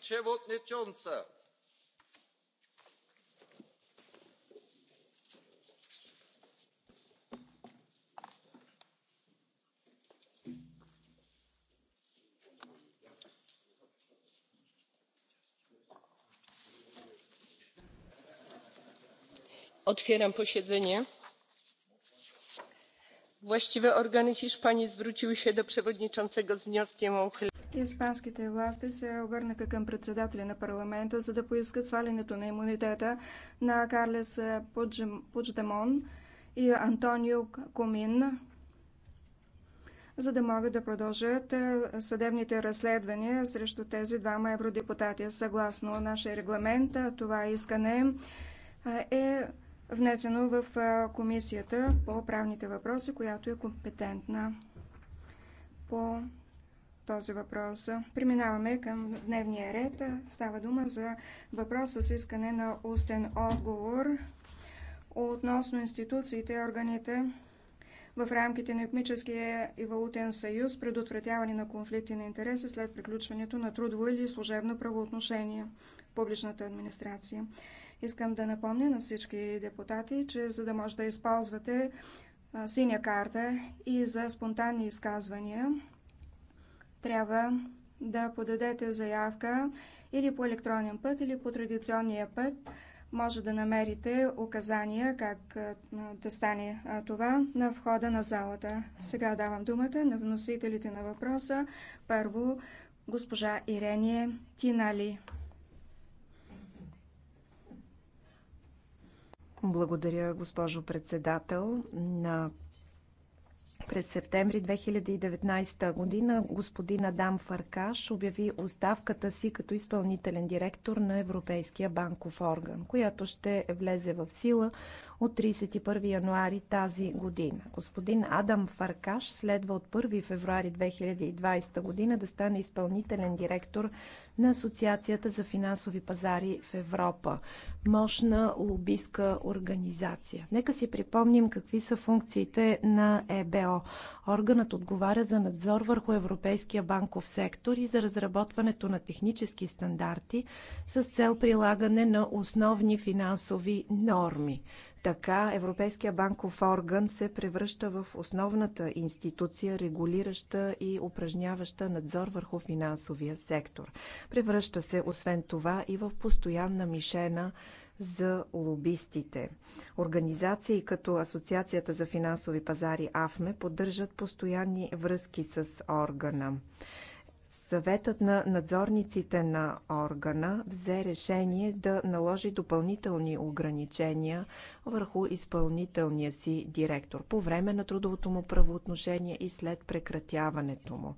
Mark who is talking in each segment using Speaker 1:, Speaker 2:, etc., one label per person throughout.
Speaker 1: przewodnicząca!
Speaker 2: otwieram posiedzenie. właściwe organy hiszpanii zwróciły się do przewodniczącego z wnioskiem o uchylenie
Speaker 3: испанските власти се обърнаха към председателя на парламента, за да поискат свалянето на имунитета на Карлес Пучдемон и Антонио Комин, за да могат да продължат е, съдебните разследвания срещу тези двама евродепутати. Съгласно нашия регламент, е, това искане е, е внесено в Комисията по правните въпроси, която е компетентна по този въпрос. Преминаваме към дневния ред. Става дума за въпрос с искане на устен отговор относно институциите и органите в рамките на Економическия и валутен съюз, предотвратяване на конфликти на интереси след приключването на трудово или служебно правоотношение в публичната администрация. Искам да напомня на всички депутати, че за да може да използвате синя карта и за спонтанни изказвания, трябва да подадете заявка или по електронен път, или по традиционния път. Може да намерите указания как да стане това на входа на залата. Сега давам думата на вносителите на въпроса. Първо, госпожа Ирение Кинали.
Speaker 2: Благодаря, госпожо председател. На през септември 2019 година господин Адам Фаркаш обяви оставката си като изпълнителен директор на Европейския банков орган, която ще влезе в сила от 31 януари тази година. Господин Адам Фаркаш следва от 1 февруари 2020 година да стане изпълнителен директор на Асоциацията за финансови пазари в Европа. Мощна лобистка организация. Нека си припомним какви са функциите на ЕБО. Органът отговаря за надзор върху европейския банков сектор и за разработването на технически стандарти с цел прилагане на основни финансови норми. Така Европейския банков орган се превръща в основната институция, регулираща и упражняваща надзор върху финансовия сектор. Превръща се освен това и в постоянна мишена за лобистите. Организации като Асоциацията за финансови пазари АФМЕ поддържат постоянни връзки с органа. Съветът на надзорниците на органа взе решение да наложи допълнителни ограничения върху изпълнителния си директор по време на трудовото му правоотношение и след прекратяването му.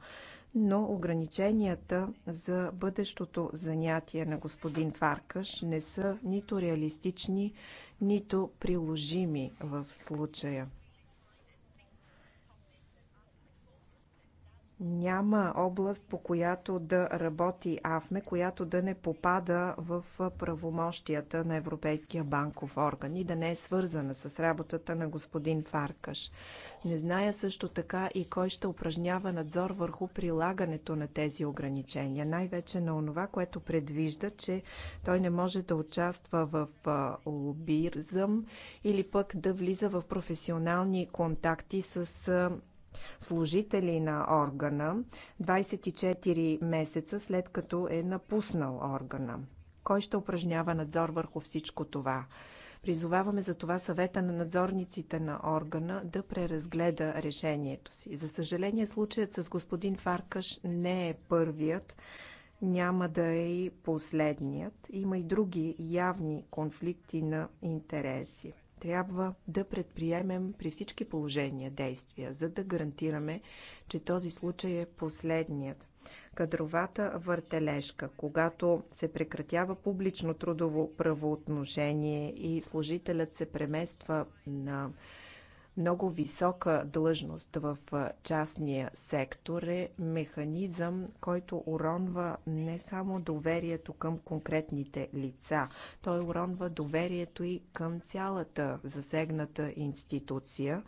Speaker 2: Но ограниченията за бъдещото занятие на господин Фаркаш не са нито реалистични, нито приложими в случая. Няма област, по която да работи АФМЕ, която да не попада в правомощията на Европейския банков орган и да не е свързана с работата на господин Фаркаш. Не зная също така и кой ще упражнява надзор върху прилагането на тези ограничения, най-вече на онова, което предвижда, че той не може да участва в лобиризъм или пък да влиза в професионални контакти с служители на органа 24 месеца след като е напуснал органа. Кой ще упражнява надзор върху всичко това? Призоваваме за това съвета на надзорниците на органа да преразгледа решението си. За съжаление, случаят с господин Фаркаш не е първият, няма да е и последният. Има и други явни конфликти на интереси трябва да предприемем при всички положения действия, за да гарантираме, че този случай е последният. Кадровата въртележка, когато се прекратява публично трудово правоотношение и служителят се премества на много висока длъжност в частния сектор е механизъм, който уронва не само доверието към конкретните лица, той уронва доверието и към цялата засегната институция,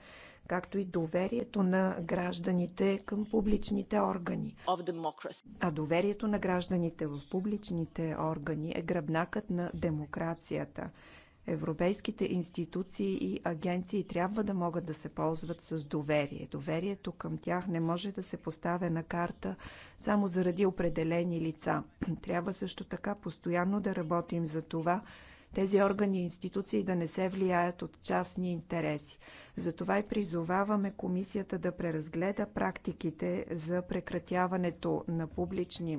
Speaker 2: както и доверието на гражданите към публичните органи. А доверието на гражданите в публичните органи е гръбнакът на демокрацията. Европейските институции и агенции трябва да могат да се ползват с доверие. Доверието към тях не може да се поставя на карта само заради определени лица. Трябва също така постоянно да работим за това, тези органи и институции да не се влияят от частни интереси. Затова и призоваваме комисията да преразгледа практиките за прекратяването на публични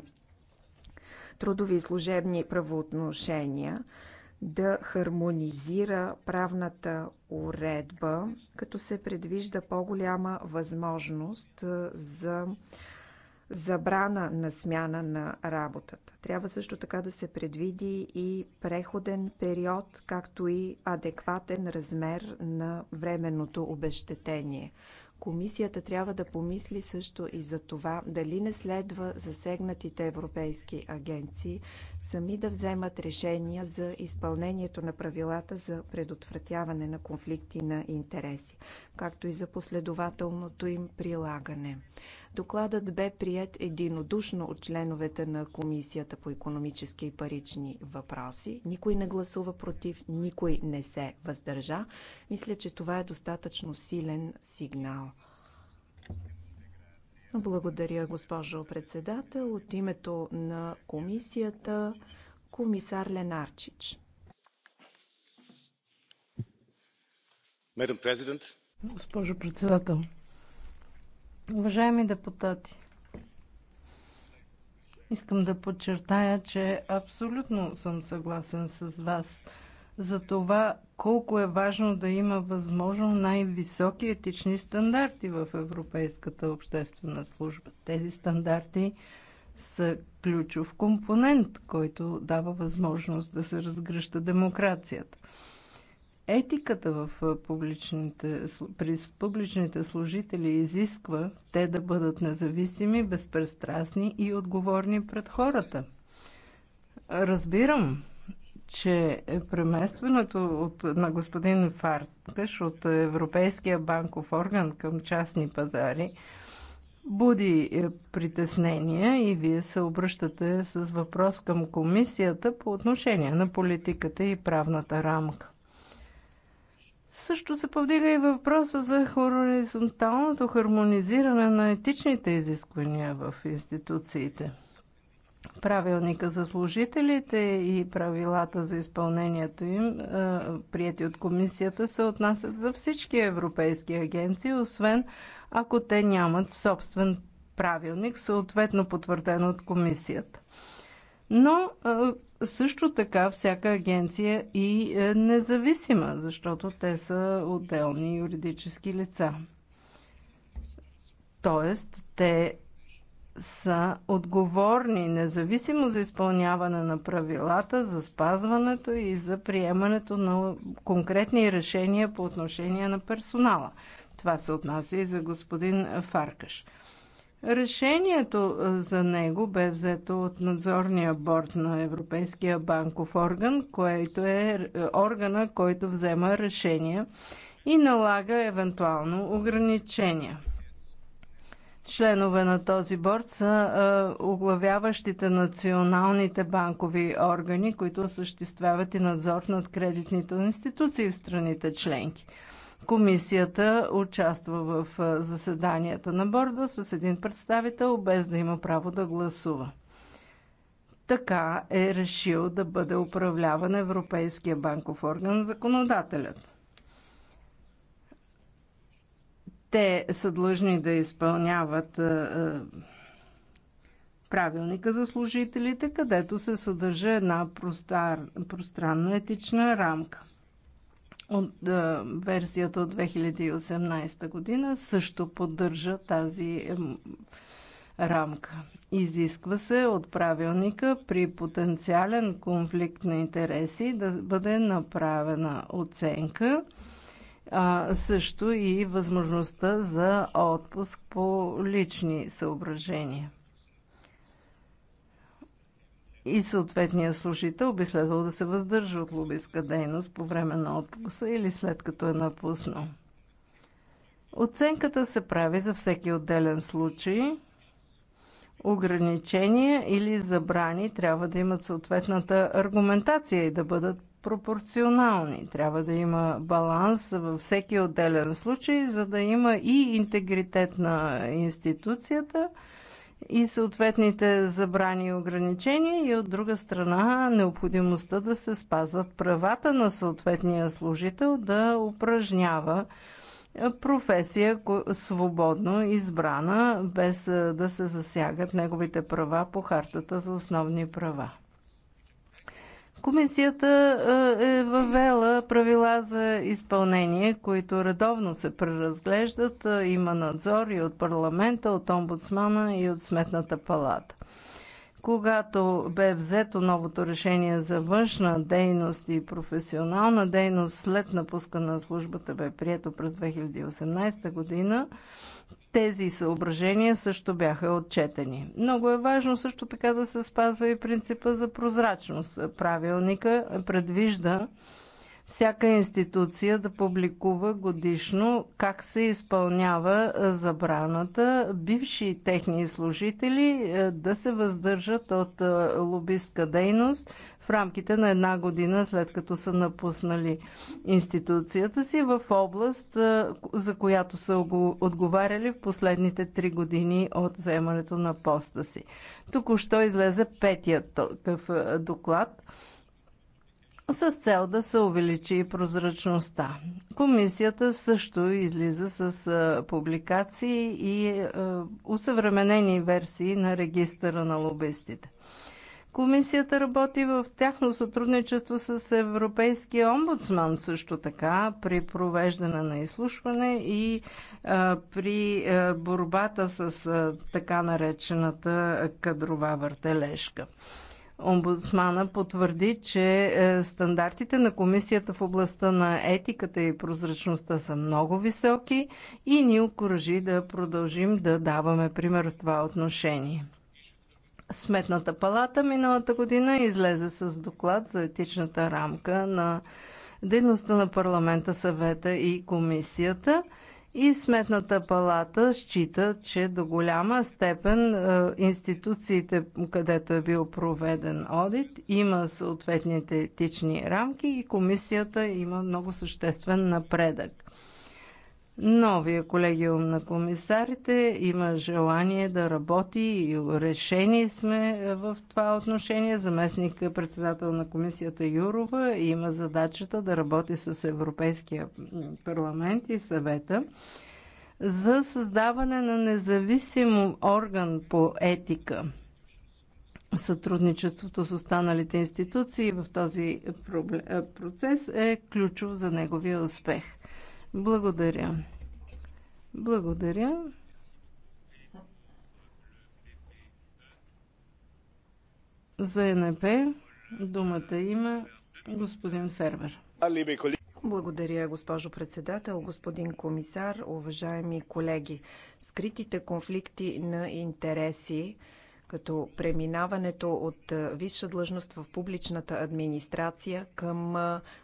Speaker 2: трудови и служебни правоотношения – да хармонизира правната уредба, като се предвижда по-голяма възможност за забрана на смяна на работата. Трябва също така да се предвиди и преходен период, както и адекватен размер на временното обещетение. Комисията трябва да помисли също и за това дали не следва засегнатите европейски агенции сами да вземат решения за изпълнението на правилата за предотвратяване на конфликти на интереси, както и за последователното им прилагане. Докладът бе прият единодушно от членовете на Комисията по економически и парични въпроси. Никой не гласува против, никой не се въздържа. Мисля, че това е достатъчно силен сигнал. Благодаря, госпожо председател. От името на комисията, комисар Ленарчич. Госпожо председател,
Speaker 4: Уважаеми депутати, искам да подчертая, че абсолютно съм съгласен с вас за това колко е важно да има възможно най-високи етични стандарти в Европейската обществена служба. Тези стандарти са ключов компонент, който дава възможност да се разгръща демокрацията. Етиката в публичните, при публичните служители изисква те да бъдат независими, безпристрастни и отговорни пред хората. Разбирам, че е преместването от, на господин Фаркаш от Европейския банков орган към частни пазари буди е, притеснения и вие се обръщате с въпрос към комисията по отношение на политиката и правната рамка. Също се повдига и въпроса за хоризонталното хармонизиране на етичните изисквания в институциите. Правилника за служителите и правилата за изпълнението им, е, прияти от комисията, се отнасят за всички европейски агенции, освен ако те нямат собствен правилник, съответно потвърден от комисията. Но също така всяка агенция и е независима, защото те са отделни юридически лица. Тоест, те са отговорни независимо за изпълняване на правилата, за спазването и за приемането на конкретни решения по отношение на персонала. Това се отнася и за господин Фаркаш. Решението за него бе взето от надзорния борт на Европейския банков орган, който е, е органа, който взема решения и налага евентуално ограничения. Членове на този борт са оглавяващите националните банкови органи, които осъществяват и надзор над кредитните институции в страните членки – Комисията участва в заседанията на борда с един представител, без да има право да гласува. Така е решил да бъде управляван Европейския банков орган законодателят. Те са длъжни да изпълняват правилника за служителите, където се съдържа една пространна етична рамка – от а, версията от 2018 година също поддържа тази е, рамка. Изисква се от правилника при потенциален конфликт на интереси да бъде направена оценка, а, също и възможността за отпуск по лични съображения и съответният служител би следвал да се въздържа от лобистка дейност по време на отпуса или след като е напуснал. Оценката се прави за всеки отделен случай. Ограничения или забрани трябва да имат съответната аргументация и да бъдат пропорционални. Трябва да има баланс във всеки отделен случай, за да има и интегритет на институцията – и съответните забрани и ограничения и от друга страна необходимостта да се спазват правата на съответния служител да упражнява професия свободно избрана, без да се засягат неговите права по Хартата за основни права. Комисията е, е въвела правила за изпълнение, които редовно се преразглеждат. Е, има надзор и от парламента, от омбудсмана и от сметната палата. Когато бе взето новото решение за външна дейност и професионална дейност след напуска на службата бе прието през 2018 година, тези съображения също бяха отчетени. Много е важно също така да се спазва и принципа за прозрачност. Правилника предвижда всяка институция да публикува годишно как се изпълнява забраната, бивши техни служители да се въздържат от лобистка дейност, в рамките на една година след като са напуснали институцията си в област, за която са отговаряли в последните три години от заемането на поста си. Току-що излезе петият такъв доклад с цел да се увеличи и прозрачността. Комисията също излиза с публикации и усъвременени версии на регистъра на лобистите. Комисията работи в тяхно сътрудничество с Европейския омбудсман също така при провеждане на изслушване и а, при а, борбата с а, така наречената кадрова въртележка. Омбудсмана потвърди, че е, стандартите на комисията в областта на етиката и прозрачността са много високи и ни окоръжи да продължим да даваме пример в това отношение. Сметната палата миналата година излезе с доклад за етичната рамка на дейността на парламента, съвета и комисията. И Сметната палата счита, че до голяма степен е, институциите, където е бил проведен одит, има съответните етични рамки и комисията има много съществен напредък новия колегиум на комисарите има желание да работи и решени сме в това отношение. Заместник председател на комисията Юрова има задачата да работи с Европейския парламент и съвета за създаване на независим орган по етика. Сътрудничеството с останалите институции в този процес е ключов за неговия успех – благодаря. Благодаря. За НП
Speaker 2: думата има господин Фервер. Благодаря, госпожо председател, господин комисар, уважаеми колеги. Скритите конфликти на интереси като преминаването от висша длъжност в публичната администрация към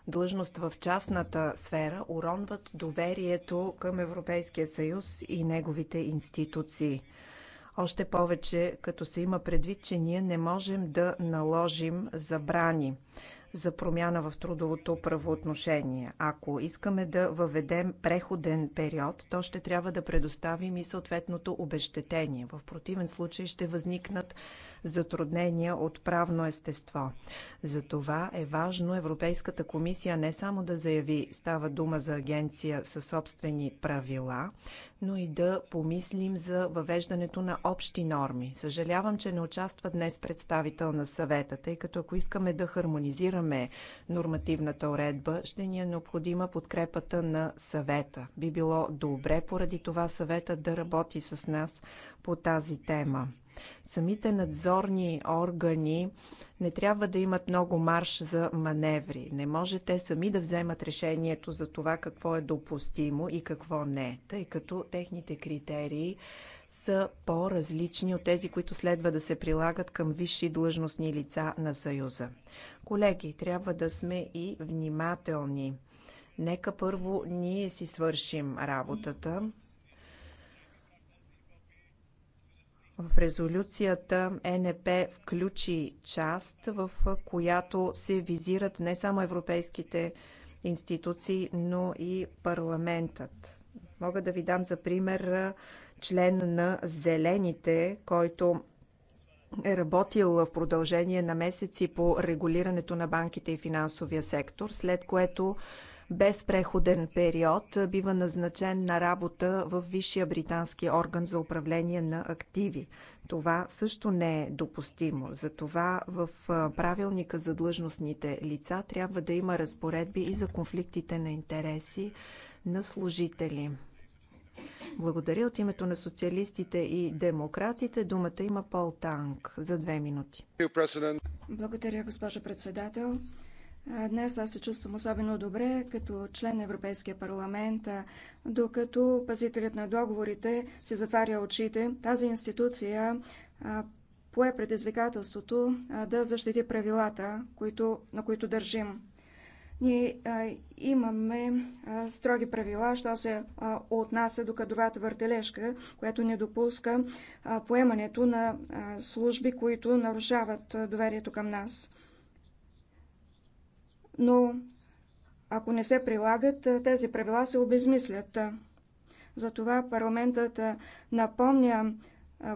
Speaker 2: длъжност в частната сфера уронват доверието към Европейския съюз и неговите институции. Още повече, като се има предвид, че ние не можем да наложим забрани за промяна в трудовото правоотношение. Ако искаме да въведем преходен период, то ще трябва да предоставим и съответното обещетение. В противен случай ще възникнат затруднения от правно естество. Затова е важно Европейската комисия не само да заяви става дума за агенция със собствени правила, но и да помислим за въвеждането на общи норми. Съжалявам, че не участва днес представител на съвета, тъй като ако искаме да хармонизираме нормативната уредба, ще ни е необходима подкрепата на съвета. Би било добре поради това съвета да работи с нас по тази тема. Самите надзорни органи не трябва да имат много марш за маневри. Не може те сами да вземат решението за това какво е допустимо и какво не, тъй като техните критерии са по-различни от тези, които следва да се прилагат към висши длъжностни лица на Съюза. Колеги, трябва да сме и внимателни. Нека първо ние си свършим работата, В резолюцията НП включи част, в която се визират не само европейските институции, но и парламентът. Мога да ви дам за пример член на Зелените, който е работил в продължение на месеци по регулирането на банките и финансовия сектор, след което без преходен период бива назначен на работа в Висшия британски орган за управление на активи. Това също не е допустимо. Затова в правилника за длъжностните лица трябва да има разпоредби и за конфликтите на интереси на служители. Благодаря от името на социалистите и
Speaker 3: демократите. Думата има Пол Танк за две минути. Благодаря, госпожо председател. Днес аз се чувствам особено добре като член на Европейския парламент, докато пазителят на договорите си затваря очите. Тази институция пое предизвикателството да защити правилата, които, на които държим. Ние а, имаме а, строги правила, що се а, отнася до кадровата въртележка, която не допуска а, поемането на а, служби, които нарушават а, доверието към нас но ако не се прилагат, тези правила се обезмислят. Затова парламентът напомня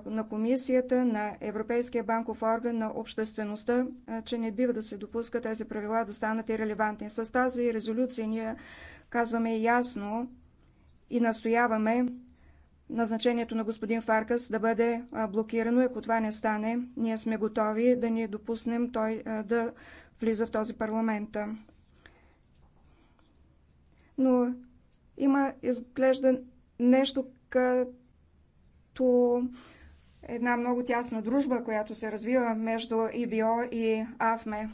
Speaker 3: на комисията, на Европейския банков орган, на обществеността, че не бива да се допуска тези правила да станат релевантни. С тази резолюция ние казваме ясно и настояваме назначението на господин Фаркас да бъде блокирано. Ако това не стане, ние сме готови да ни допуснем той да влиза в този парламент. Но има, изглежда, нещо като една много тясна дружба, която се развива между ИБО и АФМЕ.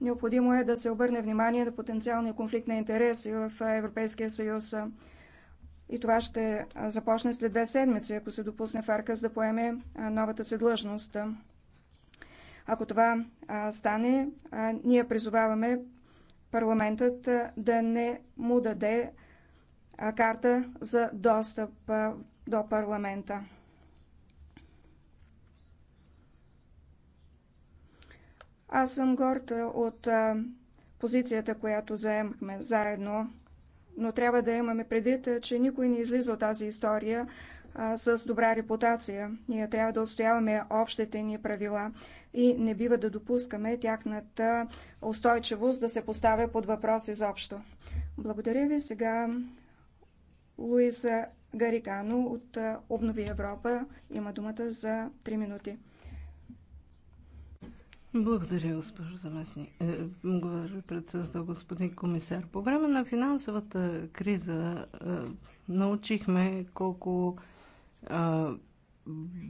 Speaker 3: Необходимо е да се обърне внимание на потенциалния конфликт на интереси в Европейския съюз. И това ще започне след две седмици, ако се допусне Фаркас да поеме новата си длъжност. Ако това стане, ние призоваваме парламентът да не му даде карта за достъп до парламента. Аз съм горд от позицията, която заемахме заедно, но трябва да имаме предвид, че никой не излиза от тази история а, с добра репутация. Ние трябва да отстояваме общите ни правила и не бива да допускаме тяхната устойчивост да се поставя под въпрос изобщо. Благодаря ви. Сега Луиза Гарикано от Обнови Европа има думата за 3 минути.
Speaker 4: Благодаря, госпожо заместник. Е, Говори председател господин комисар. По време на финансовата криза е, научихме колко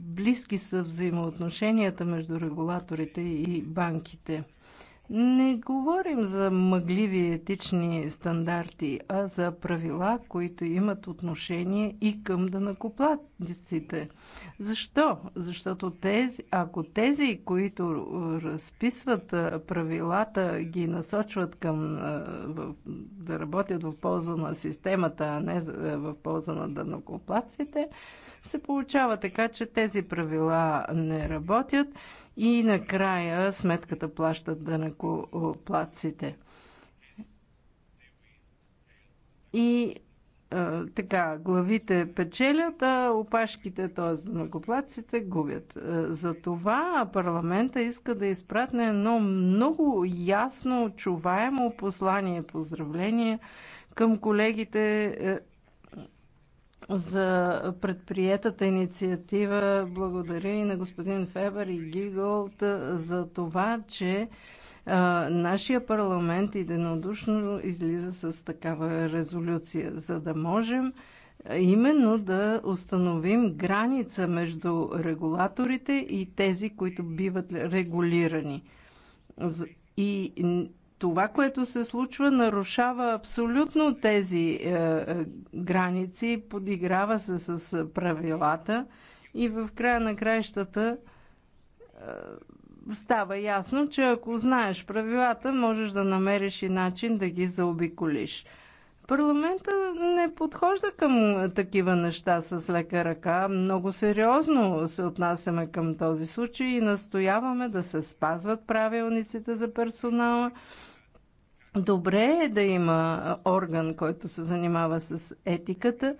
Speaker 4: близки са взаимоотношенията между регулаторите и банките. Не говорим за мъгливи етични стандарти, а за правила, които имат отношение и към данакоплатците. Защо? Защото тези, ако тези, които разписват правилата, ги насочват към да работят в полза на системата, а не в полза на данакоплатците, се получава така, че тези правила не работят и накрая сметката плащат данъкоплатците. И а, така, главите печелят, а опашките, т.е. накоплаците, губят. За това парламента иска да изпратне едно много ясно, чуваемо послание, поздравление към колегите за предприетата инициатива. Благодаря и на господин Фебър и Гиголт за това, че а, нашия парламент единодушно излиза с такава резолюция, за да можем именно да установим граница между регулаторите и тези, които биват регулирани. И това, което се случва, нарушава абсолютно тези е, е граници, подиграва се с е, правилата и в края на краищата е, става ясно, че ако знаеш правилата, можеш да намериш и начин да ги заобиколиш. Парламента не подхожда към е, такива неща с лека ръка. Много сериозно се отнасяме към този случай и настояваме да се спазват правилниците за персонала Добре е да има орган, който се занимава с етиката,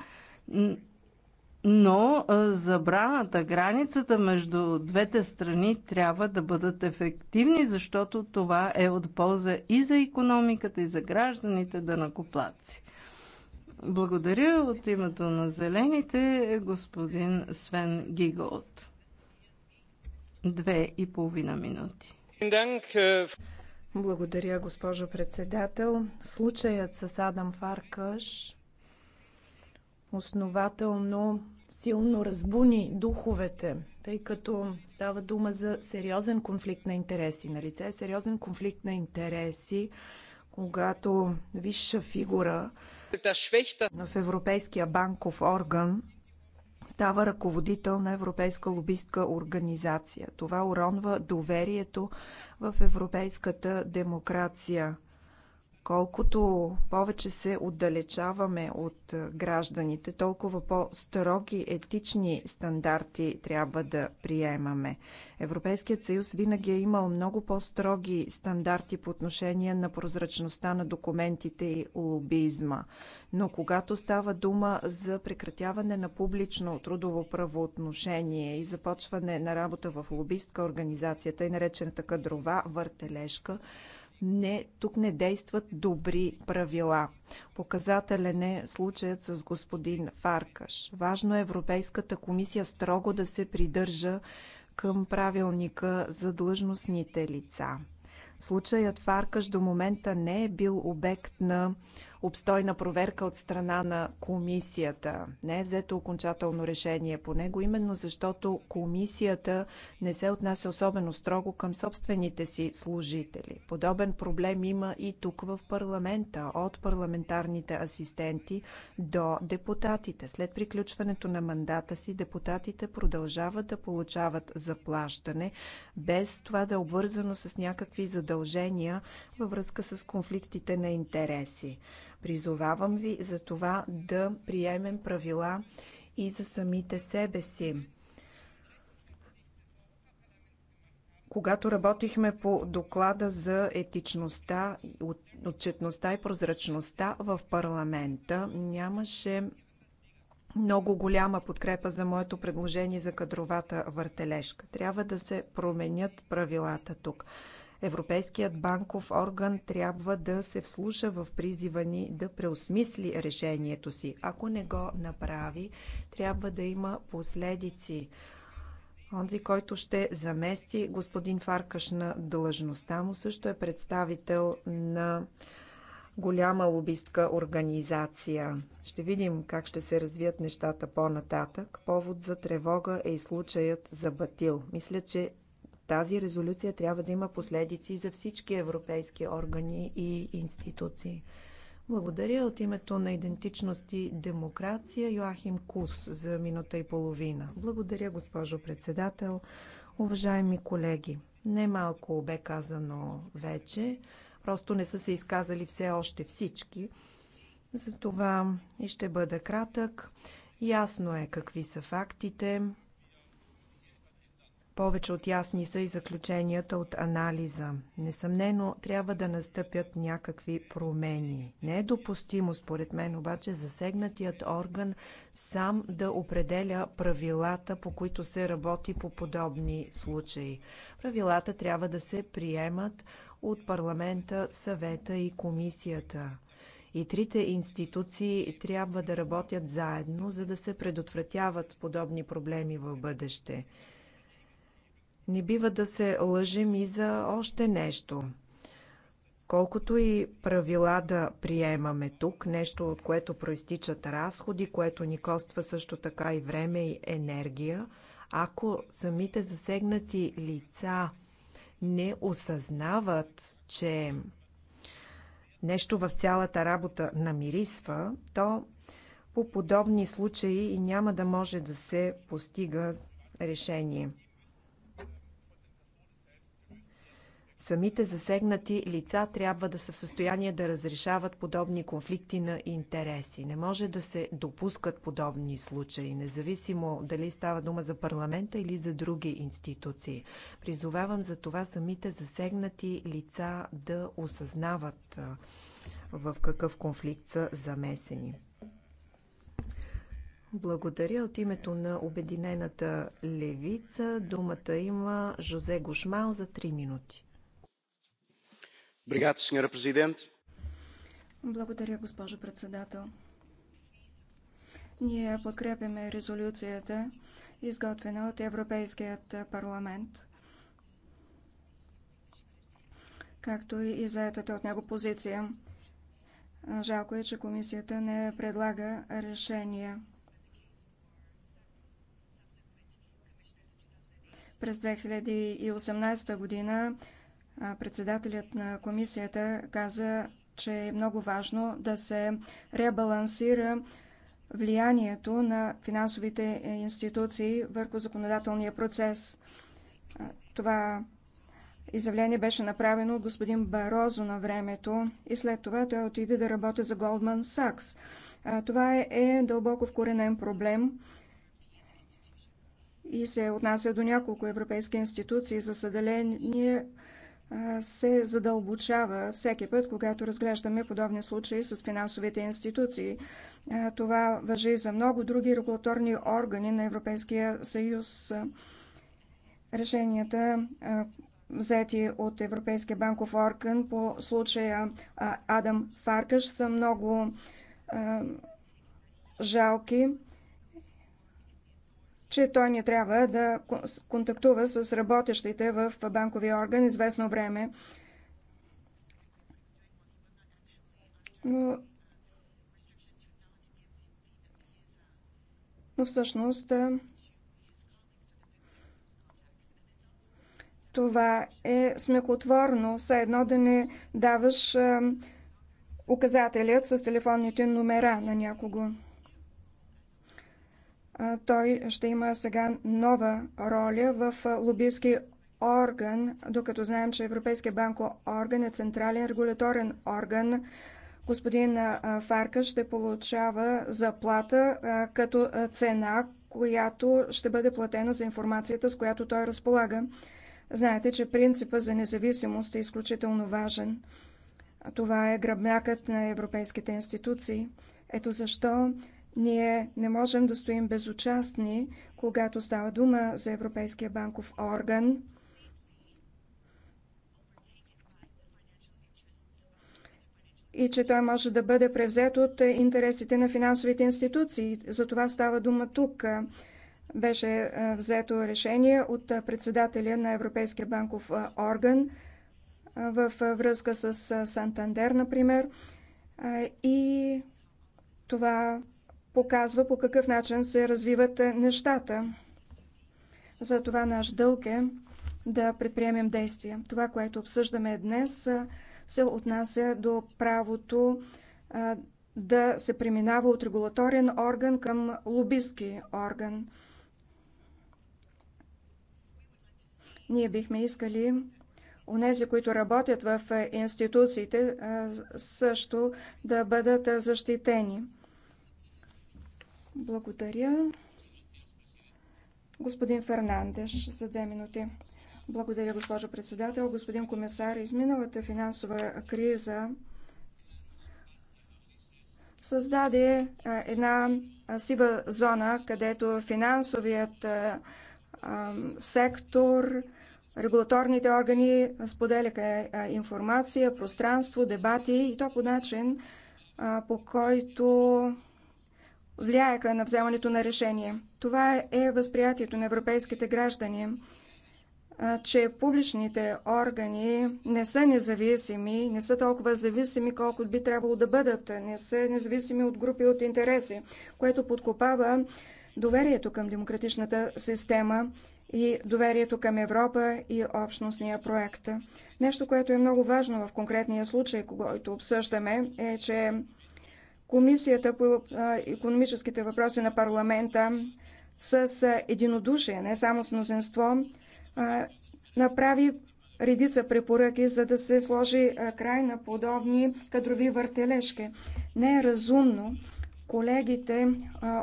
Speaker 4: но забраната, границата между двете страни трябва да бъдат ефективни, защото това е от полза и за економиката, и за гражданите да накоплаци. Благодаря от името на зелените господин Свен Гиголт. Две и половина минути.
Speaker 2: Благодаря, госпожо председател. Случаят с Адам Фаркаш основателно силно разбуни духовете, тъй като става дума за сериозен конфликт на интереси. На лице е сериозен конфликт на интереси, когато висша фигура в Европейския банков орган става ръководител на Европейска лобистка организация. Това уронва доверието в европейската демокрация. Колкото повече се отдалечаваме от гражданите, толкова по-строги етични стандарти трябва да приемаме. Европейският съюз винаги е имал много по-строги стандарти по отношение на прозрачността на документите и лобизма. Но когато става дума за прекратяване на публично трудово правоотношение и започване на работа в лобистка организация, тъй наречената кадрова въртележка, не, тук не действат добри правила. Показателен е случаят с господин Фаркаш. Важно е Европейската комисия строго да се придържа към правилника за длъжностните лица. Случаят Фаркаш до момента не е бил обект на обстойна проверка от страна на комисията. Не е взето окончателно решение по него, именно защото комисията не се отнася особено строго към собствените си служители. Подобен проблем има и тук в парламента, от парламентарните асистенти до депутатите. След приключването на мандата си, депутатите продължават да получават заплащане, без това да е обвързано с някакви задължения във връзка с конфликтите на интереси. Призовавам ви за това да приемем правила и за самите себе си. когато работихме по доклада за етичността, отчетността и прозрачността в парламента, нямаше много голяма подкрепа за моето предложение за кадровата въртележка. Трябва да се променят правилата тук. Европейският банков орган трябва да се вслуша в призива ни да преосмисли решението си. Ако не го направи, трябва да има последици. Онзи, който ще замести господин Фаркаш на длъжността му, също е представител на голяма лобистка организация. Ще видим как ще се развият нещата по-нататък. Повод за тревога е и случаят за Батил. Мисля, че тази резолюция трябва да има последици за всички европейски органи и институции. Благодаря от името на идентичност и демокрация Йоахим Кус за минута и половина. Благодаря, госпожо председател. Уважаеми колеги, немалко бе казано вече, просто не са се изказали все още всички. Затова и ще бъда кратък. Ясно е какви са фактите, повече от ясни са и заключенията от анализа. Несъмнено трябва да настъпят някакви промени. Не е допустимо, според мен, обаче засегнатият орган сам да определя правилата, по които се работи по подобни случаи. Правилата трябва да се приемат от парламента, съвета и комисията. И трите институции трябва да работят заедно, за да се предотвратяват подобни проблеми в бъдеще. Не бива да се лъжем и за още нещо. Колкото и правила да приемаме тук, нещо от което проистичат разходи, което ни коства също така и време и енергия, ако самите засегнати лица не осъзнават, че нещо в цялата работа намирисва, то по подобни случаи и няма да може да се постига решение. Самите засегнати лица трябва да са в състояние да разрешават подобни конфликти на интереси. Не може да се допускат подобни случаи, независимо дали става дума за парламента или за други институции. Призовавам за това самите засегнати лица да осъзнават в какъв конфликт са замесени. Благодаря. От името на Обединената левица думата има Жозе Гошмал за 3 минути.
Speaker 3: Благодаря, госпожо председател. Ние подкрепяме резолюцията, изготвена от Европейският парламент, както и заетата от него позиция. Жалко е, че комисията не предлага решение. През 2018 година Председателят на комисията каза, че е много важно да се ребалансира влиянието на финансовите институции върху законодателния процес. Това изявление беше направено от господин Барозо на времето и след това той отиде да работи за Goldman Сакс. Това е, е дълбоко вкоренен проблем и се отнася до няколко европейски институции. За съжаление, се задълбочава всеки път, когато разглеждаме подобни случаи с финансовите институции. Това въжи и за много други регулаторни органи на Европейския съюз. Решенията, взети от Европейския банков орган по случая Адам Фаркаш, са много жалки че той не трябва да контактува с работещите в банковия орган известно време. Но, но всъщност това е смехотворно, все едно да не даваш указателят с телефонните номера на някого той ще има сега нова роля в лобистки орган, докато знаем, че Европейския банков орган е централен регуляторен орган. Господин Фарка ще получава заплата като цена, която ще бъде платена за информацията, с която той разполага. Знаете, че принципа за независимост е изключително важен. Това е гръбнякът на европейските институции. Ето защо ние не можем да стоим безучастни, когато става дума за Европейския банков орган. и че той може да бъде превзет от интересите на финансовите институции. За това става дума тук. Беше е, взето решение от председателя на Европейския банков е, орган е, в връзка с Сантандер, например. И това показва по какъв начин се развиват е, нещата. Затова наш дълг е да предприемем действия. Това, което обсъждаме днес, е, се отнася до правото е, да се преминава от регулаторен орган към лобистки орган. Ние бихме искали онези, които работят в институциите, също да бъдат защитени. Благодаря. Господин Фернандеш за две минути. Благодаря, госпожо председател. Господин комисар, изминалата финансова криза създаде е, една сива зона, където финансовият сектор, регулаторните органи споделяха информация, пространство, дебати и то по начин, по който влияеха на вземането на решение. Това е възприятието на европейските граждани, че публичните органи не са независими, не са толкова зависими, колкото би трябвало да бъдат, не са независими от групи от интереси, което подкопава доверието към демократичната система и доверието към Европа и общностния проект. Нещо, което е много важно в конкретния случай, когато обсъждаме, е, че Комисията по економическите въпроси на парламента с единодушие, не само с мнозинство, направи редица препоръки, за да се сложи край на подобни кадрови въртележки. Не е разумно колегите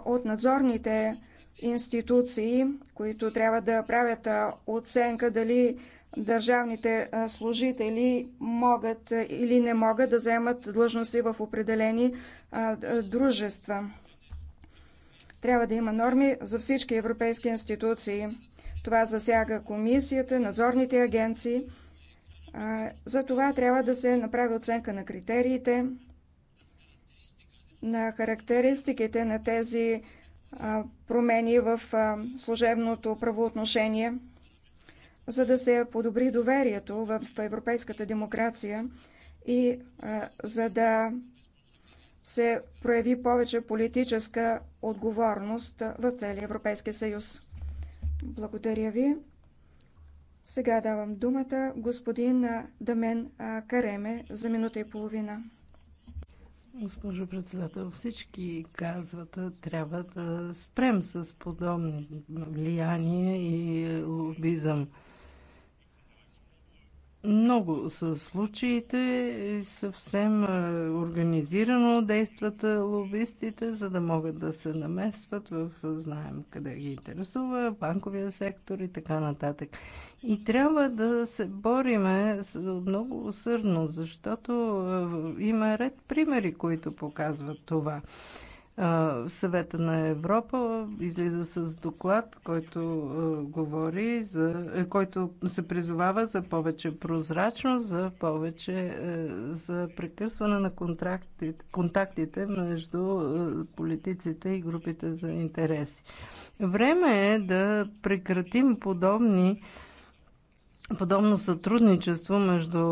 Speaker 3: от надзорните институции, които трябва да правят оценка дали държавните служители могат или не могат да заемат длъжности в определени дружества. Трябва да има норми за всички европейски институции. Това засяга комисията, надзорните агенции. За това трябва да се направи оценка на критериите, на характеристиките на тези промени в служебното правоотношение – за да се подобри доверието в европейската демокрация и а, за да се прояви повече политическа отговорност в целия Европейски съюз. Благодаря ви. Сега давам думата господин Дамен Кареме за минута и половина.
Speaker 4: Госпожо председател, всички казват, трябва да спрем с подобни влияние и лобизъм. Много са случаите, съвсем е, организирано действат е, лобистите, за да могат да се наместват в е, знаем къде ги интересува, банковия сектор и така нататък. И трябва да се бориме много усърдно, защото има ред примери, които показват това. Съвета на Европа излиза с доклад, който говори за, е, който се призовава за повече прозрачност, за повече е, за прекъсване на контактите, контактите между е, политиците и групите за интереси. Време е да прекратим подобни подобно сътрудничество между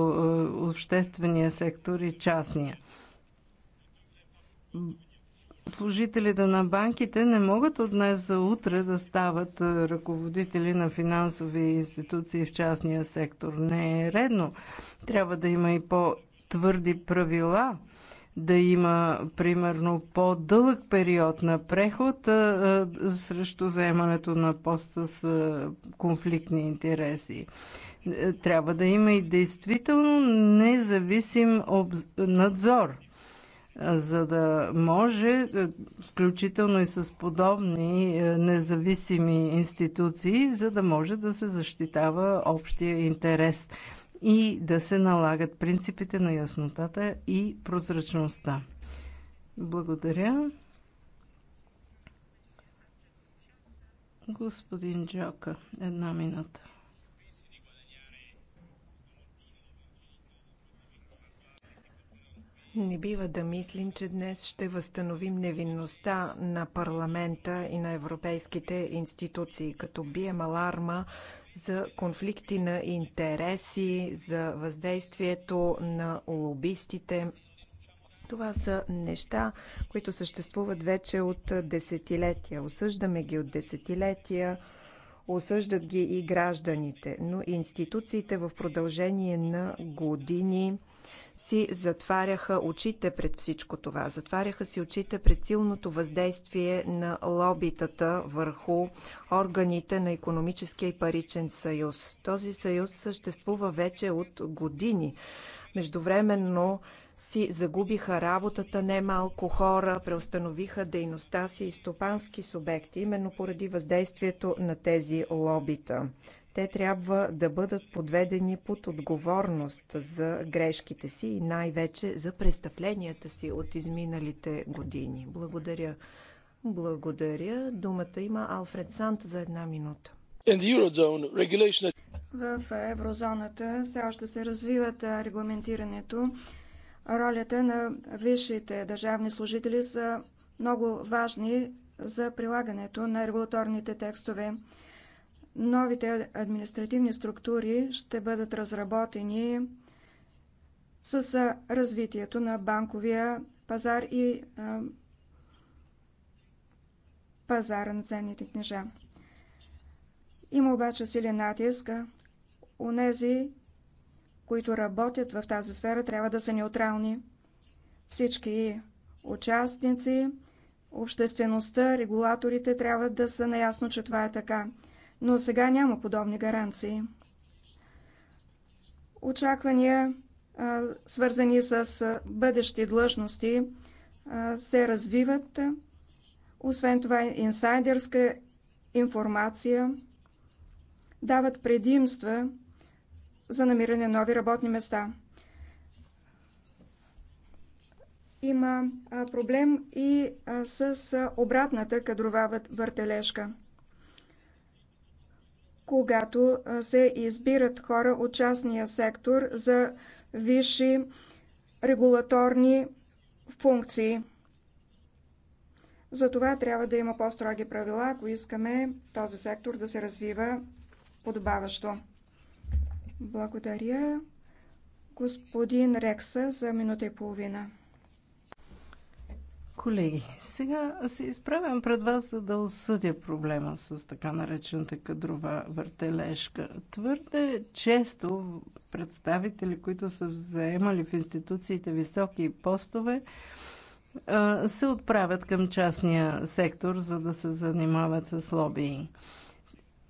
Speaker 4: обществения сектор и частния служителите на банките не могат от днес за утре да стават ръководители на финансови институции в частния сектор. Не е редно. Трябва да има и по-твърди правила, да има, примерно, по-дълъг период на преход а, а, срещу заемането на пост с а, конфликтни интереси. Е, трябва да има и действително независим надзор – за да може, е, включително и с подобни е, независими институции, за да може да се защитава общия интерес и да се налагат принципите на яснотата и прозрачността. Благодаря. Господин Джока,
Speaker 2: една минута. Не бива да мислим, че днес ще възстановим невинността на парламента и на европейските институции, като бием аларма за конфликти на интереси, за въздействието на лобистите. Това са неща, които съществуват вече от десетилетия. Осъждаме ги от десетилетия, осъждат ги и гражданите, но институциите в продължение на години си затваряха очите пред всичко това. Затваряха си очите пред силното въздействие на лобитата върху органите на економическия и паричен съюз. Този съюз съществува вече от години. Междувременно си загубиха работата немалко хора, преустановиха дейността си и стопански субекти, именно поради въздействието на тези лобита. Те трябва да бъдат подведени под отговорност за грешките си и най-вече за престъпленията си от изминалите години. Благодаря. Благодаря. Думата има Алфред Сант за една минута.
Speaker 3: В еврозоната все още се развиват регламентирането. Ролята на висшите държавни служители са много важни за прилагането на регулаторните текстове. Новите административни структури ще бъдат разработени с развитието на банковия пазар и пазара на ценните книжа. Има обаче силен натиск. Онези, които работят в тази сфера, трябва да са неутрални. Всички участници, обществеността, регулаторите трябва да са наясно, че това е така но сега няма подобни гаранции. Очаквания, свързани с бъдещи длъжности, се развиват. Освен това, инсайдерска информация дават предимства за намиране на нови работни места. Има проблем и с обратната кадрова въртележка когато се избират хора от частния сектор за висши регулаторни функции. За това трябва да има по-строги правила, ако искаме този сектор да се развива подобаващо. Благодаря господин Рекса за минута и половина.
Speaker 4: Колеги, сега се изправям пред вас, за да осъдя проблема с така наречената кадрова въртележка. Твърде често представители, които са заемали в институциите високи постове, се отправят към частния сектор, за да се занимават с лобии.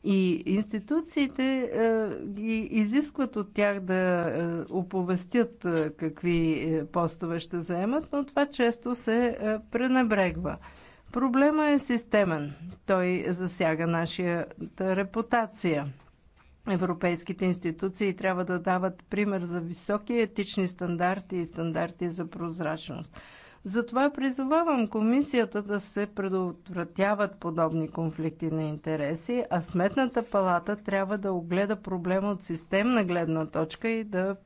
Speaker 4: И институциите е, ги изискват от тях да е, оповестят е, какви е, постове ще заемат, но това често се е, пренебрегва. Проблема е системен. Той засяга нашата репутация. Европейските институции трябва да дават пример за високи етични стандарти и стандарти за прозрачност затова призовавам комисията да се предотвратяват подобни конфликти на интереси, а Сметната палата трябва да огледа проблема от системна гледна точка и да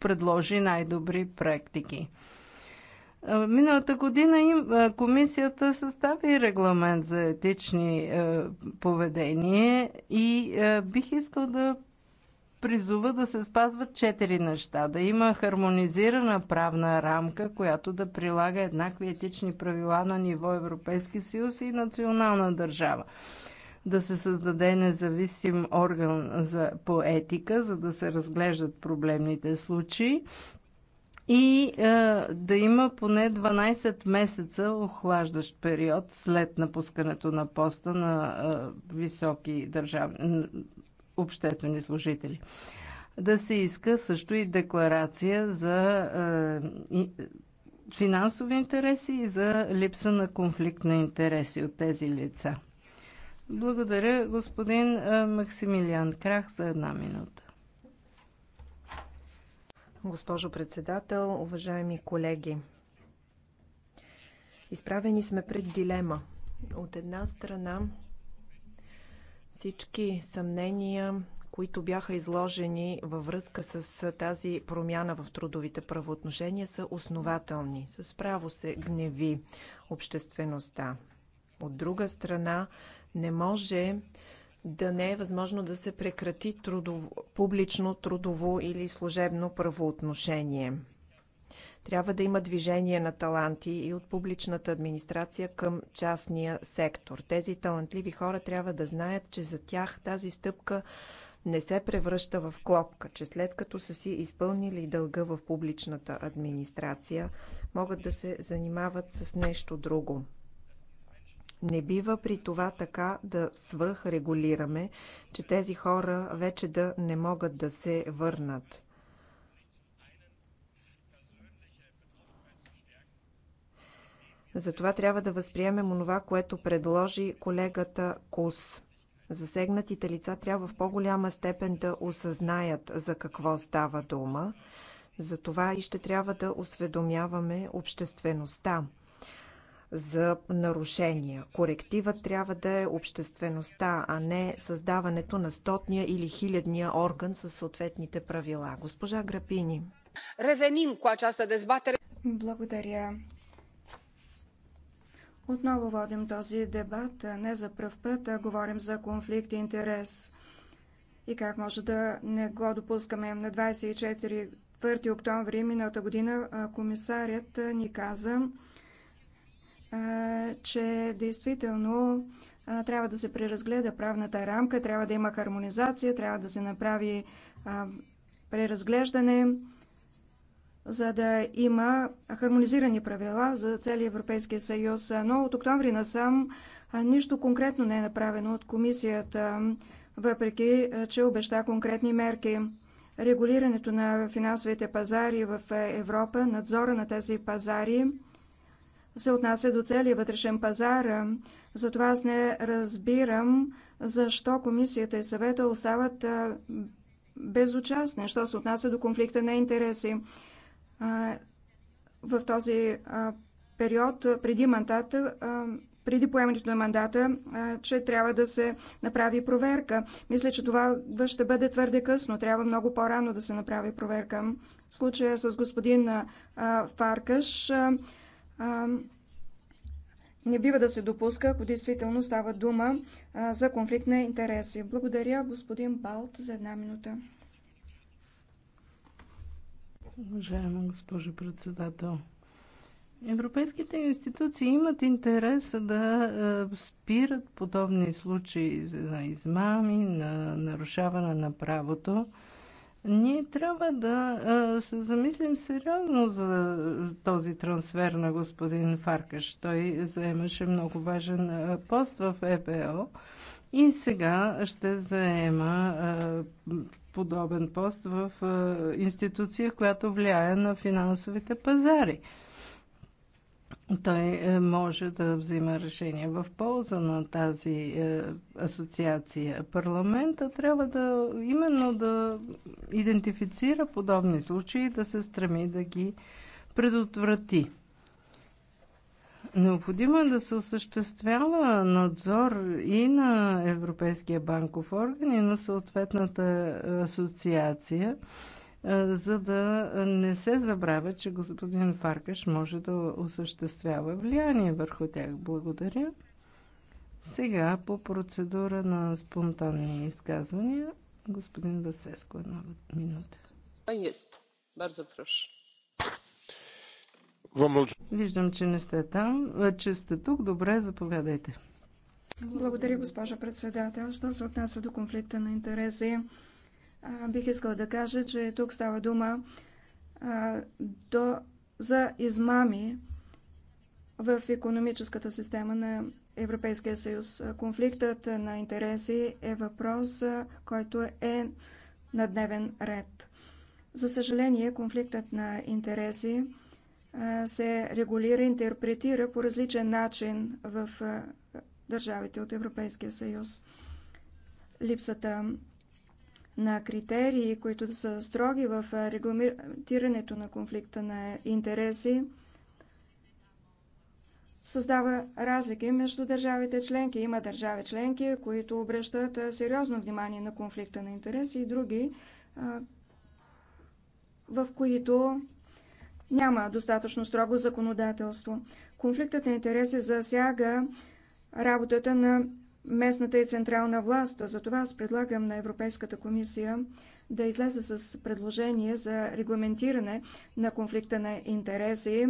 Speaker 4: предложи най-добри практики. Миналата година им, комисията състави регламент за етични поведение и бих искал да призува да се спазват четири неща. Да има хармонизирана правна рамка, която да прилага еднакви етични правила на ниво Европейски съюз и национална държава. Да се създаде независим орган за, по етика, за да се разглеждат проблемните случаи. И е, да има поне 12 месеца охлаждащ период след напускането на поста на е, високи държавни обществени служители. Да се иска също и декларация за е, финансови интереси и за липса на конфликт на интереси от тези лица. Благодаря, господин е, Максимилиан Крах, за една минута.
Speaker 2: Госпожо председател, уважаеми колеги, изправени сме пред дилема. От една страна всички съмнения, които бяха изложени във връзка с тази промяна в трудовите правоотношения, са основателни. С право се гневи обществеността. От друга страна, не може да не е възможно да се прекрати трудово, публично трудово или служебно правоотношение. Трябва да има движение на таланти и от публичната администрация към частния сектор. Тези талантливи хора трябва да знаят, че за тях тази стъпка не се превръща в клопка, че след като са си изпълнили дълга в публичната администрация, могат да се занимават с нещо друго. Не бива при това така да свръхрегулираме, че тези хора вече да не могат да се върнат. Затова трябва да възприемем онова, което предложи колегата Кус. Засегнатите лица трябва в по-голяма степен да осъзнаят за какво става дума. Затова и ще трябва да осведомяваме обществеността за нарушения. Корективът трябва да е обществеността, а не създаването на стотния или хилядния орган със съответните правила. Госпожа Грапини.
Speaker 3: Ревеним Благодаря. Отново водим този дебат. Не за пръв път а говорим за конфликт и интерес. И как може да не го допускаме на 24 октомври миналата година комисарят ни каза, че действително трябва да се преразгледа правната рамка, трябва да има хармонизация, трябва да се направи преразглеждане за да има хармонизирани правила за целия Европейския съюз. Но от октомври насам нищо конкретно не е направено от комисията, въпреки че обеща конкретни мерки. Регулирането на финансовите пазари в Европа, надзора на тези пазари се отнася до целия вътрешен пазар. Затова аз не разбирам защо комисията и съвета остават безучастни, що се отнася до конфликта на интереси в този период преди мандата, преди поемането на мандата, че трябва да се направи проверка. Мисля, че това ще бъде твърде късно. Трябва много по-рано да се направи проверка. В случая с господин Фаркаш не бива да се допуска, ако действително става дума за конфликт на интереси. Благодаря господин Балт за една минута.
Speaker 4: Уважаема госпожо председател, Европейските институции имат интерес да е, спират подобни случаи на измами, на нарушаване на правото. Ние трябва да е, се замислим сериозно за този трансфер на господин Фаркаш. Той заемаше много важен е, пост в ЕПО и сега ще заема подобен пост в институция, която влияе на финансовите пазари. Той е, може да взима решение в полза на тази е, асоциация. Парламента трябва да именно да идентифицира подобни случаи и да се стреми да ги предотврати. Необходимо е да се осъществява надзор и на Европейския банков орган и на съответната асоциация, за да не се забравя, че господин Фаркаш може да осъществява влияние върху тях. Благодаря. Сега по процедура на спонтанни изказвания, господин Басеско, една минута. Ест, Бързо прошу. Виждам, че не сте там, че сте тук. Добре, заповядайте.
Speaker 3: Благодаря, госпожа председател. Що се отнася до конфликта на интереси, бих искала да кажа, че тук става дума а, до, за измами в економическата система на Европейския съюз. Конфликтът на интереси е въпрос, който е на дневен ред. За съжаление, конфликтът на интереси се регулира, интерпретира по различен начин в държавите от Европейския съюз. Липсата на критерии, които да са строги в регламентирането на конфликта на интереси, създава разлики между държавите членки. Има държави членки, които обръщат сериозно внимание на конфликта на интереси и други, в които няма достатъчно строго законодателство. Конфликтът на интереси засяга работата на местната и централна власт. Затова аз предлагам на Европейската комисия да излезе с предложение за регламентиране на конфликта на интереси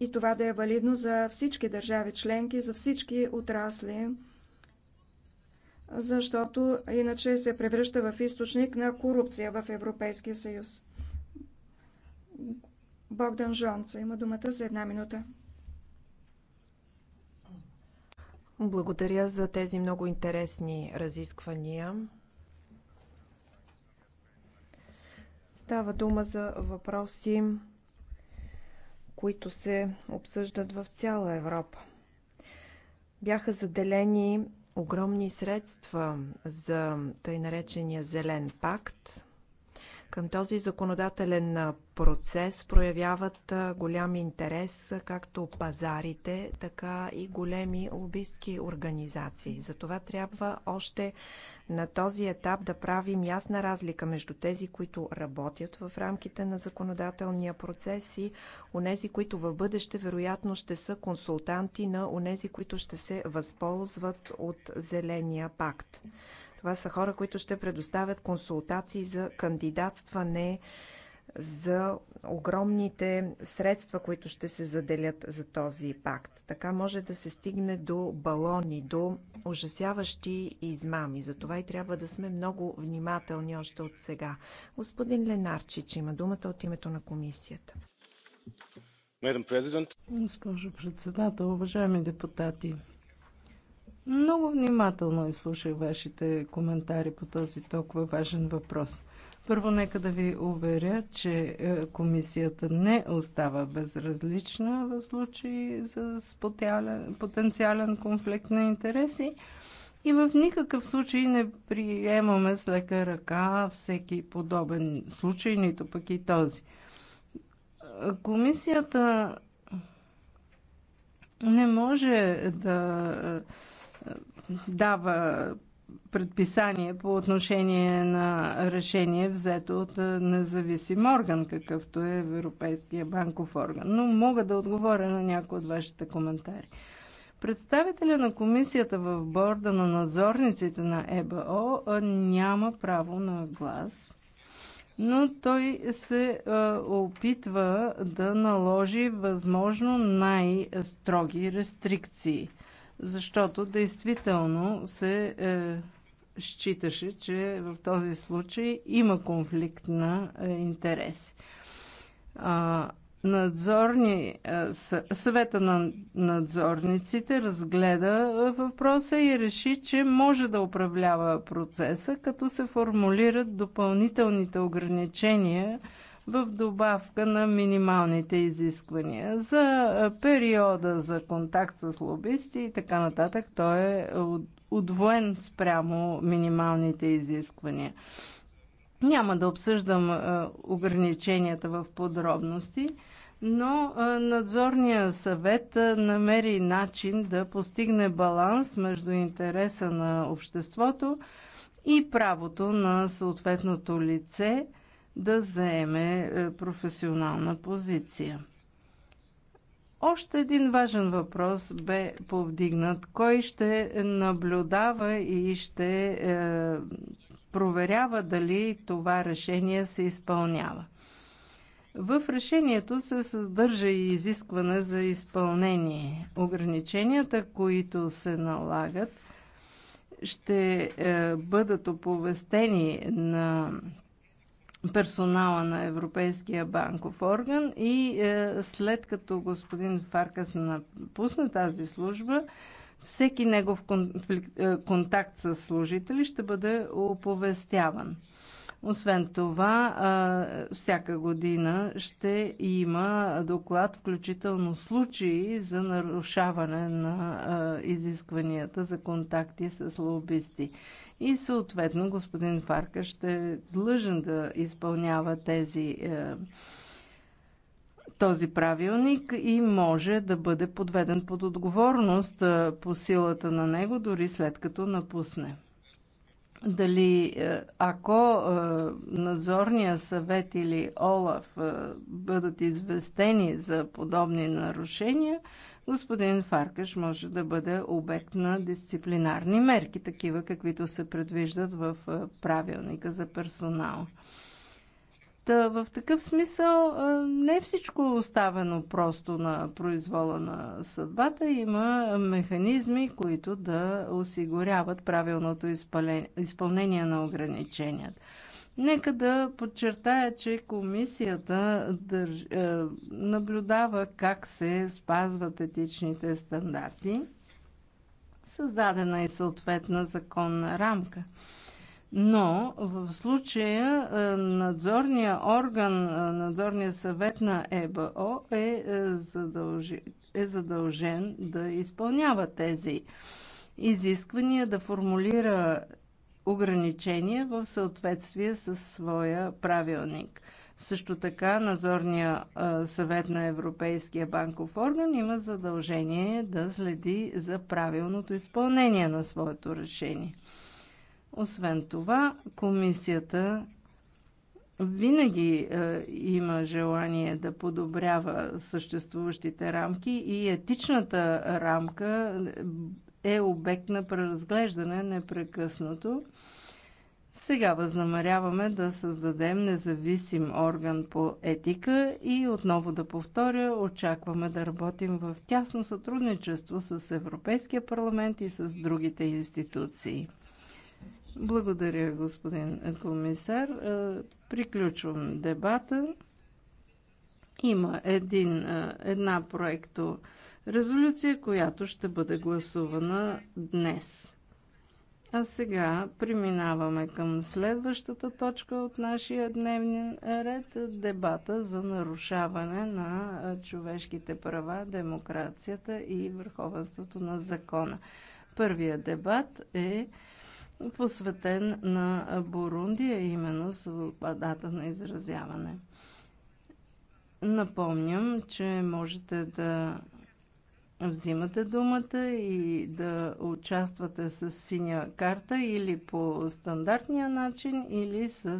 Speaker 3: и това да е валидно за всички държави членки, за всички отрасли, защото иначе се превръща в източник на корупция в Европейския съюз. Богдан Жонца има думата за една минута.
Speaker 2: Благодаря за тези много интересни разисквания. Става дума за въпроси, които се обсъждат в цяла Европа. Бяха заделени огромни средства за тъй наречения Зелен пакт. Към този законодателен процес проявяват голям интерес както пазарите, така и големи лобистки организации. Затова трябва още на този етап да правим ясна разлика между тези, които работят в рамките на законодателния процес и онези, които в бъдеще вероятно ще са консултанти на онези, които ще се възползват от Зеления пакт. Това са хора, които ще предоставят консултации за кандидатстване за огромните средства, които ще се заделят за този пакт. Така може да се стигне до балони, до ужасяващи измами. Затова и трябва да сме много внимателни още от сега. Господин Ленарчич има думата от името на комисията. Госпожо председател,
Speaker 4: уважаеми депутати, много внимателно изслушах вашите коментари по този толкова важен въпрос. Първо, нека да ви уверя, че е, комисията не остава безразлична в случай с потенциален конфликт на интереси и в никакъв случай не приемаме с лека ръка всеки подобен случай, нито пък и този. Комисията не може да дава предписание по отношение на решение взето от независим орган, какъвто е Европейския банков орган. Но мога да отговоря на някои от вашите коментари. Представителя на комисията в борда на надзорниците на ЕБО няма право на глас, но той се опитва да наложи възможно най-строги рестрикции – защото действително се е, считаше, че в този случай има конфликт на е, интереси. А, надзорни, е, съвета на надзорниците разгледа е, въпроса и реши, че може да управлява процеса, като се формулират допълнителните ограничения в добавка на минималните изисквания. За периода за контакт с лобисти и така нататък той е удвоен спрямо минималните изисквания. Няма да обсъждам ограниченията в подробности, но надзорният съвет намери начин да постигне баланс между интереса на обществото и правото на съответното лице – да заеме е, професионална позиция. Още един важен въпрос бе повдигнат. Кой ще наблюдава и ще е, проверява дали това решение се изпълнява? В решението се съдържа и изискване за изпълнение. Ограниченията, които се налагат, ще е, бъдат оповестени на персонала на Европейския банков орган и е, след като господин Фаркас напусне тази служба, всеки негов конфликт, е, контакт с служители ще бъде оповестяван. Освен това, е, всяка година ще има доклад, включително случаи за нарушаване на изискванията за контакти с лобисти и съответно господин Фарка ще е длъжен да изпълнява тези е, този правилник и може да бъде подведен под отговорност е, по силата на него, дори след като напусне. Дали е, ако надзорния съвет или ОЛАФ бъдат известени за подобни нарушения, господин Фаркаш може да бъде обект на дисциплинарни мерки, такива каквито се предвиждат в правилника за персонал. Та, в такъв смисъл не е всичко оставено просто на произвола на съдбата. Има механизми, които да осигуряват правилното изпълнение на ограниченията. Нека да подчертая, че комисията държ... Е, наблюдава как се спазват етичните стандарти. Създадена е съответна законна рамка. Но в случая е, надзорния орган, е, надзорния съвет на ЕБО е, задължи, е задължен да изпълнява тези изисквания, да формулира ограничения в съответствие с своя правилник. Също така надзорния съвет на Европейския банков орган има задължение да следи за правилното изпълнение на своето решение. Освен това, комисията винаги е, има желание да подобрява съществуващите рамки и етичната рамка е обект на преразглеждане непрекъснато. Сега възнамеряваме да създадем независим орган по етика и отново да повторя, очакваме да работим в тясно сътрудничество с Европейския парламент и с другите институции. Благодаря, господин комисар. Е, приключвам дебата. Има един, е, една проекто резолюция, която ще бъде гласувана днес. А сега преминаваме към следващата точка от нашия дневния ред дебата за нарушаване на човешките права, демокрацията и върховенството на закона. Първият дебат е посветен на Бурундия, именно свободата на изразяване. Напомням, че можете да взимате думата и да участвате с синя карта или по стандартния начин, или с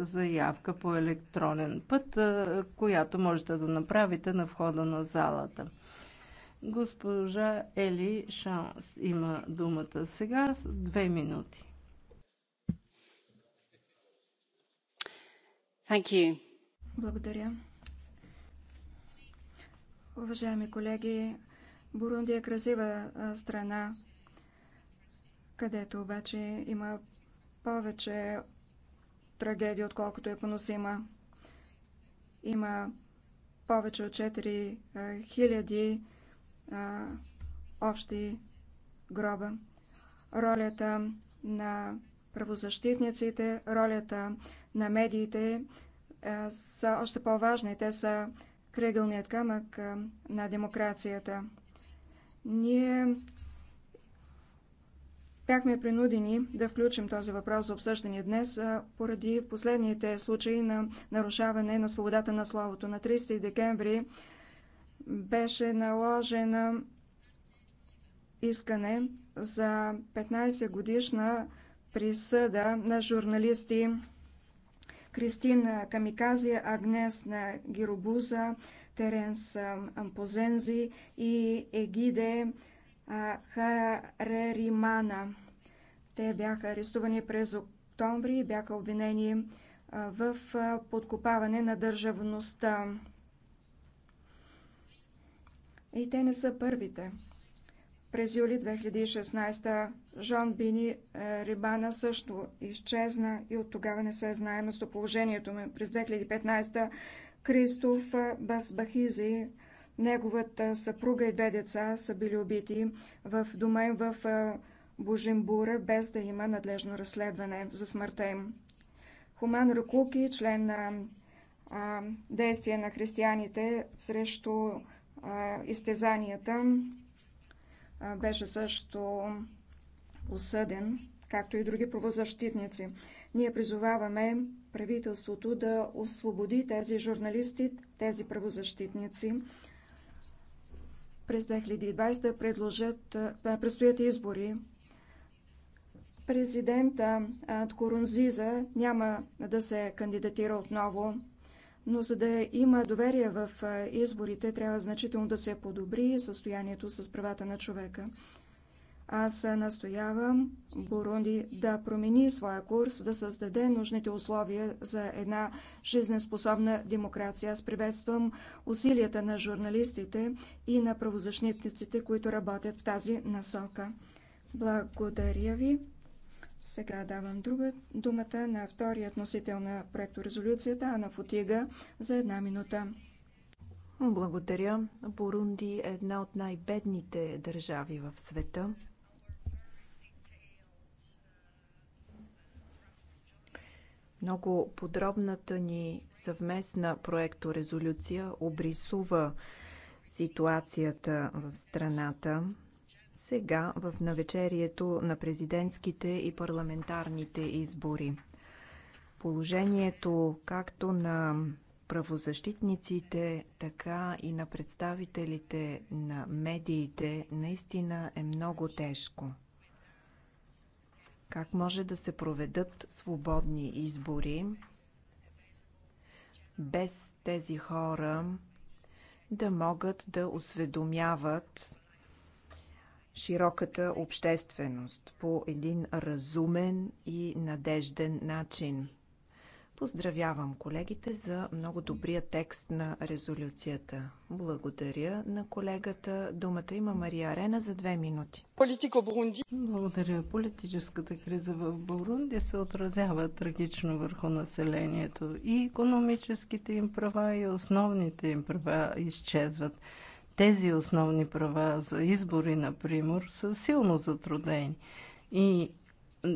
Speaker 4: заявка по електронен път, която можете да направите на входа на залата. Госпожа Ели Шанс има думата сега с две минути.
Speaker 5: Thank you.
Speaker 3: Благодаря. Уважаеми колеги, Бурунди е красива страна, където обаче има повече трагедия, отколкото е поносима. Има повече от 4000 общи гроба. Ролята на правозащитниците, ролята на медиите са още по-важни. Те са кръгълният камък на демокрацията. Ние бяхме принудени да включим този въпрос за обсъждане днес поради последните случаи на нарушаване на свободата на словото. На 30 декември беше наложено искане за 15 годишна присъда на журналисти Кристина Камиказия Агнес на Гиробуза, Теренс Ампозензи и Егиде Хареримана. Те бяха арестувани през октомври и бяха обвинени в подкопаване на държавността. И те не са първите. През юли 2016 Жон Бини е, Рибана също изчезна и от тогава не се знае местоположението му. През 2015 Кристоф Басбахизи, неговата съпруга и две деца са били убити в дома им в Божимбура, без да има надлежно разследване за смъртта им. Хуман Рукуки, член на а, действие на християните срещу а, изтезанията, а, беше също осъден, както и други правозащитници. Ние призоваваме правителството да освободи тези журналисти, тези правозащитници. През 2020 предложат, предстоят избори. Президента Корунзиза няма да се кандидатира отново, но за да има доверие в изборите, трябва значително да се подобри състоянието с правата на човека. Аз настоявам Бурунди да промени своя курс, да създаде нужните условия за една жизнеспособна демокрация. Аз приветствам усилията на журналистите и на правозащитниците, които работят в тази насока. Благодаря ви. Сега давам друга думата на втория относител на проекторезолюцията, Ана Футига, за една минута.
Speaker 2: Благодаря. Бурунди е една от най-бедните държави в света. Много подробната ни съвместна проекторезолюция обрисува ситуацията в страната. Сега, в навечерието на президентските и парламентарните избори. Положението както на правозащитниците, така и на представителите на медиите наистина е много тежко. Как може да се проведат свободни избори без тези хора да могат да осведомяват широката общественост по един разумен и надежден начин? Поздравявам колегите за много добрия текст на резолюцията. Благодаря на колегата. Думата има Мария Арена за две минути.
Speaker 4: Бурунди. Благодаря. Политическата криза в Бурунди се отразява трагично върху населението. И економическите им права, и основните им права изчезват. Тези основни права за избори, например, са силно затруднени. И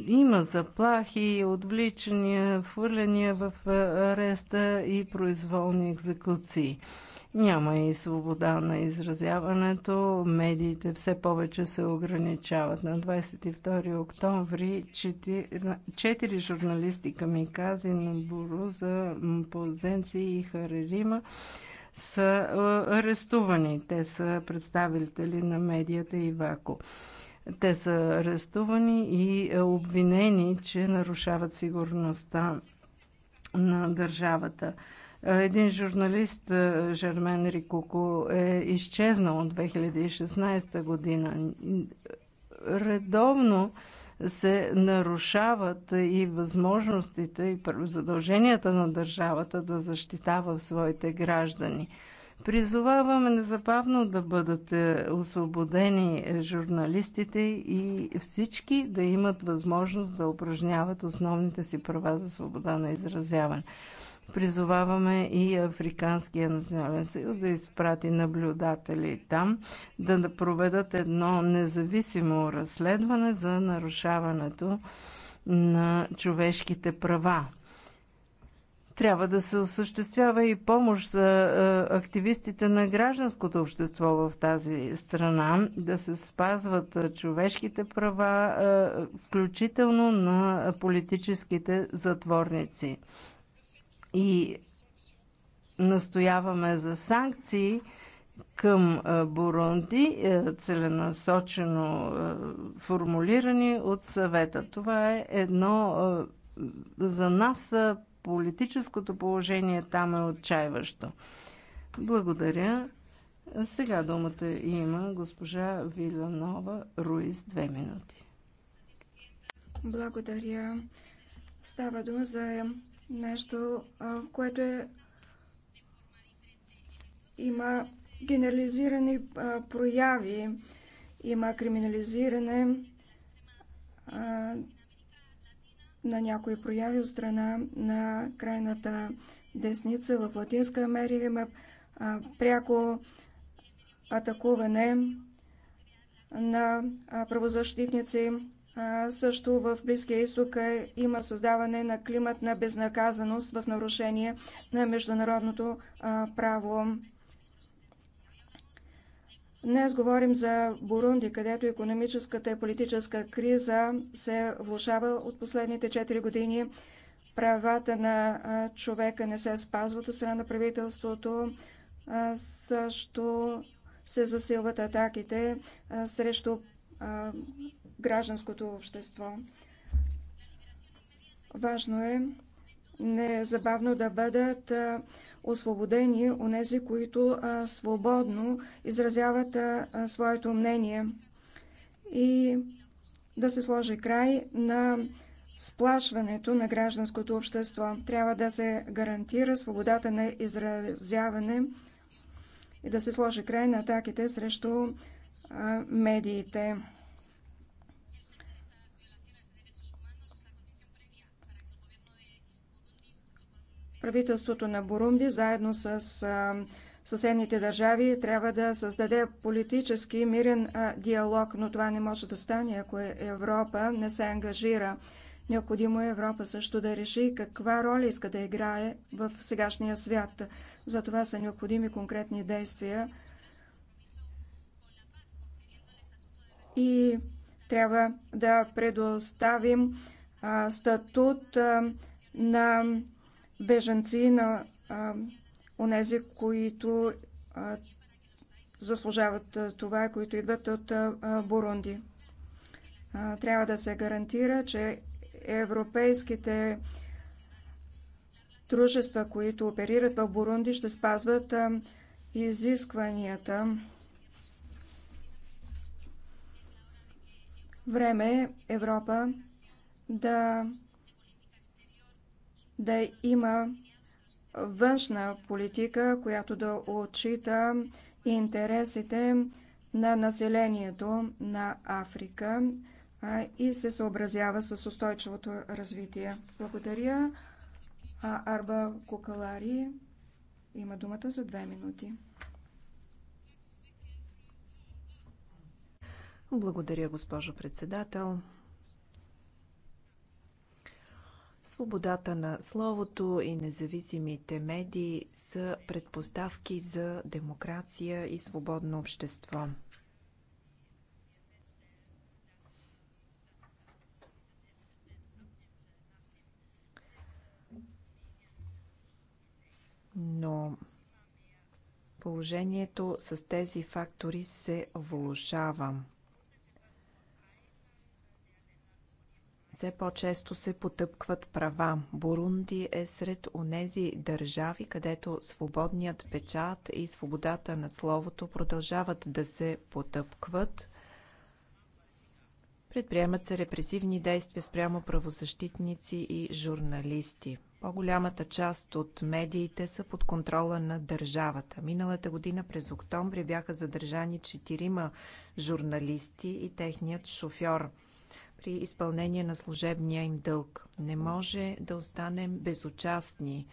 Speaker 4: има заплахи, отвличания, хвърляния в ареста и произволни екзекуции. Няма и свобода на изразяването. Медиите все повече се ограничават. На 22 октомври четири журналисти камикази на Буру за Ползенци и Харерима са арестувани. Те са представители на медията Ивако. Те са арестувани и е, обвинени, че нарушават сигурността на държавата. Е, един журналист, е, Жермен Рикоко, е изчезнал от 2016 година. Редовно се нарушават и възможностите и задълженията на държавата да защитава своите граждани. Призоваваме незабавно да бъдат освободени журналистите и всички да имат възможност да упражняват основните си права за свобода на изразяване. Призоваваме и Африканския национален съюз да изпрати наблюдатели там, да проведат едно независимо разследване за нарушаването на човешките права. Трябва да се осъществява и помощ за е, активистите на гражданското общество в тази страна, да се спазват е, човешките права, е, включително на политическите затворници. И настояваме за санкции към Бурунди, целенасочено формулирани от съвета. Това е едно за нас политическото положение там е отчаиващо. Благодаря. Сега думата има госпожа Виланова Руис. Две минути.
Speaker 3: Благодаря. Става дума за нещо, което е има генерализирани прояви, има криминализиране на някои прояви от страна на крайната десница в Латинска Америка. Има пряко атакуване на правозащитници. Също в Близкия изток има създаване на климат на безнаказаност в нарушение на международното право. Днес говорим за Бурунди, където економическата и политическа криза се влушава от последните 4 години. Правата на човека не се спазват от страна на правителството. Също се засилват атаките срещу гражданското общество. Важно е незабавно да бъдат освободени онези, които а, свободно изразяват а, а, своето мнение и да се сложи край на сплашването на гражданското общество. Трябва да се гарантира свободата на изразяване и да се сложи край на атаките срещу а, медиите. Правителството на Бурунди заедно с съседните държави трябва да създаде политически мирен диалог, но това не може да стане, ако е, Европа не се ангажира. Необходимо е Европа също да реши каква роля иска да играе в сегашния свят. За това са необходими конкретни действия и трябва да предоставим статут на беженци, на онези, които а, заслужават а, това, които идват от а, Бурунди. А, трябва да се гарантира, че европейските дружества, които оперират в Бурунди, ще спазват а, изискванията. Време е Европа да да има външна политика, която да отчита интересите на населението на Африка и се съобразява с устойчивото развитие. Благодаря. А Арба Кукалари има думата за две минути.
Speaker 2: Благодаря, госпожо председател. Свободата на словото и независимите медии са предпоставки за демокрация и свободно общество. Но положението с тези фактори се влушава. Все по-често се потъпкват права. Бурунди е сред онези държави, където свободният печат и свободата на словото продължават да се потъпкват. Предприемат се репресивни действия спрямо правозащитници и журналисти. По-голямата част от медиите са под контрола на държавата. Миналата година през октомври бяха задържани четирима журналисти и техният шофьор – при изпълнение на служебния им дълг. Не може да останем безучастни,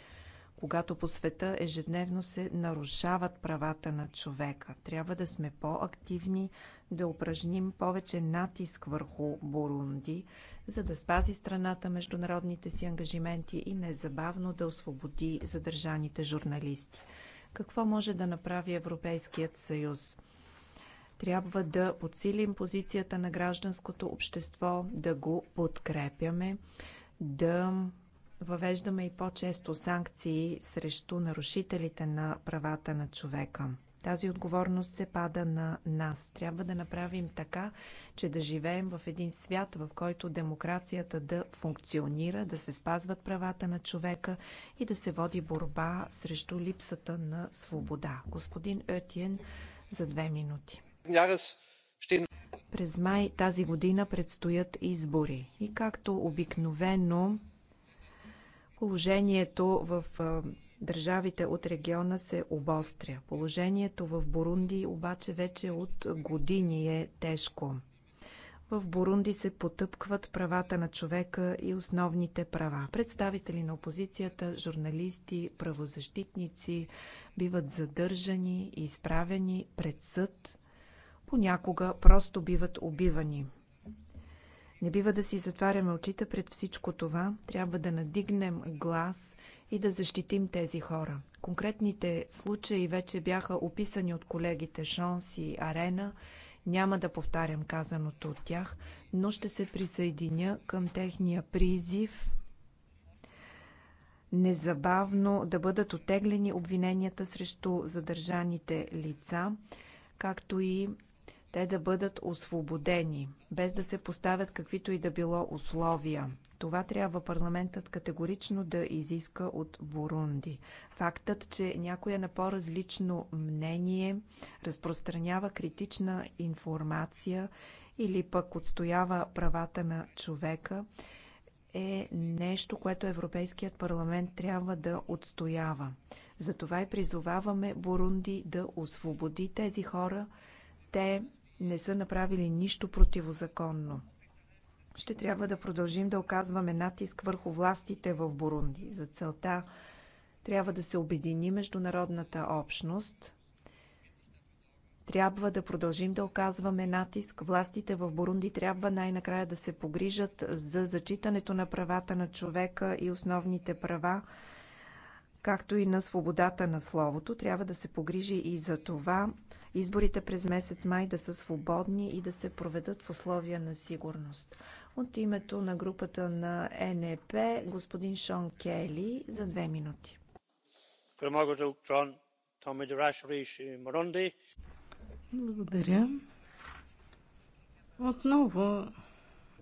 Speaker 2: когато по света ежедневно се нарушават правата на човека. Трябва да сме по-активни, да упражним повече натиск върху Бурунди, за да спази страната международните си ангажименти и незабавно да освободи задържаните журналисти. Какво може да направи Европейският съюз? Трябва да подсилим позицията на гражданското общество, да го подкрепяме, да въвеждаме и по-често санкции срещу нарушителите на правата на човека. Тази отговорност се пада на нас. Трябва да направим така, че да живеем в един свят, в който демокрацията да функционира, да се спазват правата на човека и да се води борба срещу липсата на свобода. Господин Етиен, за две минути. През май тази година предстоят избори и както обикновено положението в държавите от региона се обостря. Положението в Бурунди обаче вече от години е тежко. В Бурунди се потъпкват правата на човека и основните права. Представители на опозицията, журналисти, правозащитници биват задържани и изправени пред съд понякога просто биват убивани. Не бива да си затваряме очите пред всичко това. Трябва да надигнем глас и да защитим тези хора. Конкретните случаи вече бяха описани от колегите Шонс и Арена. Няма да повтарям казаното от тях, но ще се присъединя към техния призив незабавно да бъдат отеглени обвиненията срещу задържаните лица, както и те да бъдат освободени, без да се поставят каквито и да било условия. Това трябва парламентът категорично да изиска от Бурунди. Фактът, че някой е на по-различно мнение, разпространява критична информация или пък отстоява правата на човека, е нещо, което Европейският парламент трябва да отстоява. Затова и призоваваме Бурунди да освободи тези хора. Те не са направили нищо противозаконно. Ще трябва да продължим да оказваме натиск върху властите в Бурунди. За целта трябва да се обедини международната общност. Трябва да продължим да оказваме натиск. Властите в Бурунди трябва най-накрая да се погрижат за зачитането на правата на човека и основните права както и на свободата на словото. Трябва да се погрижи и за това изборите през месец май да са свободни и да се проведат в условия на сигурност. От името на групата на НЕП, господин Шон Кели за две минути. Благодаря.
Speaker 4: Отново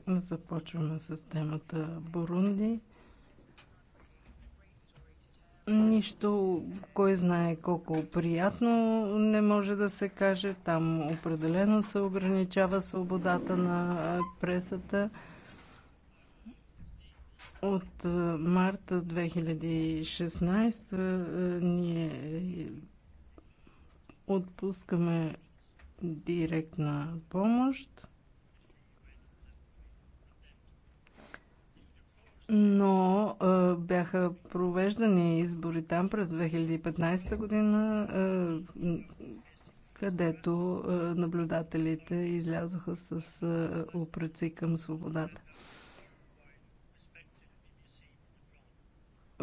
Speaker 4: започваме с темата Бурунди. Нищо, кой знае колко приятно не може да се каже. Там определено се ограничава свободата на пресата. От е, марта 2016 е, ние отпускаме директна помощ. но а, бяха провеждани избори там през 2015 година, а, където а, наблюдателите излязоха с а, упреци към свободата.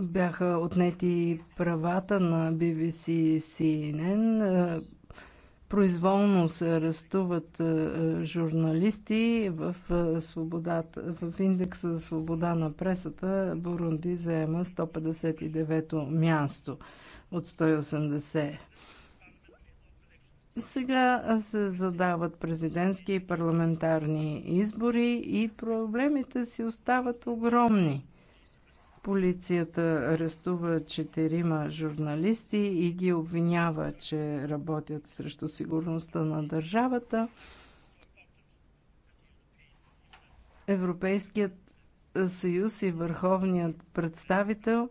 Speaker 4: Бяха отнети правата на BBC и CNN. А, произволно се арестуват е, е, журналисти в, е, свободата, в индекса за свобода на пресата Бурунди заема 159-то място от 180. Сега се задават президентски и парламентарни избори и проблемите си остават огромни – Полицията арестува четирима журналисти и ги обвинява, че работят срещу сигурността на държавата. Европейският съюз и върховният представител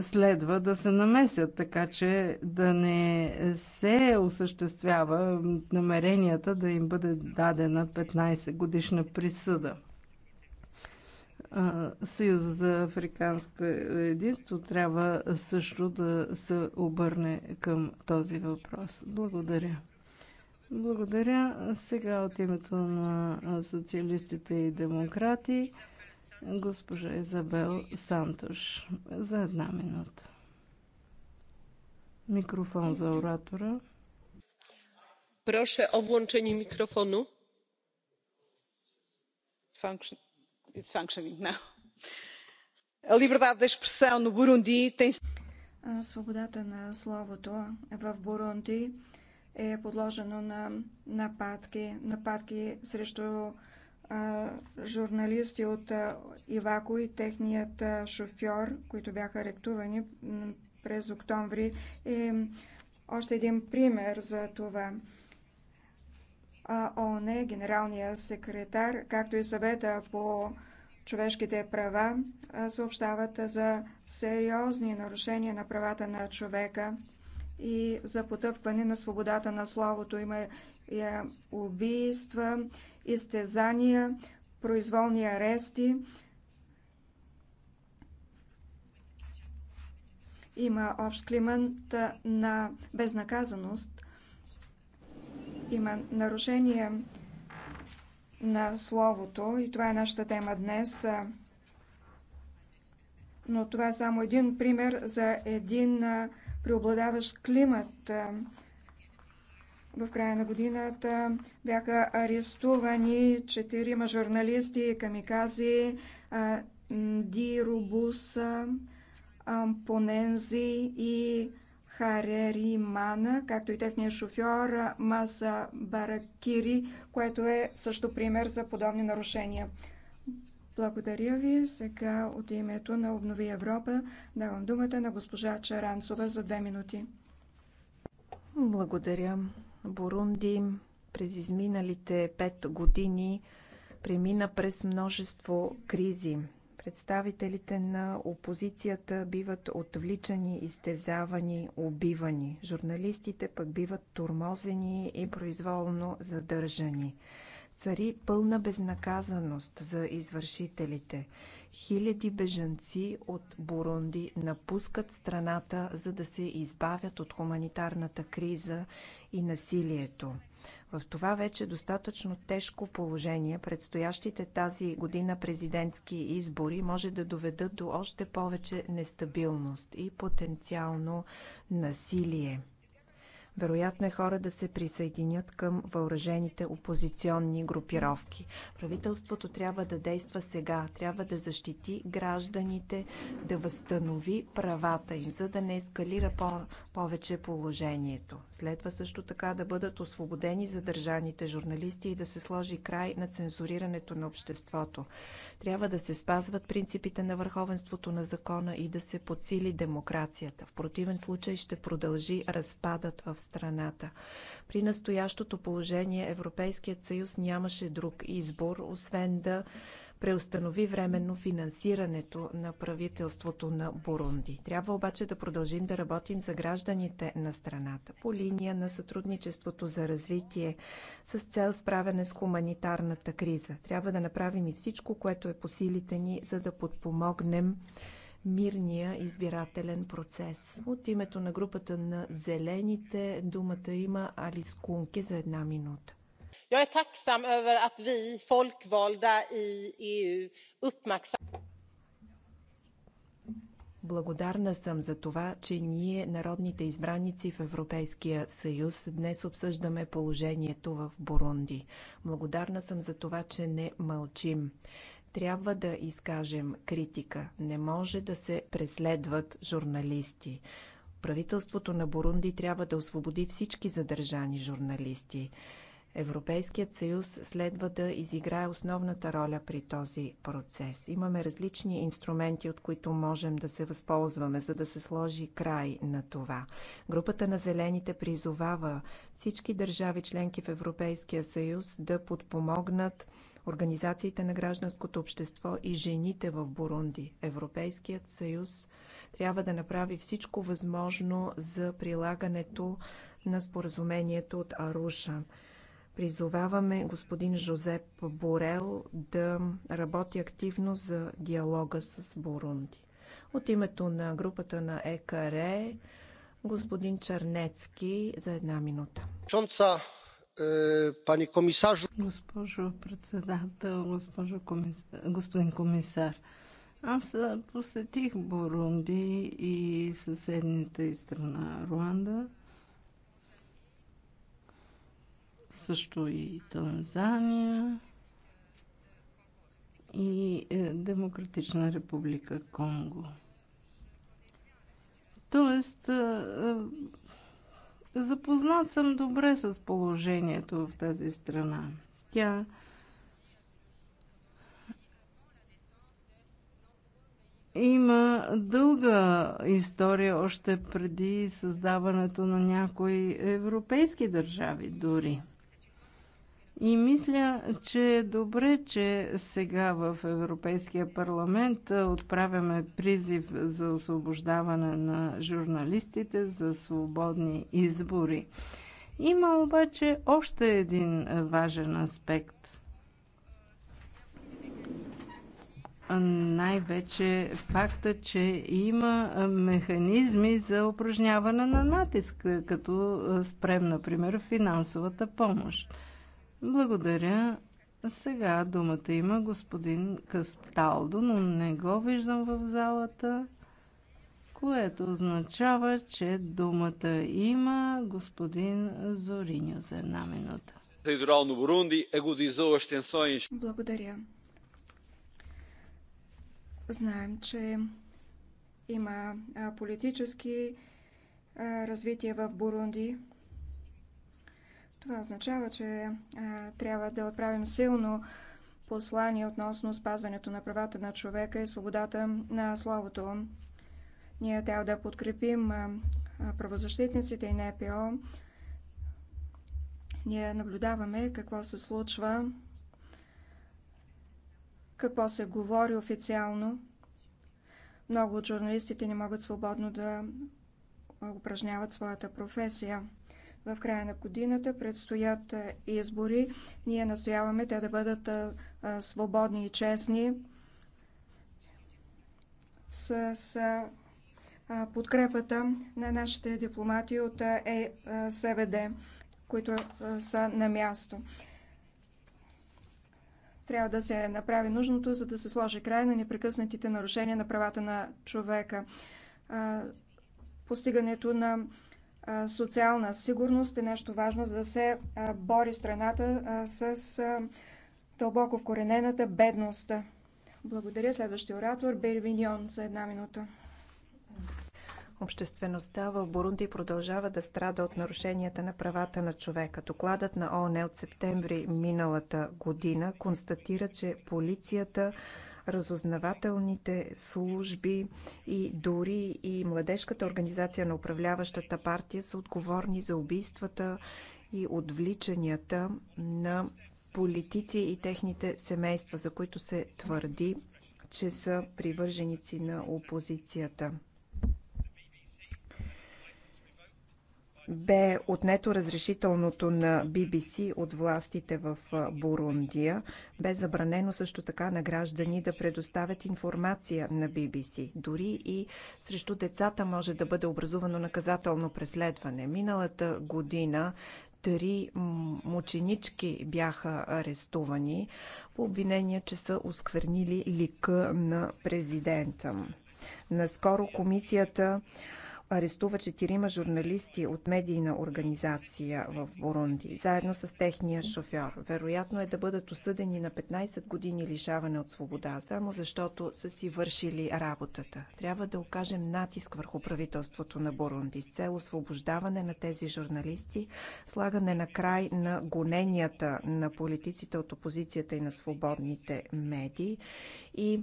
Speaker 4: следва да се намесят, така че да не се осъществява намеренията да им бъде дадена 15 годишна присъда. Съюз за африканско единство трябва също да се обърне към този въпрос. Благодаря. Благодаря. Сега от името на социалистите и демократи госпожа Изабел Сантош за една минута. Микрофон за оратора.
Speaker 2: Проше о вłączenie микрофону.
Speaker 3: Свободата на словото в Бурунди е подложено на нападки, нападки срещу журналисти от Ивако и техният шофьор, които бяха арестувани през октомври. Е още един пример за това. ООН, е генералния секретар, както и съвета по човешките права съобщават за сериозни нарушения на правата на човека и за потъпване на свободата на словото. Има е, убийства, изтезания, произволни арести. Има общ климат на безнаказаност има нарушение на словото и това е нашата тема днес. Но това е само един пример за един преобладаващ климат. В края на годината бяха арестувани четирима журналисти, камикази, Дирубуса, Ампонензи и Харери Мана, както и техния шофьор Маса Баракири, което е също пример за подобни нарушения. Благодаря ви. Сега от името на Обнови Европа давам думата на госпожа Чаранцова за две минути.
Speaker 2: Благодаря. Бурунди през изминалите пет години премина през множество кризи. Представителите на опозицията биват отвличани, изтезавани, убивани. Журналистите пък биват турмозени и произволно задържани. Цари пълна безнаказаност за извършителите. Хиляди бежанци от Бурунди напускат страната, за да се избавят от хуманитарната криза и насилието. В това вече достатъчно тежко положение предстоящите тази година президентски избори може да доведат до още повече нестабилност и потенциално насилие. Вероятно е хора да се присъединят към въоръжените опозиционни групировки. Правителството трябва да действа сега, трябва да защити гражданите, да възстанови правата им, за да не ескалира по- повече положението. Следва също така да бъдат освободени задържаните журналисти и да се сложи край на цензурирането на обществото. Трябва да се спазват принципите на върховенството на закона и да се подсили демокрацията. В противен случай ще продължи разпадът в страната. При настоящото положение Европейският съюз нямаше друг избор, освен да преустанови временно финансирането на правителството на Бурунди. Трябва обаче да продължим да работим за гражданите на страната по линия на сътрудничеството за развитие с цел справяне с хуманитарната криза. Трябва да направим и всичко, което е по силите ни, за да подпомогнем мирния избирателен процес. От името на групата на зелените думата има Алис Кунке за една минута. E Благодарна съм за това, че ние, народните избраници в Европейския съюз, днес обсъждаме положението в Бурунди. Благодарна съм за това, че не мълчим. Трябва да изкажем критика. Не може да се преследват журналисти. Правителството на Бурунди трябва да освободи всички задържани журналисти. Европейският съюз следва да изиграе основната роля при този процес. Имаме различни инструменти, от които можем да се възползваме, за да се сложи край на това. Групата на зелените призовава всички държави членки в Европейския съюз да подпомогнат организациите на гражданското общество и жените в Бурунди. Европейският съюз трябва да направи всичко възможно за прилагането на споразумението от Аруша. Призоваваме господин Жозеп Борел да работи активно за диалога с Бурунди. От името на групата на ЕКР господин Чернецки за една минута. Е, госпожо председател, господин
Speaker 4: комисар, аз посетих Бурунди и съседните страна Руанда, също и Танзания и е, Демократична република Конго. Тоест, Запознат съм добре с положението в тази страна. Тя има дълга история още преди създаването на някои европейски държави дори. И мисля, че е добре, че сега в Европейския парламент отправяме призив за освобождаване на журналистите, за свободни избори. Има обаче още един важен аспект. Най-вече факта, че има механизми за упражняване на натиск, като спрем, например, финансовата помощ. Благодаря. Сега думата има господин Касталдо, но не го виждам в залата, което означава, че думата има господин Зориньо за една минута.
Speaker 3: Благодаря. Знаем, че има политически развитие в Бурунди, това означава, че а, трябва да отправим силно послание относно спазването на правата на човека и свободата на словото. Ние трябва да подкрепим а, правозащитниците и НПО. Ние наблюдаваме какво се случва, какво се говори официално. Много от журналистите не могат свободно да упражняват своята професия. В края на годината предстоят е, избори. Ние настояваме те да бъдат е, е, свободни и честни с подкрепата на нашите дипломати от СВД, които са на място. Трябва да се направи нужното, за да се сложи край на непрекъснатите нарушения на правата на човека. Постигането на социална сигурност е нещо важно, за да се бори страната с дълбоко вкоренената бедност. Благодаря. Следващия оратор Бервиньон за една минута.
Speaker 2: Обществеността в Бурунди продължава да страда от нарушенията на правата на човека. Докладът на ООН е от септември миналата година констатира, че полицията разузнавателните служби и дори и младежката организация на управляващата партия са отговорни за убийствата и отвличанията на политици и техните семейства, за които се твърди, че са привърженици на опозицията. бе отнето разрешителното на BBC от властите в Бурундия. Бе забранено също така на граждани да предоставят информация на BBC. Дори и срещу децата може да бъде образувано наказателно преследване. Миналата година три мученички бяха арестувани по обвинение, че са осквернили лика на президента. Наскоро комисията арестува четирима журналисти от медийна организация в Бурунди, заедно с техния шофьор. Вероятно е да бъдат осъдени на 15 години лишаване от свобода, само защото са си вършили работата. Трябва да окажем натиск върху правителството на Бурунди с цел освобождаване на тези журналисти, слагане на край на гоненията на политиците от опозицията и на свободните медии и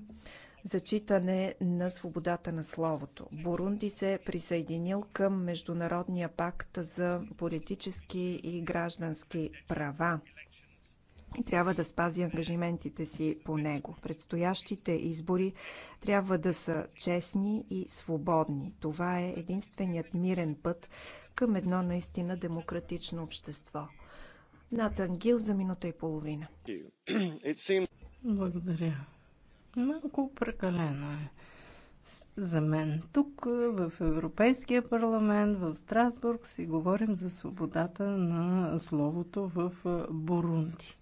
Speaker 2: зачитане на свободата на словото. Бурунди се е присъединил към Международния пакт за политически и граждански права и трябва да спази ангажиментите си по него. Предстоящите избори трябва да са честни и свободни. Това е единственият мирен път към едно наистина демократично общество. Натан Гил за минута и половина. Благодаря.
Speaker 4: Малко прекалено е за мен. Тук е, в Европейския парламент, в Страсбург си говорим за свободата на словото в е, Бурунди.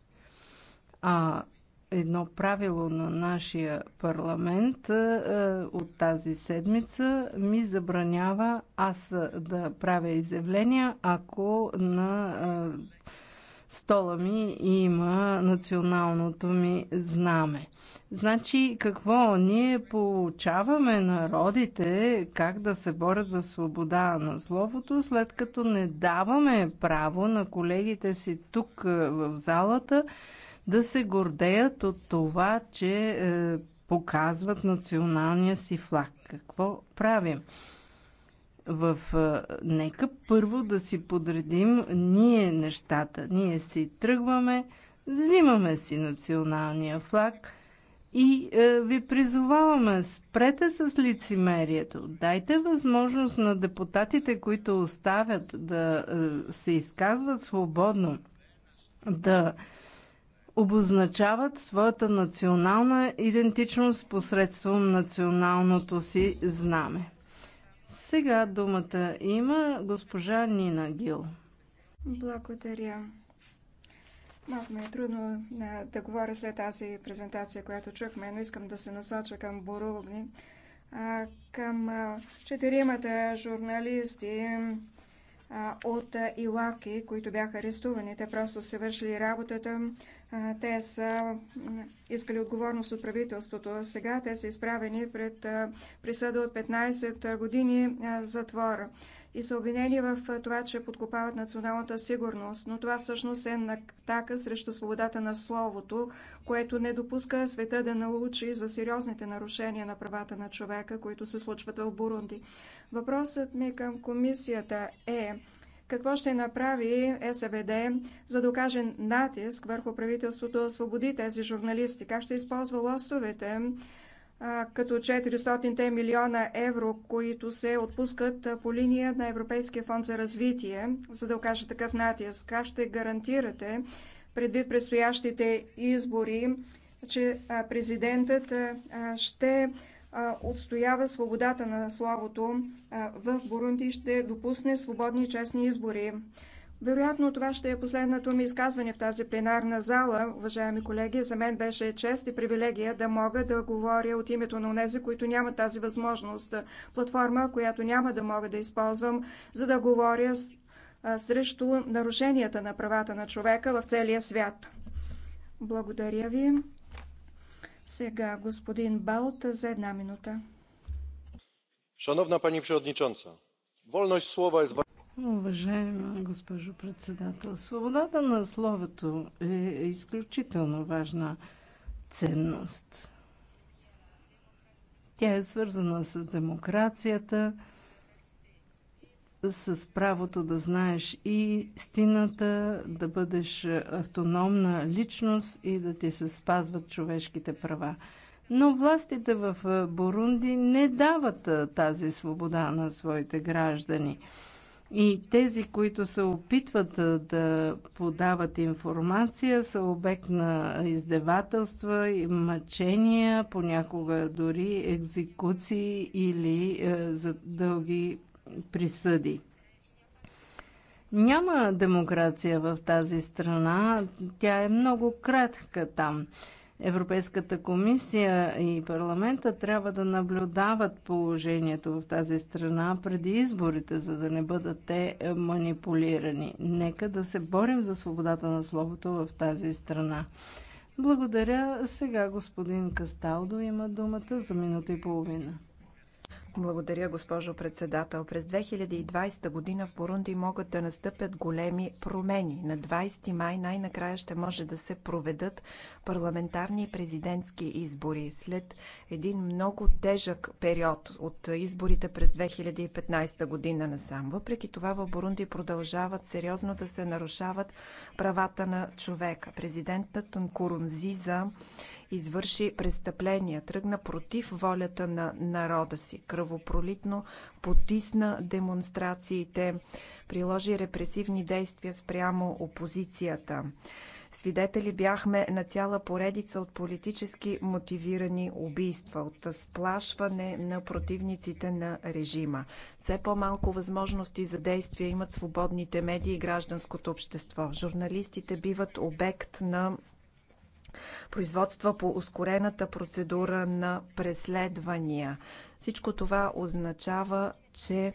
Speaker 4: А едно правило на нашия парламент е, от тази седмица ми забранява аз да правя изявления, ако на стола ми има националното ми знаме. Значи какво? Ние получаваме народите как да се борят за свобода на словото, след като не даваме право на колегите си тук е, в залата да се гордеят от това, че е, показват националния си флаг. Какво правим? в... Нека първо да си подредим ние нещата. Ние си тръгваме, взимаме си националния флаг и а, ви призоваваме, спрете с лицемерието. Дайте възможност на депутатите, които оставят да а, се изказват свободно, да обозначават своята национална идентичност посредством националното си знаме. Сега думата има госпожа Нина Гил.
Speaker 3: Благодаря. Малко ми е трудно да говоря след тази презентация, която чухме, но искам да се насоча към Боруловни, към четиримата журналисти от Илаки, които бяха арестувани. Те просто се вършили работата те са искали отговорност от правителството. Сега те са изправени пред присъда от 15 години затвора и са обвинени в това, че подкопават националната сигурност. Но това всъщност е натака срещу свободата на словото, което не допуска света да научи за сериозните нарушения на правата на човека, които се случват в Бурунди. Въпросът ми към комисията е какво ще направи СВД, за да окаже натиск върху правителството да освободи тези журналисти? Как ще използва лостовете, като 400 милиона евро, които се отпускат по линия на Европейския фонд за развитие, за да окаже такъв натиск? Как ще гарантирате, предвид предстоящите избори, че президентът ще отстоява свободата на словото в Бурунди и ще допусне свободни и честни избори. Вероятно това ще е последното ми изказване в тази пленарна зала, уважаеми колеги. За мен беше чест и привилегия да мога да говоря от името на онези, които нямат тази възможност. Платформа, която няма да мога да използвам, за да говоря срещу нарушенията на правата на човека в целия свят. Благодаря ви. Сега господин Баут за една минута.
Speaker 1: Шановна пани Przewodnicząca, wolność słowa jest...
Speaker 3: Уважаема госпожо председател, свободата на
Speaker 4: словото е изключително важна ценност. Тя е свързана с демокрацията, с правото да знаеш и истината, да бъдеш автономна личност и да ти се спазват човешките права. Но властите в Бурунди не дават тази свобода на своите граждани. И тези, които се опитват да подават информация, са обект на издевателства и мъчения, понякога дори екзекуции или е, за дълги присъди. Няма демокрация в тази страна. Тя е много кратка там. Европейската комисия и парламента трябва да наблюдават положението в тази страна преди изборите, за да не бъдат те е, манипулирани. Нека да се борим за свободата на словото в тази страна. Благодаря. Сега господин Касталдо има
Speaker 2: думата за минута и половина. Благодаря, госпожо председател. През 2020 година в Бурунди могат да настъпят големи промени. На 20 май най-накрая ще може да се проведат парламентарни и президентски избори след един много тежък период от изборите през 2015 година насам. Въпреки това в Бурунди продължават сериозно да се нарушават правата на човека. Президентът Нкурунзиза извърши престъпления, тръгна против волята на народа си, кръвопролитно потисна демонстрациите, приложи репресивни действия спрямо опозицията. Свидетели бяхме на цяла поредица от политически мотивирани убийства, от сплашване на противниците на режима. Все по-малко възможности за действия имат свободните медии и гражданското общество. Журналистите биват обект на производства по ускорената процедура на преследвания. Всичко това означава, че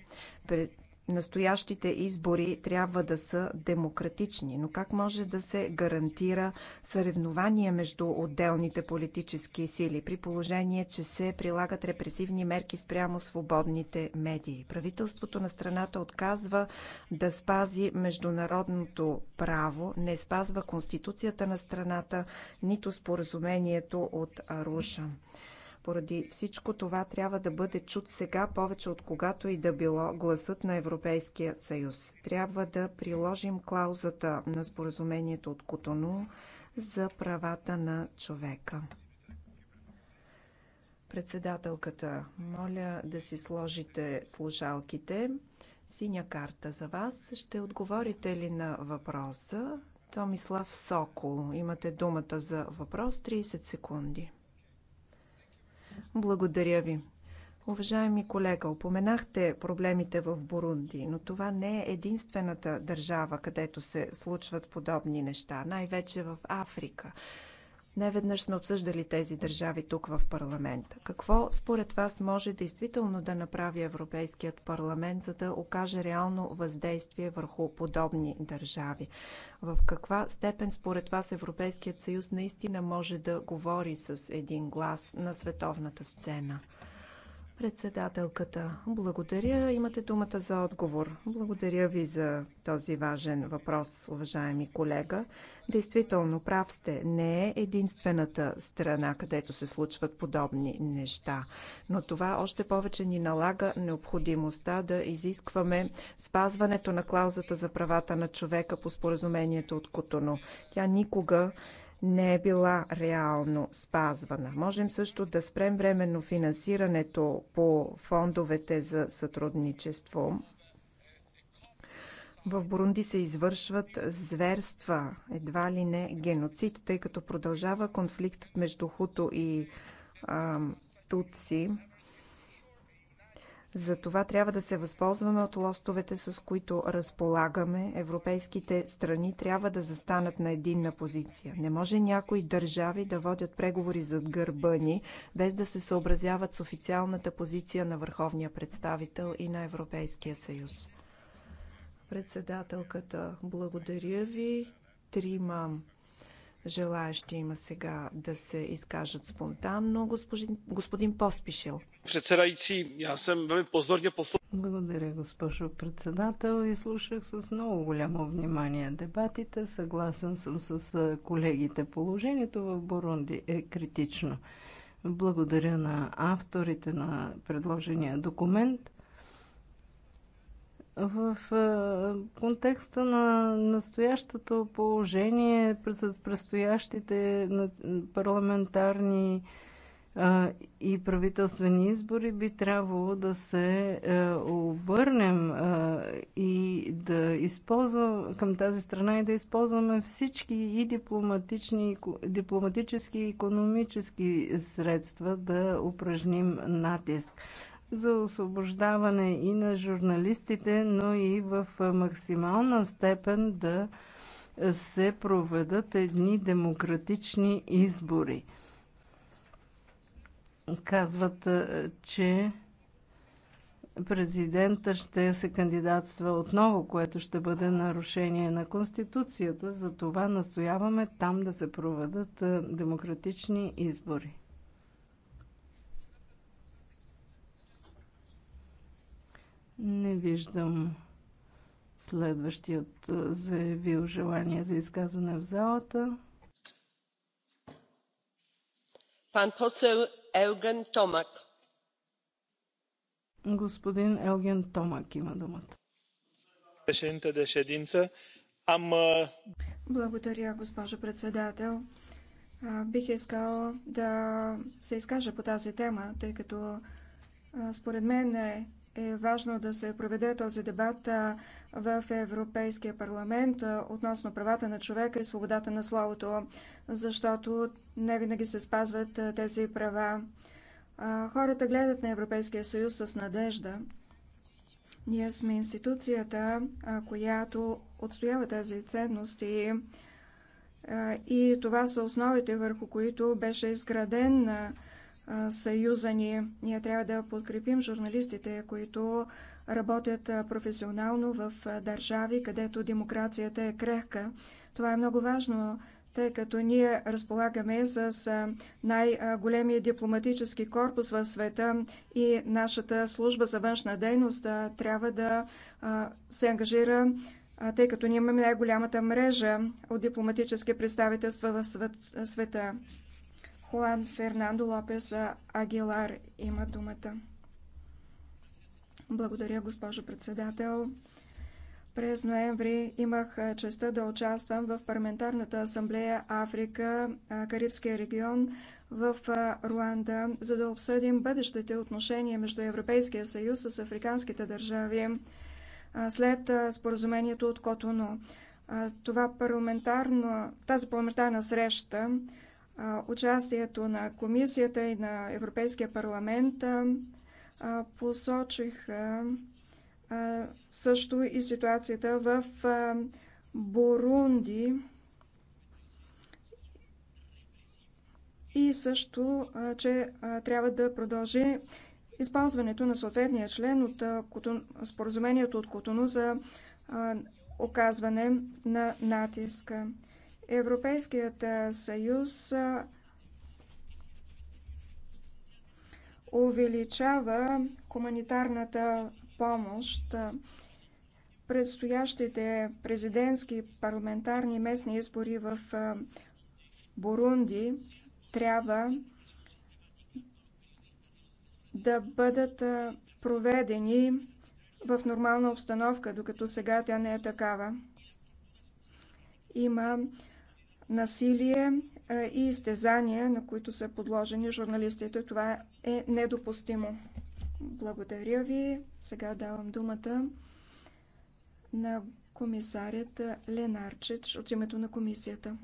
Speaker 2: настоящите избори трябва да са демократични, но как може да се гарантира съревнование между отделните политически сили при положение, че се прилагат репресивни мерки спрямо свободните медии? Правителството на страната отказва да спази международното право, не спазва конституцията на страната, нито споразумението от Аруша. Поради всичко това трябва да бъде чут сега повече от когато и да било гласът на Европейския съюз. Трябва да приложим клаузата на споразумението от Котону за правата на човека. Председателката, моля да си сложите слушалките. Синя карта за вас. Ще отговорите ли на въпроса? Томислав Сокол, имате думата за въпрос 30 секунди. Благодаря ви. Уважаеми колега, упоменахте проблемите в Бурунди, но това не е единствената държава, където се случват подобни неща, най-вече в Африка. Неведнъж сме обсъждали тези държави тук в парламента. Какво според вас може действително да направи Европейският парламент, за да окаже реално въздействие върху подобни държави? В каква степен според вас Европейският съюз наистина може да говори с един глас на световната сцена? Председателката, благодаря. Имате думата за отговор. Благодаря ви за този важен въпрос, уважаеми колега. Действително, прав сте. Не е единствената страна, където се случват подобни неща. Но това още повече ни налага необходимостта да изискваме спазването на клаузата за правата на човека по споразумението от Котоно. Тя никога не е била реално спазвана. Можем също да спрем временно финансирането по фондовете за сътрудничество. В Бурунди се извършват зверства, едва ли не геноцид, тъй като продължава конфликтът между Хуто и а, Туци. Затова трябва да се възползваме от лостовете, с които разполагаме. Европейските страни трябва да застанат на единна позиция. Не може някои държави да водят преговори зад гърба ни, без да се съобразяват с официалната позиция на върховния представител и на Европейския съюз. Председателката, благодаря ви. Трима желаящи има сега да се изкажат спонтанно. Господин, господин Поспишил.
Speaker 1: Благодаря, госпожо
Speaker 4: председател. И слушах с много голямо внимание дебатите. Съгласен съм с колегите. Положението в Бурунди е критично. Благодаря на авторите на предложения документ. В контекста на настоящото положение с предстоящите парламентарни и правителствени избори, би трябвало да се е, обърнем е, и да използвам към тази страна и да използваме всички и дипломатични, дипломатически и економически средства да упражним натиск за освобождаване и на журналистите, но и в максимална степен да се проведат едни демократични избори казват, е, че президента ще се кандидатства отново, което ще бъде нарушение на Конституцията. За това настояваме там да се проведат е, демократични избори. Не виждам следващият е, заявил желание за изказване в
Speaker 2: залата.
Speaker 5: Пан посел
Speaker 2: Елген Томак.
Speaker 4: Господин Елген Томак има думата.
Speaker 2: de ședință, am...
Speaker 3: Благодаря, госпожо председател. Бих искал да се изкажа по тази тема, тъй като според мен е е важно да се проведе този дебат в Европейския парламент относно правата на човека и свободата на словото, защото не винаги се спазват тези права. Хората гледат на Европейския съюз с надежда. Ние сме институцията, която отстоява тези ценности и това са основите, върху които беше изграден съюза ни. Ние трябва да подкрепим журналистите, които работят професионално в държави, където демокрацията е крехка. Това е много важно, тъй като ние разполагаме с най-големия дипломатически корпус в света и нашата служба за външна дейност трябва да се ангажира тъй като ние имаме най-голямата мрежа от дипломатически представителства в света. Хуан Фернандо Лопес Агилар има думата. Благодаря, госпожо председател. През ноември имах честа да участвам в парламентарната асамблея Африка, Карибския регион в Руанда, за да обсъдим бъдещите отношения между Европейския съюз с африканските държави след споразумението от Котоно. Това парламентарно, тази парламентарна среща участието на комисията и на Европейския парламент посочиха също и ситуацията в Бурунди и също, че трябва да продължи използването на съответния член от споразумението от Котону за оказване на натиска. Европейският съюз увеличава хуманитарната помощ. Предстоящите президентски, парламентарни, местни избори в Бурунди трябва да бъдат проведени в нормална обстановка, докато сега тя не е такава. Има насилие е, и изтезания, на които са подложени журналистите. Това е недопустимо. Благодаря ви. Сега давам думата на комисарят Ленарчич от името на комисията.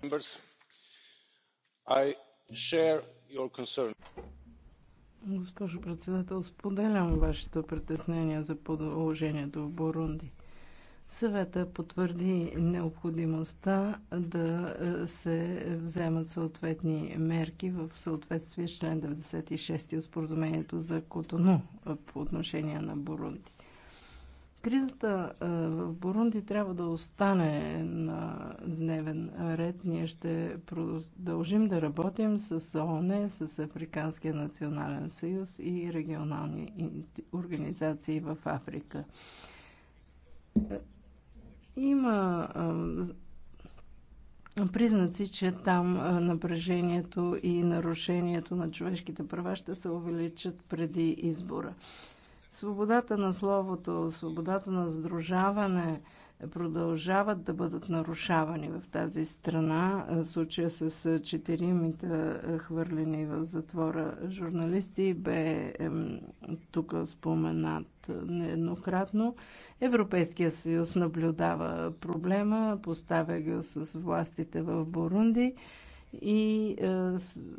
Speaker 4: Госпожо председател, споделям вашето притеснение за положението в Бурунди. Съвета потвърди необходимостта да е, се вземат съответни мерки в съответствие с член 96 от споразумението за Котону е, по отношение на Бурунди. Кризата е, в Бурунди трябва да остане на дневен ред. Ние ще продължим да работим с ООН, с Африканския национален съюз и регионални организации в Африка има признаци, че там напрежението и нарушението на човешките права ще се увеличат преди избора. Свободата на словото, свободата на сдружаване, продължават да бъдат нарушавани в тази страна. Случая с четиримите хвърлени в затвора журналисти бе тук споменат нееднократно. Европейския съюз наблюдава проблема, поставя го с властите в Бурунди и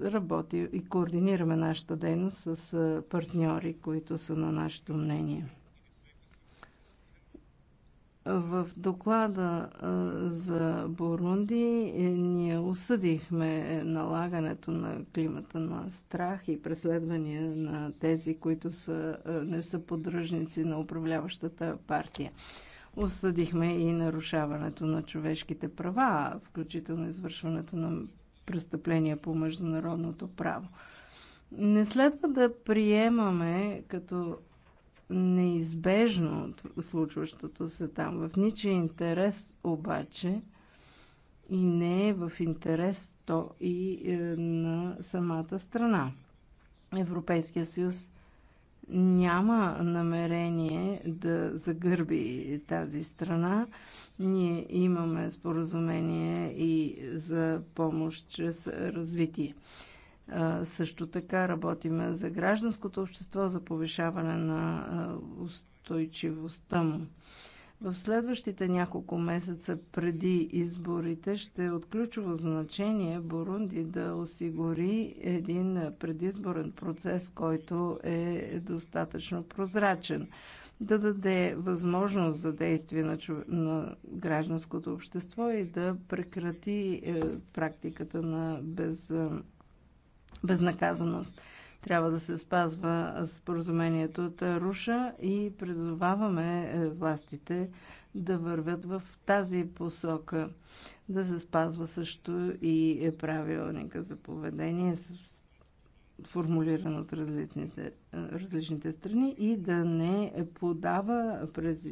Speaker 4: работи и координираме нашата дейност с партньори, които са на нашето мнение. В доклада за Бурунди е, ние осъдихме е, налагането на климата на страх и преследвания на тези, които са, не са поддръжници на управляващата партия. Осъдихме и нарушаването на човешките права, включително извършването на престъпления по международното право. Не следва да приемаме като неизбежно случващото се там. В ничия интерес обаче и не е в интерес то и е, на самата страна. Европейския съюз няма намерение да загърби тази страна. Ние имаме споразумение и за помощ чрез развитие. Също така работиме за гражданското общество, за повишаване на устойчивостта му. В следващите няколко месеца преди изборите ще е от ключово значение Бурунди да осигури един предизборен процес, който е достатъчно прозрачен, да даде възможност за действие на, чу... на гражданското общество и да прекрати е, практиката на без е, безнаказаност. Трябва да се спазва споразумението от Руша и призоваваме е, властите да вървят в тази посока. Да се спазва също и е, правилника за поведение, формулиран от различните, е, различните страни и да не подава,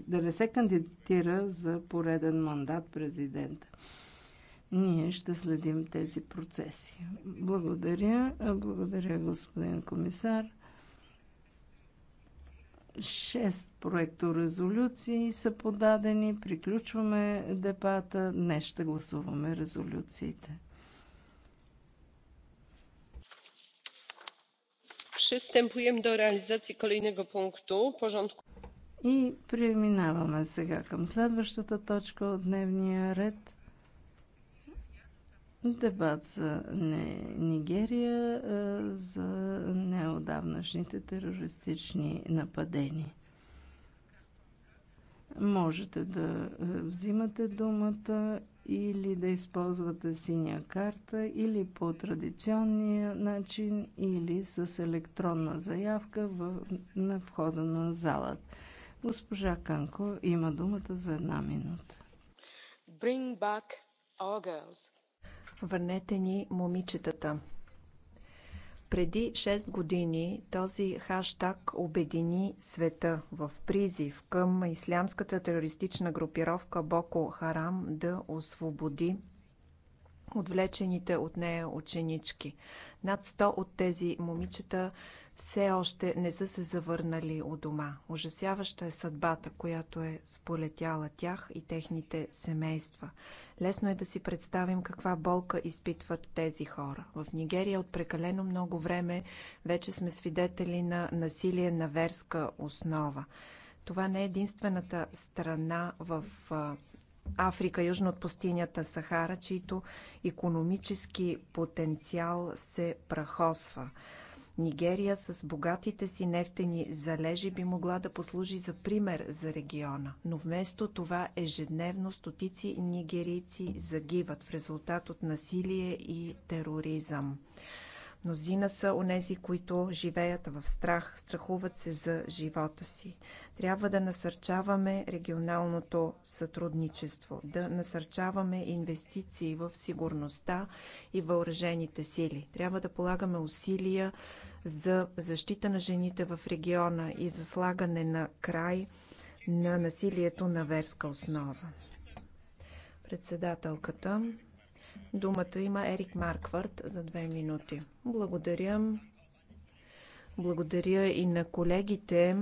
Speaker 4: да не се кандидатира за пореден мандат президента ние ще следим тези процеси. Благодаря. Благодаря, господин комисар. Шест проекторезолюции са подадени. Приключваме дебата. Днес ще гласуваме резолюциите.
Speaker 2: Przystępujem do realizacji kolejnego punktu porządku.
Speaker 4: И преминаваме сега към следващата точка от дневния ред – Дебат за Нигерия, за неодавнашните терористични нападения. Можете да взимате думата или да използвате синя карта, или по традиционния начин, или с електронна заявка в, на входа на залата. Госпожа Канко има
Speaker 2: думата за една минута.
Speaker 4: Bring back our girls.
Speaker 2: Върнете ни момичетата. Преди 6 години този хаштаг обедини света в призив към ислямската терористична групировка Боко Харам да освободи отвлечените от нея ученички. Над 100 от тези момичета все още не са се завърнали у дома. Ужасяваща е съдбата, която е сполетяла тях и техните семейства. Лесно е да си представим каква болка изпитват тези хора. В Нигерия от прекалено много време вече сме свидетели на насилие на верска основа. Това не е единствената страна в Африка, южно от пустинята Сахара, чийто економически потенциал се прахосва. Нигерия с богатите си нефтени залежи би могла да послужи за пример за региона, но вместо това ежедневно стотици нигерийци загиват в резултат от насилие и тероризъм. Мнозина са онези, които живеят в страх, страхуват се за живота си. Трябва да насърчаваме регионалното сътрудничество, да насърчаваме инвестиции в сигурността и въоръжените сили. Трябва да полагаме усилия за защита на жените в региона и за слагане на край на насилието на верска основа. Председателката. Думата има Ерик Марквард за две минути. Благодаря. Благодаря и на колегите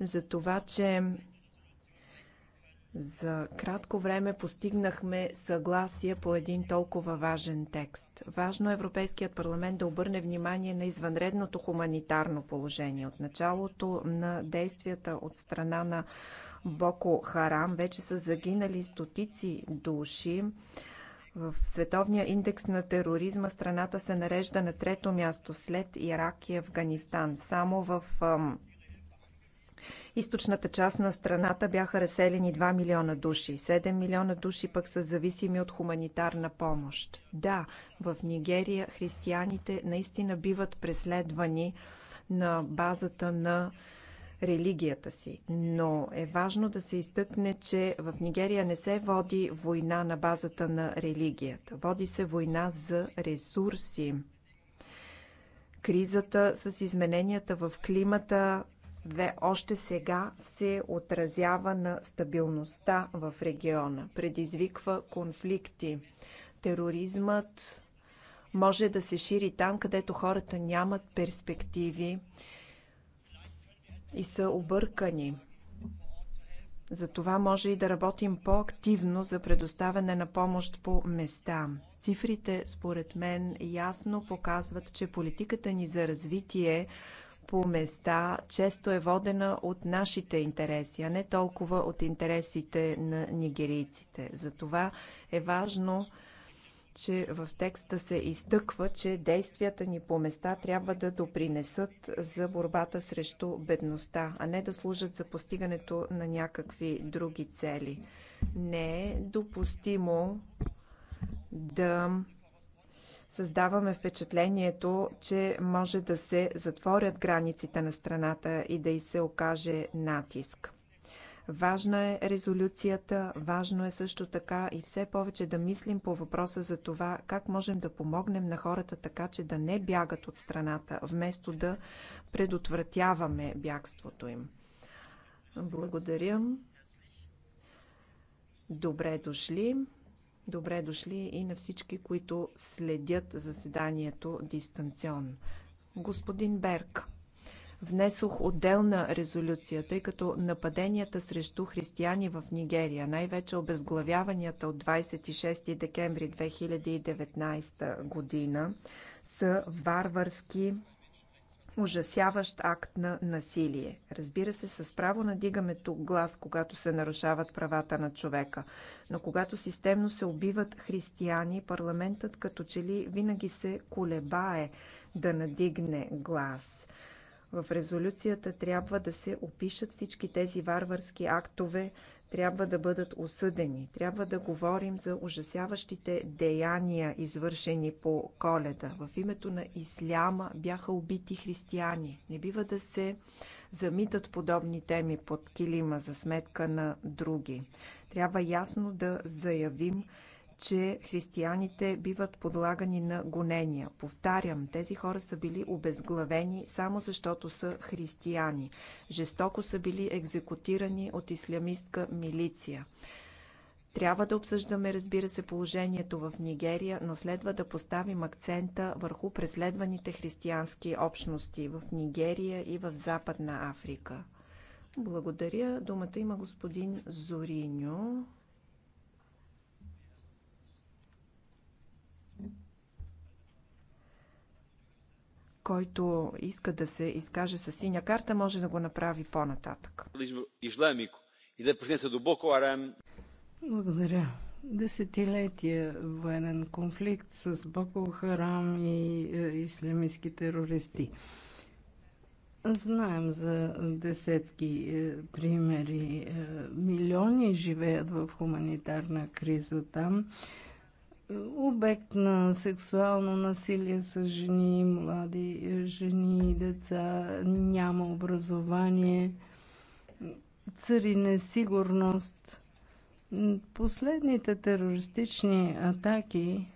Speaker 2: за това, че за кратко време постигнахме съгласие по един толкова важен текст. Важно е Европейският парламент да обърне внимание на извънредното хуманитарно положение. От началото на действията от страна на Боко Харам вече са загинали стотици души. В световния индекс на тероризма страната се нарежда на трето място след Ирак и Афганистан. Само в източната част на страната бяха разселени 2 милиона души. 7 милиона души пък са зависими от хуманитарна помощ. Да, в Нигерия християните наистина биват преследвани на базата на религията си. Но е важно да се изтъкне, че в Нигерия не се води война на базата на религията. Води се война за ресурси. Кризата с измененията в климата ве още сега се отразява на стабилността в региона, предизвиква конфликти. Тероризмът може да се шири там, където хората нямат перспективи и са объркани. Затова може и да работим по-активно за предоставяне на помощ по места. Цифрите, според мен, ясно показват, че политиката ни за развитие – по места често е водена от нашите интереси, а не толкова от интересите на нигерийците. Затова е важно че в текста се изтъква, че действията ни по места трябва да допринесат за борбата срещу бедността, а не да служат за постигането на някакви други цели. Не е допустимо да създаваме впечатлението, че може да се затворят границите на страната и да й се окаже натиск. Важна е резолюцията, важно е също така и все повече да мислим по въпроса за това как можем да помогнем на хората така, че да не бягат от страната, вместо да предотвратяваме бягството им. Благодаря. Добре дошли. Добре дошли и на всички, които следят заседанието дистанционно. Господин Берг, внесох отделна резолюция, тъй като нападенията срещу християни в Нигерия, най-вече обезглавяванията от 26 декември 2019 година, са варварски ужасяващ акт на насилие. Разбира се, с право надигаме тук глас, когато се нарушават правата на човека. Но когато системно се убиват християни, парламентът като че ли винаги се колебае да надигне глас. В резолюцията трябва да се опишат всички тези варварски актове трябва да бъдат осъдени. Трябва да говорим за ужасяващите деяния, извършени по коледа. В името на исляма бяха убити християни. Не бива да се замитат подобни теми под килима за сметка на други. Трябва ясно да заявим, че християните биват подлагани на гонения. Повтарям, тези хора са били обезглавени само защото са християни. Жестоко са били екзекутирани от ислямистка милиция. Трябва да обсъждаме, разбира се, положението в Нигерия, но следва да поставим акцента върху преследваните християнски общности в Нигерия и в Западна Африка. Благодаря. Думата има господин Зориньо. който иска да се изкаже с синя карта, може да го направи по-нататък. Благодаря. Десетилетия военен
Speaker 4: конфликт с Боко Харам и е, ислямистски терористи. Знаем за десетки е, примери. Е, милиони живеят в хуманитарна криза там обект на сексуално насилие с жени, млади жени и деца, няма образование, цари несигурност. Последните терористични атаки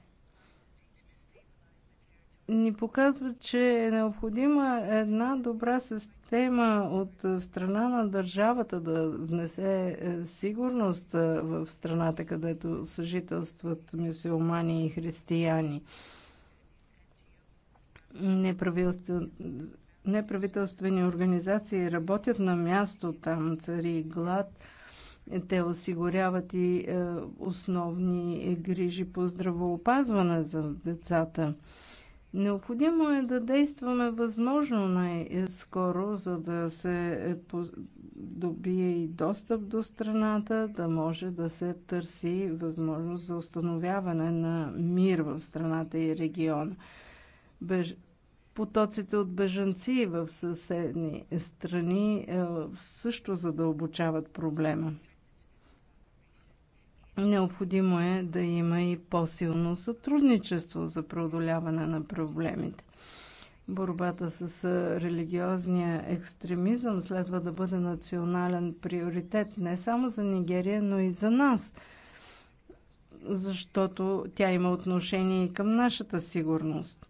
Speaker 4: ни показват, че е необходима една добра система тема от страна на държавата да внесе е, сигурност е, в страната, където съжителстват мюсюлмани и християни. Неправителствен... Неправителствени организации работят на място, там цари глад. Те осигуряват и е, основни грижи по здравоопазване за децата. Необходимо е да действаме възможно най-скоро, за да се добие и достъп до страната, да може да се търси възможност за установяване на мир в страната и региона. Беж... Потоците от бежанци в съседни страни е, също задълбочават проблема. Необходимо е да има и по-силно сътрудничество за преодоляване на проблемите. Борбата с религиозния екстремизъм следва да бъде национален приоритет не само за Нигерия, но и за нас, защото тя има отношение и към нашата сигурност.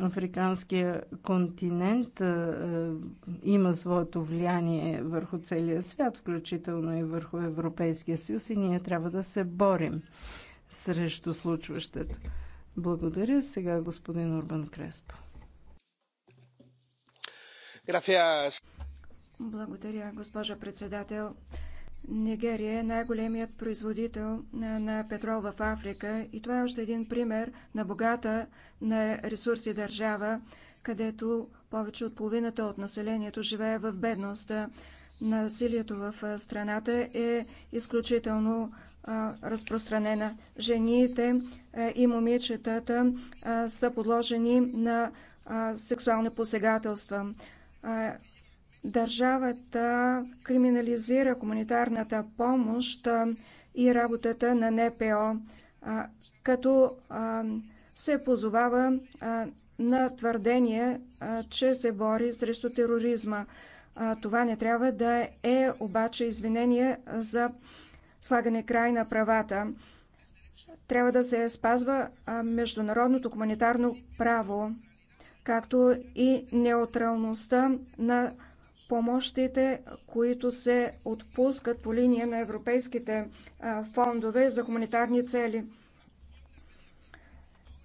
Speaker 4: Африканския континент има своето влияние върху целия свят, включително и върху Европейския съюз и ние трябва да се борим срещу случващето. Благодаря. Сега господин Урбан Креспо.
Speaker 3: Благодаря, госпожа председател. Нигерия е най-големият производител на петрол в Африка и това е още един пример на богата на ресурси държава, където повече от половината от населението живее в бедност. Насилието в страната е изключително разпространена. Жените и момичетата са подложени на сексуални посегателства. Държавата криминализира хуманитарната помощ и работата на НПО, като се позовава на твърдение, че се бори срещу тероризма. Това не трябва да е обаче извинение за слагане край на правата. Трябва да се спазва международното хуманитарно право, както и неутралността на помощите, които се отпускат по линия на европейските фондове за хуманитарни цели.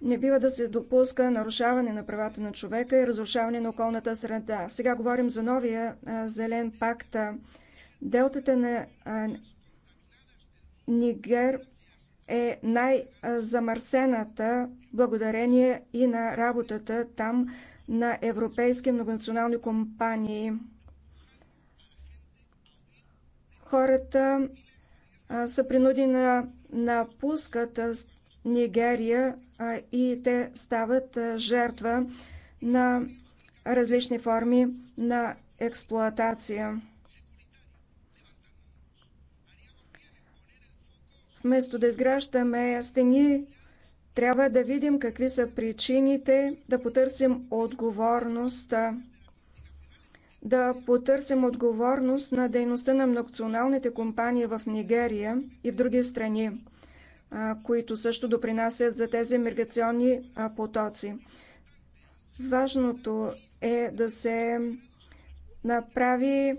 Speaker 3: Не бива да се допуска нарушаване на правата на човека и разрушаване на околната среда. Сега говорим за новия зелен пакт. Делтата на Нигер е най-замърсената благодарение и на работата там на европейски многонационални компании. Хората са принудени да напускат Нигерия и те стават жертва на различни форми на експлоатация. Вместо да изграждаме стени, трябва да видим какви са причините, да потърсим отговорността да потърсим отговорност на дейността на многоционалните компании в Нигерия и в други страни, които също допринасят за тези миграционни потоци. Важното е да се направи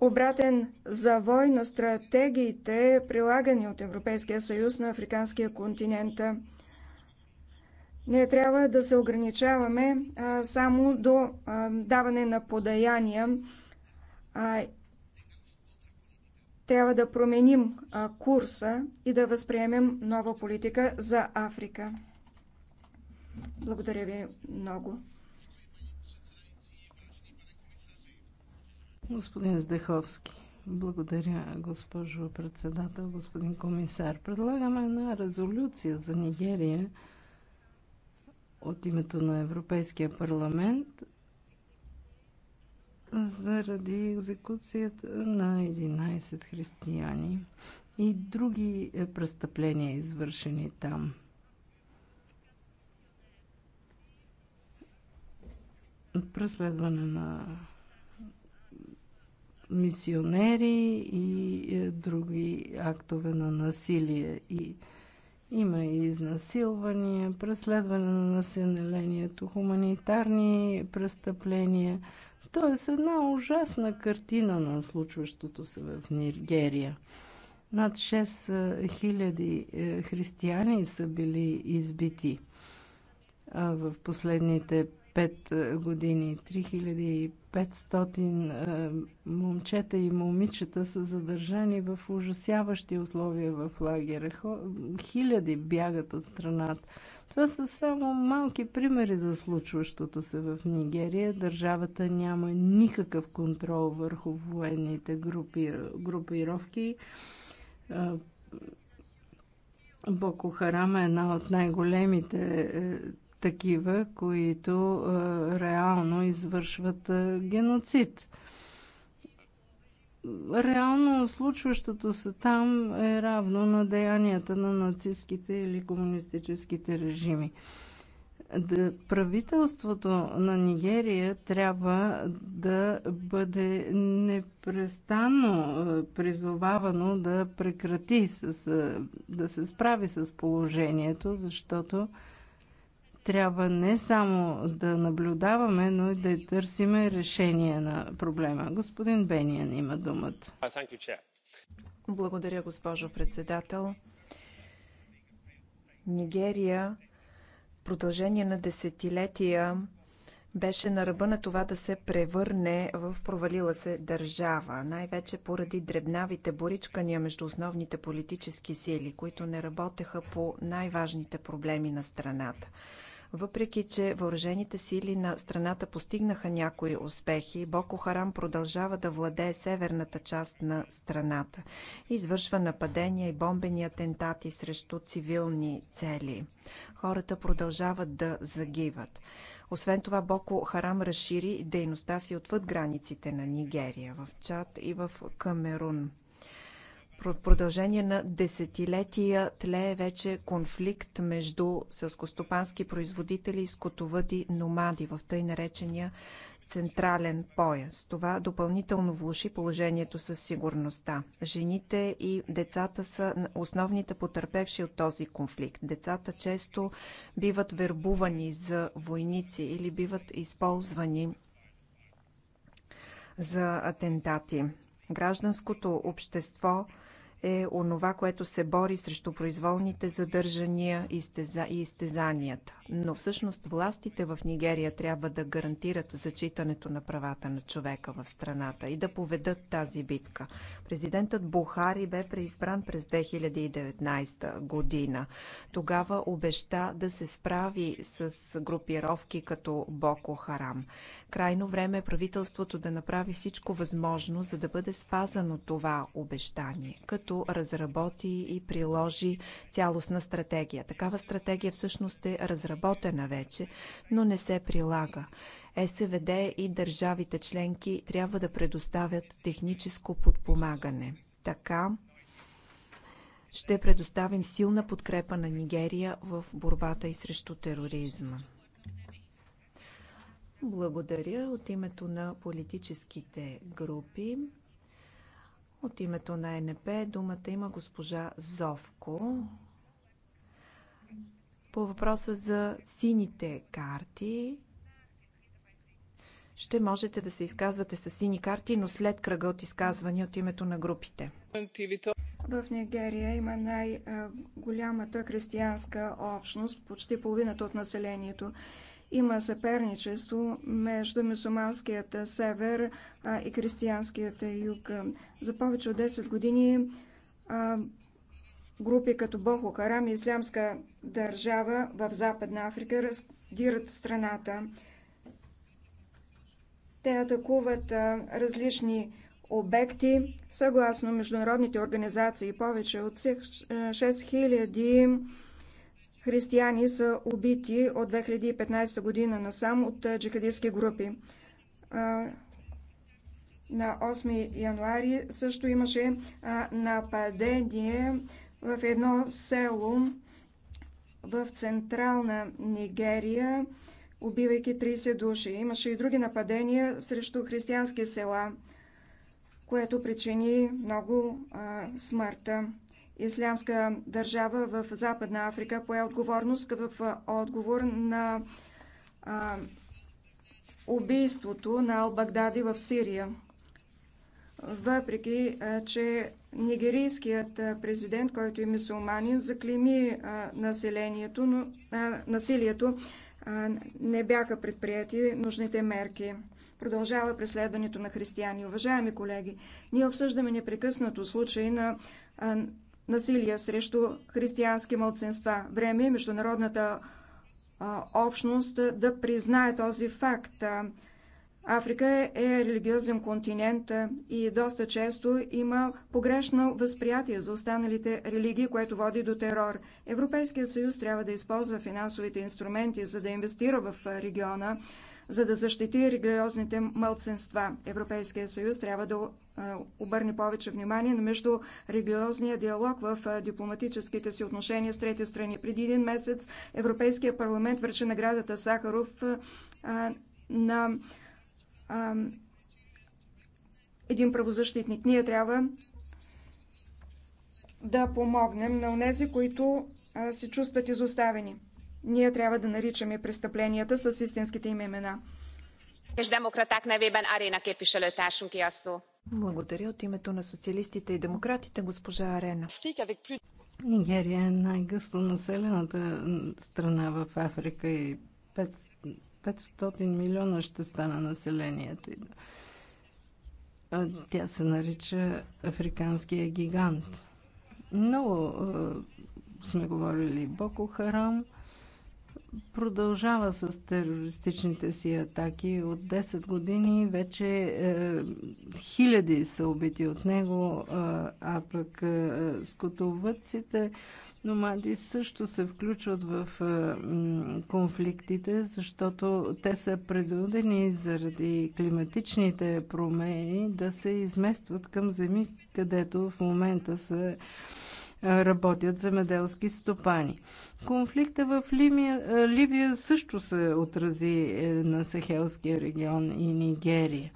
Speaker 3: обратен завой на стратегиите, прилагани от Европейския съюз на африканския континент не трябва да се ограничаваме само до даване на подаяния. Трябва да променим курса и да възприемем нова политика за Африка. Благодаря ви много.
Speaker 4: Господин Здеховски, благодаря, госпожо председател, господин комисар. Предлагаме една резолюция за Нигерия от името на Европейския парламент заради екзекуцията на 11 християни и други е, престъпления, извършени там. Преследване на мисионери и е, други актове на насилие и има и изнасилвания, преследване на населението, хуманитарни престъпления. Тоест една ужасна картина на случващото се в Нигерия. Над 6 хиляди е, християни са били избити в последните 5 години. 500 е, момчета и момичета са задържани в ужасяващи условия в лагера. Хиляди бягат от страната. Това са само малки примери за случващото се в Нигерия. Държавата няма никакъв контрол върху военните групи, групировки. Е, Боко Харам е една от най-големите е, такива, които реално извършват геноцид. Реално случващото се там е равно на деянията на нацистските или комунистическите режими. Правителството на Нигерия трябва да бъде непрестанно призовавано да прекрати, с, да се справи с положението, защото трябва не само да наблюдаваме, но и да търсиме решение на проблема. Господин Бениан има думата.
Speaker 2: Благодаря, госпожо председател. Нигерия в продължение на десетилетия беше на ръба на това да се превърне в провалила се държава, най-вече поради дребнавите боричкания между основните политически сили, които не работеха по най-важните проблеми на страната. Въпреки, че въоръжените сили на страната постигнаха някои успехи, Боко Харам продължава да владее северната част на страната. Извършва нападения и бомбени атентати срещу цивилни цели. Хората продължават да загиват. Освен това, Боко Харам разшири дейността си отвъд границите на Нигерия, в Чад и в Камерун продължение на десетилетия тлее вече конфликт между селскостопански производители и скотовъди номади в тъй наречения централен пояс. Това допълнително влуши положението със сигурността. Жените и децата са основните потърпевши от този конфликт. Децата често биват вербувани за войници или биват използвани за атентати. Гражданското общество е онова, което се бори срещу произволните задържания и, изтеза, и изтезанията. Но всъщност властите в Нигерия трябва да гарантират зачитането на правата на човека в страната и да поведат тази битка. Президентът Бухари бе преизбран през 2019 година. Тогава обеща да се справи с групировки като Боко Харам. Крайно време е правителството да направи всичко възможно, за да бъде спазано това обещание. Като който разработи и приложи цялостна стратегия. Такава стратегия всъщност е разработена вече, но не се прилага. СВД и държавите членки трябва да предоставят техническо подпомагане. Така ще предоставим силна подкрепа на Нигерия в борбата и срещу тероризма. Благодаря от името на политическите групи. От името на НП думата има госпожа Зовко. По въпроса за сините карти, ще можете да се изказвате с сини карти, но след кръга от изказвания от името на групите.
Speaker 3: В Нигерия има най-голямата християнска общност, почти половината от населението. Има съперничество между мусулманският север и християнският юг. За повече от 10 години групи като Боко Харам и Ислямска държава в Западна Африка разгират страната. Те атакуват различни обекти. Съгласно международните организации, повече от 6000 християни са убити от 2015 година насам от джихадистски групи. На 8 януари също имаше нападение в едно село в централна Нигерия, убивайки 30 души. Имаше и други нападения срещу християнски села, което причини много смъртта. Ислямска държава в Западна Африка пое отговорност в отговор на а, убийството на Ал-Багдади в Сирия. Въпреки, а, че нигерийският президент, който е мусулманин, заклими а, населението, но, а, насилието, а, не бяха предприяти нужните мерки. Продължава преследването на християни. Уважаеми колеги, ние обсъждаме непрекъснато случаи на насилие срещу християнски младсинства. Време е международната общност да признае този факт. Африка е религиозен континент и доста често има погрешно възприятие за останалите религии, което води до терор. Европейският съюз трябва да използва финансовите инструменти, за да инвестира в региона, за да защити религиозните мълценства. Европейския съюз трябва да обърне повече внимание на между религиозния диалог в дипломатическите си отношения с трети страни. Преди един месец Европейския парламент връчи наградата Сахаров на един правозащитник. Ние трябва да помогнем на онези, които се чувстват изоставени. Ние трябва да наричаме престъпленията с истинските им имена.
Speaker 2: Благодаря от името на социалистите и демократите, госпожа Арена. Нигерия е най-гъсто населената
Speaker 4: страна в Африка и 500 милиона ще стана населението. Тя се нарича Африканския гигант. Много сме говорили Боко Харам – продължава с терористичните си атаки. От 10 години вече е, хиляди са убити от него, е, а пък е, скотовъдците, номади също се включват в е, конфликтите, защото те са предудени заради климатичните промени да се изместват към земи, където в момента са работят земеделски стопани. Конфликта в Лимия, Либия също се отрази е, на Сахелския регион и Нигерия.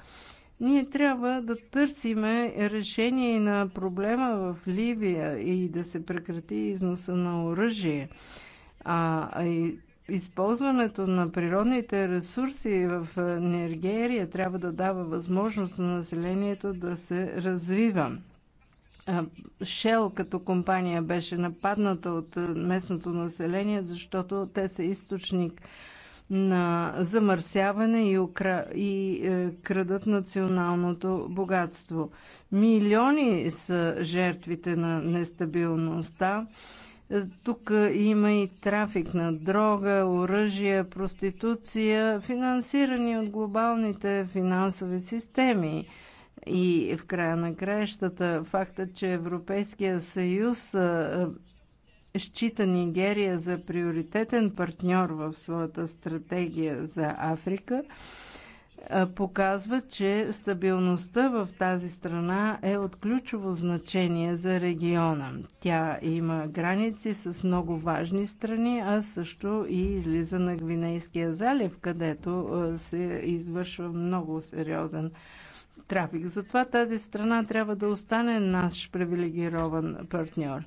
Speaker 4: Ние трябва да търсиме решение на проблема в Ливия и да се прекрати износа на оръжие. А, а използването на природните ресурси в Нигерия трябва да дава възможност на населението да се развива. Шел като компания беше нападната от местното население, защото те са източник на замърсяване и, укра... и е, крадат националното богатство. Милиони са жертвите на нестабилността. Е, тук е, има и трафик на дрога, оръжие, проституция, финансирани от глобалните финансови системи. И в края на краищата фактът, че Европейския съюз счита Нигерия за приоритетен партньор в своята стратегия за Африка, показва, че стабилността в тази страна е от ключово значение за региона. Тя има граници с много важни страни, а също и излиза на Гвинейския залив, където се извършва много сериозен трафик. Затова тази страна трябва да остане наш привилегирован партньор.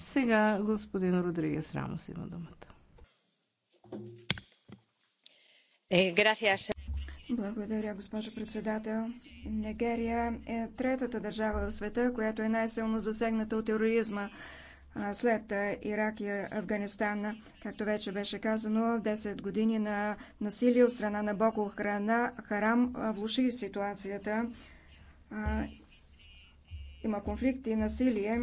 Speaker 4: Сега господин Родригес Рамос има думата.
Speaker 5: Е,
Speaker 3: Благодаря, госпожо председател. Нигерия е третата държава в света, която е най-силно засегната от тероризма след Ирак и Афганистан. Както вече беше казано, 10 години на насилие от страна на Боко Храна, Харам влуши ситуацията. Има конфликт и насилие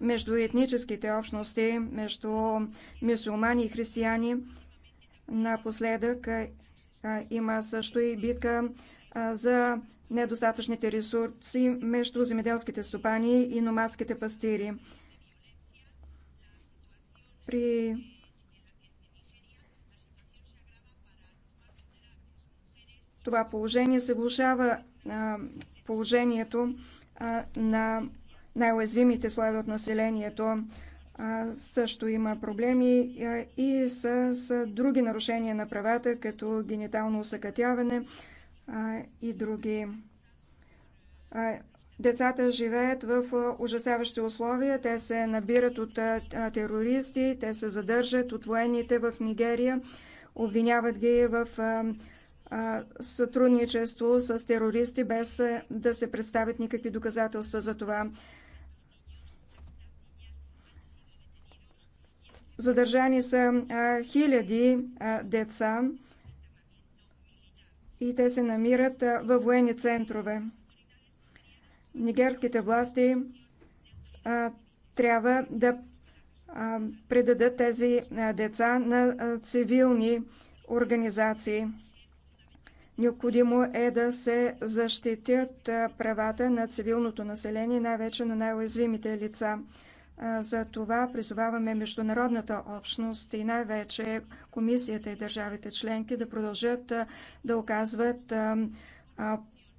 Speaker 3: между етническите общности, между мюсулмани и християни. Напоследък има също и битка за недостатъчните ресурси между земеделските стопани и номадските пастири. При това положение се влушава положението на най-уязвимите слоеве от населението. Също има проблеми и с, с други нарушения на правата, като генитално усъкътяване и други. Децата живеят в ужасяващи условия. Те се набират от терористи, те се задържат от военните в Нигерия, обвиняват ги в сътрудничество с терористи, без да се представят никакви доказателства за това. Задържани са хиляди деца и те се намират в във военни центрове нигерските власти а, трябва да а, предадат тези а, деца на а, цивилни организации. Необходимо е да се защитят правата на цивилното население, най-вече на най-уязвимите лица. За това призоваваме международната общност и най-вече комисията и държавите членки да продължат да оказват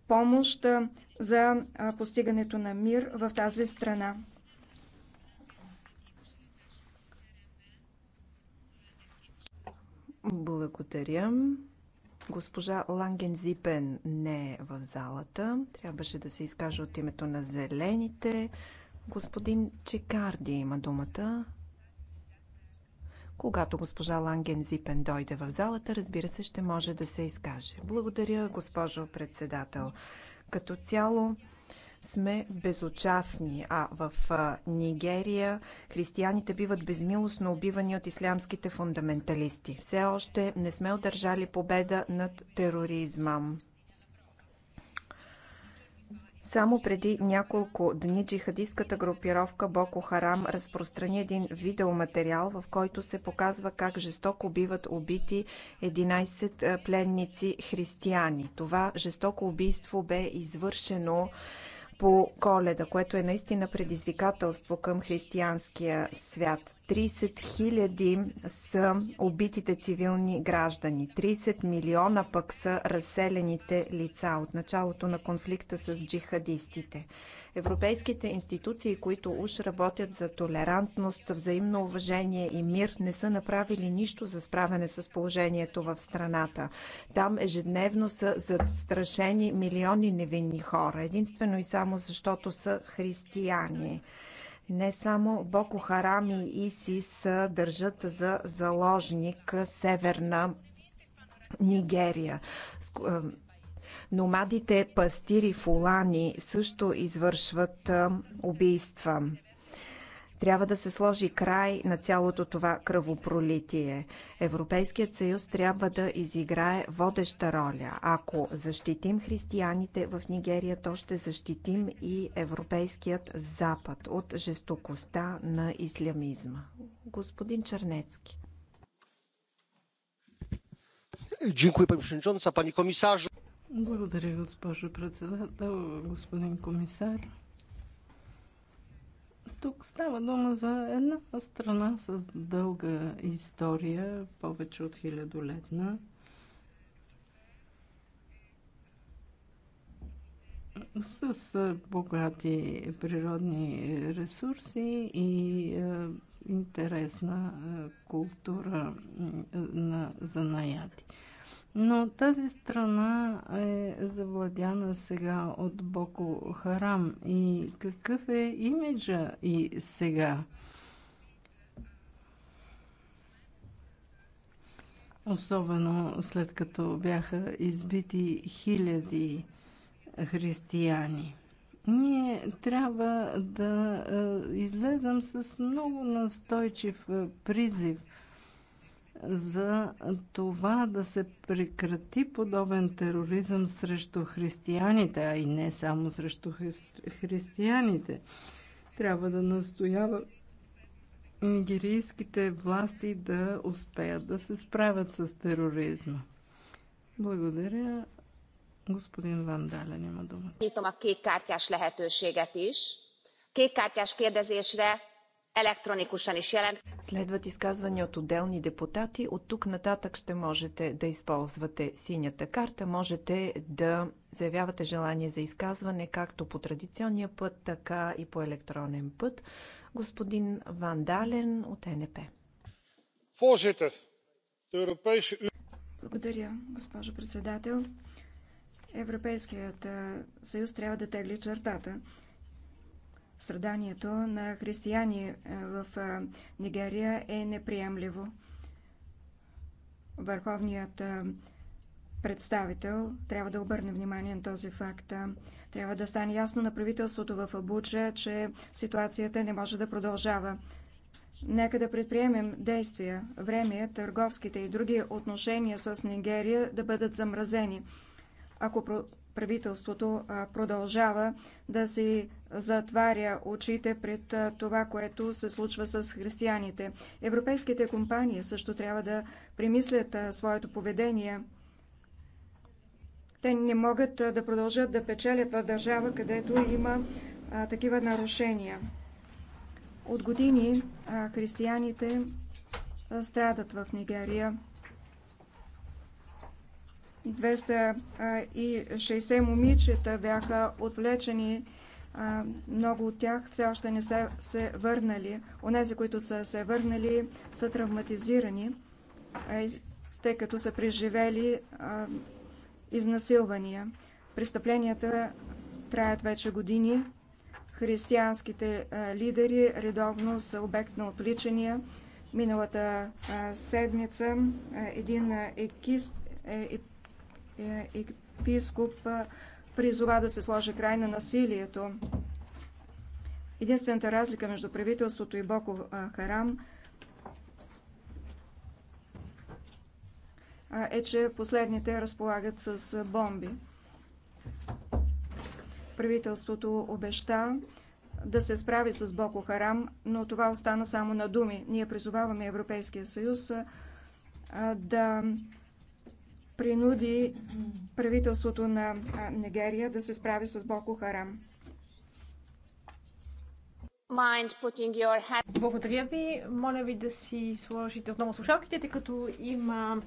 Speaker 3: помощ за постигането на мир в тази страна.
Speaker 2: Благодаря. Госпожа Ланген Зипен не е в залата. Трябваше да се изкаже от името на зелените. Господин Чекарди има думата. Когато госпожа Ланген Зипен дойде в залата, разбира се, ще може да се изкаже. Благодаря, госпожо председател. Като цяло, сме безучастни, а в Нигерия християните биват безмилостно убивани от ислямските фундаменталисти. Все още не сме одържали победа над тероризма. Само преди няколко дни джихадистката групировка Боко Харам разпространи един видеоматериал, в който се показва как жестоко биват убити 11 пленници християни. Това жестоко убийство бе извършено по коледа, което е наистина предизвикателство към християнския свят. 30 000 са убитите цивилни граждани, 30 милиона пък са разселените лица от началото на конфликта с джихадистите. Европейските институции, които уж работят за толерантност, взаимно уважение и мир, не са направили нищо за справяне с положението в страната. Там ежедневно са застрашени милиони невинни хора, единствено и само защото са християни. Не само Боко Харам и ИСИС държат за заложник северна Нигерия. Номадите пастири фулани също извършват убийства. Трябва да се сложи край на цялото това кръвопролитие. Европейският съюз трябва да изиграе водеща роля. Ако защитим християните в Нигерия, то ще защитим и Европейският Запад от жестокостта на ислямизма. Господин Чернецки.
Speaker 1: Dziękuję пани przewodnicząca,
Speaker 4: благодаря, госпожо председател, господин комисар. Тук става дума за една страна с дълга история, повече от хилядолетна. С богати природни ресурси и е, интересна е, култура е, на занаяти. Но тази страна е завладяна сега от Боко Харам. И какъв е имиджа и сега? Особено след като бяха избити хиляди християни. Ние трябва да е, излезем с много настойчив е, призив – за това да се прекрати подобен тероризъм срещу християните, а и не само срещу хри- християните. Трябва да настоява нигерийските власти да успеят да се справят с тероризма. Благодаря. Господин Ван Дален има думата.
Speaker 3: Нyitom a kékkártyás lehetőséget is.
Speaker 6: Kékkártyás kérdezésre електроникушен шелен.
Speaker 2: Следват изказвания от отделни депутати. От тук нататък ще можете да използвате синята карта. Можете да заявявате желание за изказване както по традиционния път, така и по електронен път. Господин Вандален от НП.
Speaker 3: Благодаря, госпожо председател. Европейският съюз трябва да тегли чертата страданието на християни е, в е, Нигерия е неприемливо. Върховният е, представител трябва да обърне внимание на този факт. Трябва да стане ясно на правителството в Абуджа, че ситуацията не може да продължава. Нека да предприемем действия. Време търговските и други отношения с Нигерия да бъдат замразени. Ако правителството продължава да си затваря очите пред това, което се случва с християните. Европейските компании също трябва да премислят своето поведение. Те не могат да продължат да печелят в държава, където има а, такива нарушения. От години а, християните страдат в Нигерия. 260 момичета бяха отвлечени. Много от тях все още не са се върнали. Онези, които са се върнали, са травматизирани, тъй като са преживели изнасилвания. Престъпленията траят вече години. Християнските лидери редовно са обект на отвличания. Миналата седмица един екип, е, е, епископ е, призова да се сложи край на насилието. Единствената разлика между правителството и Боко е, Харам е, че последните разполагат с бомби. Правителството обеща да се справи с Боко Харам, но това остана само на думи. Ние призоваваме Европейския съюз да принуди правителството на Нигерия да се справи с Боко Харам. Благодаря ви. Моля ви да си сложите
Speaker 7: отново слушалките, тъй като има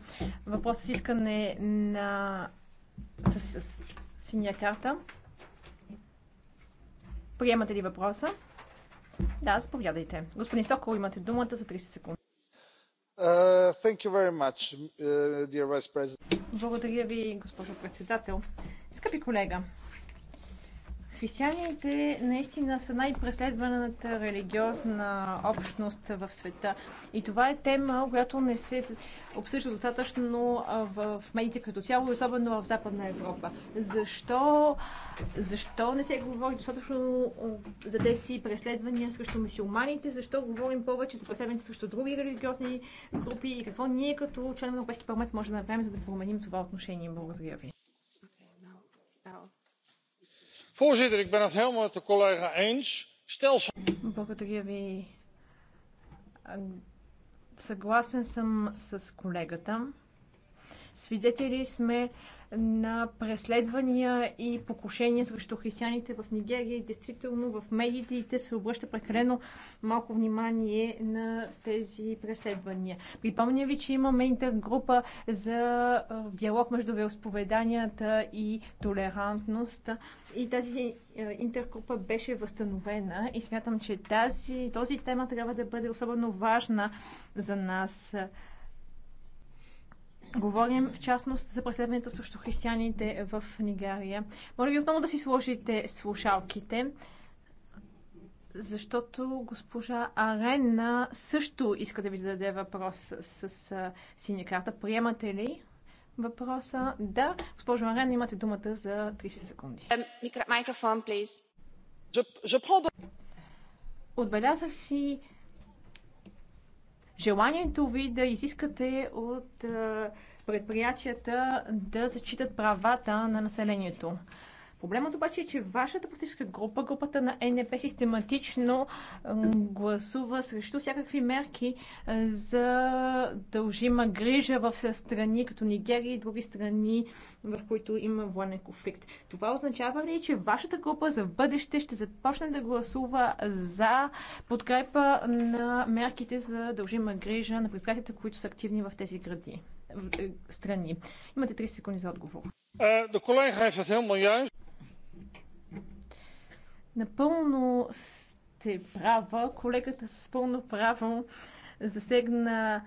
Speaker 7: въпрос с искане на с, с, с синя карта. Приемате ли въпроса? Да, заповядайте. Господин Сокол, имате думата за 30 секунди.
Speaker 1: Uh, much, uh,
Speaker 7: Благодаря ви, госпожо председател. Скъпи колега, Християните наистина са най-преследваната религиозна общност в света. И това е тема, която не се обсъжда достатъчно в медиите като цяло, особено в Западна Европа. Защо, защо не се говори достатъчно за тези преследвания срещу мусулманите? Защо говорим повече за преследвания срещу други религиозни групи? И какво ние като членове на Европейски парламент може да направим, за да променим това отношение? Благодаря ви.
Speaker 1: Voorzitter, ik ben het helemaal met de collega eens. Stelsel
Speaker 7: на преследвания и покушения срещу християните в Нигерия и действително в медиите се обръща прекалено малко внимание на тези преследвания. Припомня ви, че имаме интергрупа за диалог между вероисповеданията и толерантност и тази интергрупа беше възстановена и смятам, че тази, този тема трябва да бъде особено важна за нас Говорим в частност за преследването срещу християните в Нигерия. Моля ви отново да си сложите слушалките, защото госпожа Арена също иска да ви зададе въпрос с, с, синя карта. Приемате ли въпроса? Да. Госпожо Арена, имате думата за 30 секунди. Е, микрофон, please. Отбелязах си желанието ви да изискате от предприятията да зачитат правата на населението. Проблемът обаче е, че вашата политическа група, групата на НП, систематично гласува срещу всякакви мерки за дължима грижа в страни като Нигерия и други страни, в които има военен конфликт. Това означава ли, че вашата група за бъдеще ще започне да гласува за подкрепа на мерките за дължима грижа на предприятията, които са активни в тези гради? Е, страни. Имате 30 секунди за отговор. Е, Напълно сте права. Колегата с пълно право засегна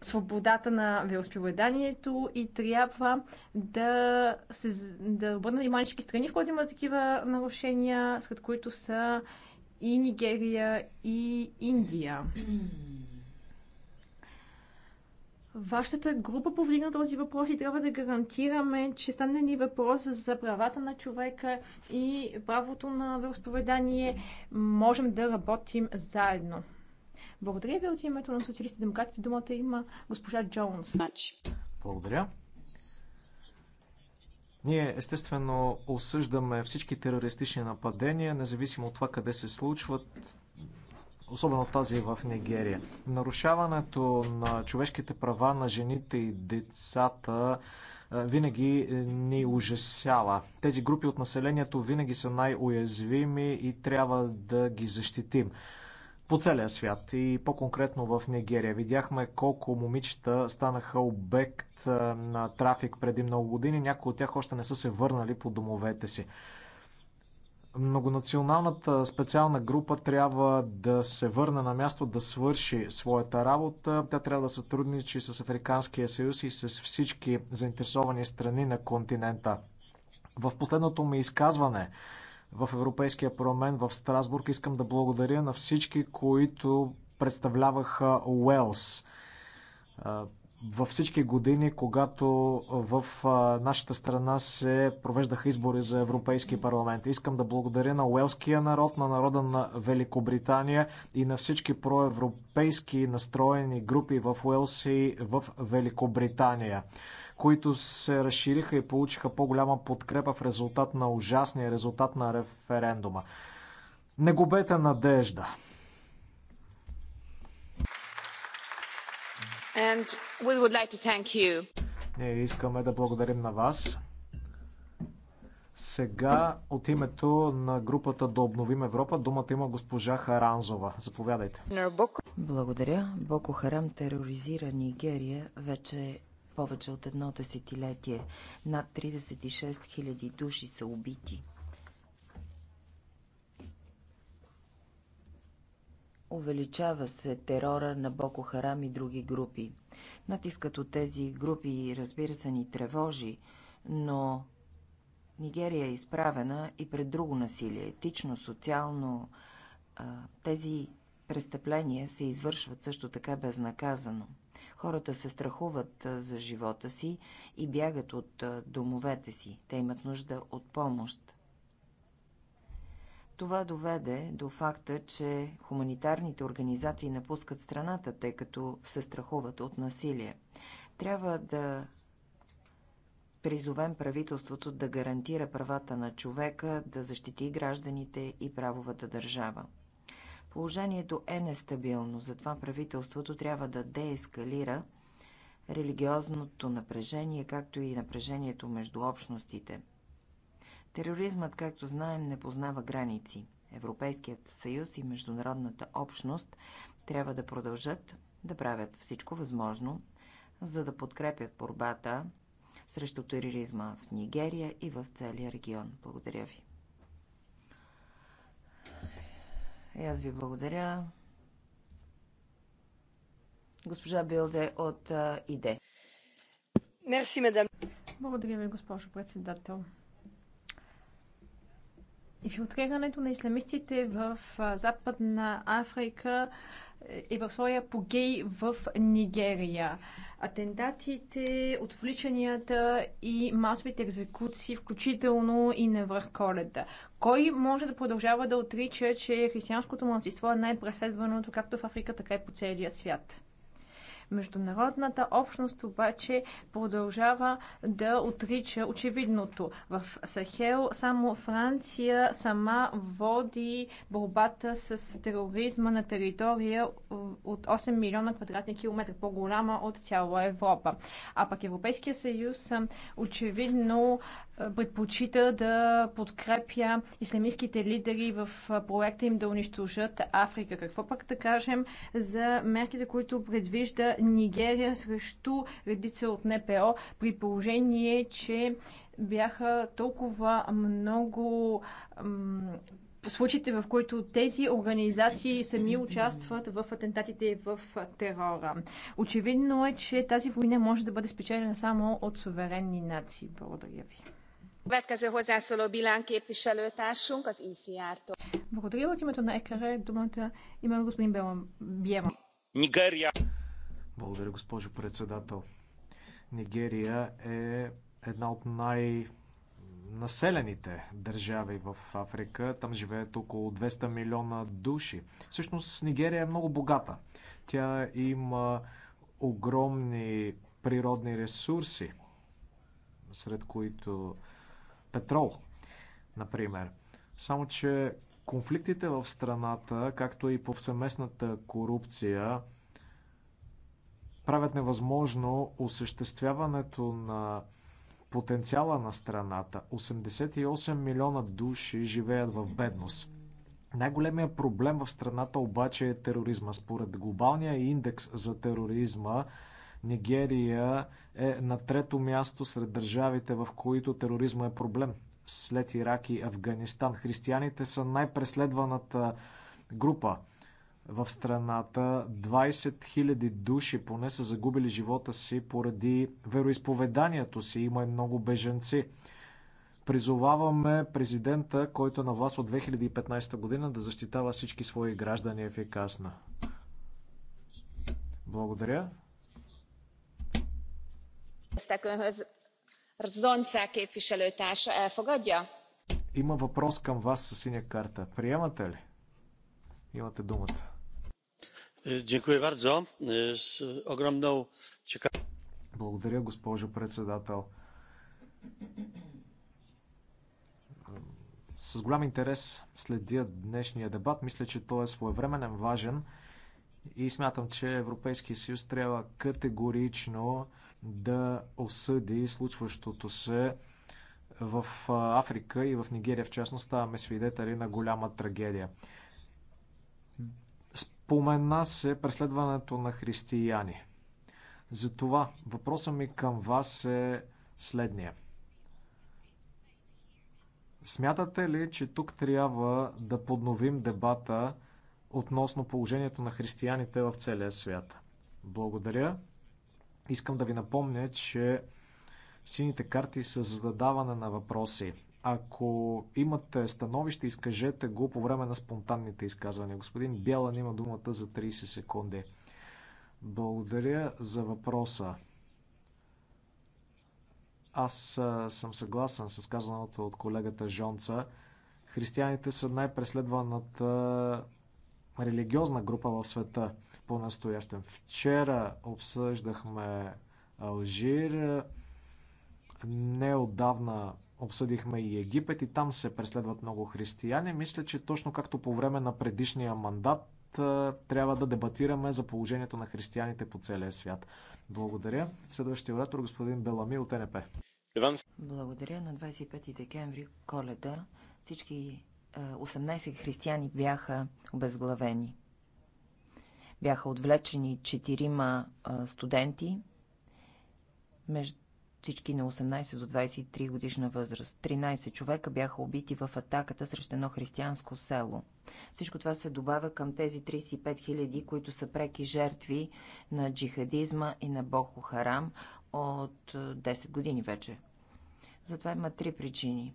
Speaker 7: свободата на вероисповеданието и трябва да се да обърна внимание всички страни, в които има такива нарушения, сред които са и Нигерия, и Индия. Вашата група повдигна този въпрос и трябва да гарантираме, че стане ни въпрос за правата на човека и правото на вероисповедание, можем да работим заедно. Благодаря ви от името на социалистите демократите. Думата има госпожа Джонс.
Speaker 8: Благодаря. Ние естествено осъждаме всички терористични нападения, независимо от това къде се случват особено тази в Нигерия. Нарушаването на човешките права на жените и децата винаги е, ни ужасява. Тези групи от населението винаги са най-уязвими и трябва да ги защитим по целия свят и по-конкретно в Нигерия. Видяхме колко момичета станаха обект на трафик преди много години. Някои от тях още не са се върнали по домовете си. Многонационалната специална група трябва да се върне на място да свърши своята работа. Тя трябва да сътрудничи с Африканския съюз и с всички заинтересовани страни на континента. В последното ми изказване в Европейския парламент в Страсбург искам да благодаря на всички, които представляваха Уелс във всички години, когато в нашата страна се провеждаха избори за Европейски парламент. Искам да благодаря на уелския народ, на народа на Великобритания и на всички проевропейски настроени групи в Уелс и в Великобритания които се разшириха и получиха по-голяма подкрепа в резултат на ужасния резултат на референдума. Не губете надежда.
Speaker 5: And we would like to thank you.
Speaker 8: Ние искаме да благодарим на вас. Сега от името на групата Да обновим Европа думата има госпожа Харанзова. Заповядайте.
Speaker 6: Благодаря. Боко Харам тероризира Нигерия вече повече от едно десетилетие. Над 36 000 души са убити. Увеличава се терора на Боко Харам и други групи. Натискът от тези групи, разбира се, ни тревожи, но Нигерия е изправена и пред друго насилие, етично, социално. Тези престъпления се извършват също така безнаказано. Хората се страхуват за живота си и бягат от домовете си. Те имат нужда от помощ. Това доведе до факта, че хуманитарните организации напускат страната, тъй като се страхуват от насилие. Трябва да призовем правителството да гарантира правата на човека, да защити гражданите и правовата държава. Положението е нестабилно, затова правителството трябва да деескалира религиозното напрежение, както и напрежението между общностите – Тероризмът, както знаем, не познава граници. Европейският съюз и международната общност трябва да продължат да правят всичко възможно, за да подкрепят борбата срещу тероризма в Нигерия и в целия регион. Благодаря ви. И аз ви благодаря. Госпожа Билде от ИДЕ.
Speaker 7: Мерси, мадам. Благодаря ви, госпожо председател. Инфилтрирането на исламистите в Западна Африка е, е в своя погей в Нигерия. Атентатите, отвличанията и масовите екзекуции, включително и на върх коледа. Кой може да продължава да отрича, че християнското младсинство е най-преследваното както в Африка, така и по целия свят? Международната общност обаче продължава да отрича очевидното. В Сахел само Франция сама води борбата с тероризма на територия от 8 милиона квадратни километра, по-голяма от цяла Европа. А пък Европейския съюз очевидно предпочита да подкрепя ислямистските лидери в проекта им да унищожат Африка. Какво пък да кажем за мерките, които предвижда Нигерия срещу редица от НПО, при положение, че бяха толкова много случаите, в които тези организации сами участват в атентатите в терора. Очевидно е, че тази война може да бъде спечелена само от суверенни нации. Благодаря ви. E Благодаря от името на ЕКР. Думата има господин Бема.
Speaker 1: Нигерия.
Speaker 8: Благодаря, госпожо председател. Нигерия е една от най- населените държави в Африка. Там живеят около 200 милиона души. Всъщност Нигерия е много богата. Тя има огромни природни ресурси, сред които петрол, например. Само, че конфликтите в страната, както и повсеместната корупция, правят невъзможно осъществяването на потенциала на страната. 88 милиона души живеят в бедност. Най-големият проблем в страната обаче е тероризма. Според глобалния индекс за тероризма, Нигерия е на трето място сред държавите, в които тероризма е проблем. След Ирак и Афганистан християните са най-преследваната група в страната. 20 000 души поне са загубили живота си поради вероисповеданието си. Има и много беженци. Призоваваме президента, който е на власт от 2015 година, да защитава всички свои граждани ефикасно. Благодаря. Има въпрос към вас със синя карта. Приемате ли? Имате думата. Благодаря, госпожо председател. С голям интерес следя днешния дебат. Мисля, че той е своевременен, важен и смятам, че Европейския съюз трябва категорично да осъди случващото се в Африка и в Нигерия в частност ставаме свидетели на голяма трагедия. Спомена се преследването на християни. Затова въпросът ми към вас е следния. Смятате ли, че тук трябва да подновим дебата относно положението на християните в целия свят? Благодаря. Искам да ви напомня, че сините карти са за задаване на въпроси. Ако имате становище, изкажете го по време на спонтанните изказвания. Господин Бялан има думата за 30 секунди. Благодаря за въпроса. Аз съм съгласен с казаното от колегата Жонца. Християните са най-преследваната религиозна група в света по-настоящем. Вчера обсъждахме Алжир. Неодавна Обсъдихме и Египет и там се преследват много християни. Мисля, че точно както по време на предишния мандат трябва да дебатираме за положението на християните по целия свят. Благодаря. Следващия оратор господин Белами от НП.
Speaker 6: Благодаря. На 25 декември коледа всички 18 християни бяха обезглавени. Бяха отвлечени четирима студенти, между всички на 18 до 23 годишна възраст. 13 човека бяха убити в атаката срещу едно християнско село. Всичко това се добавя към тези 35 000, които са преки жертви на джихадизма и на Боху Харам от 10 е, години вече. Затова има три причини.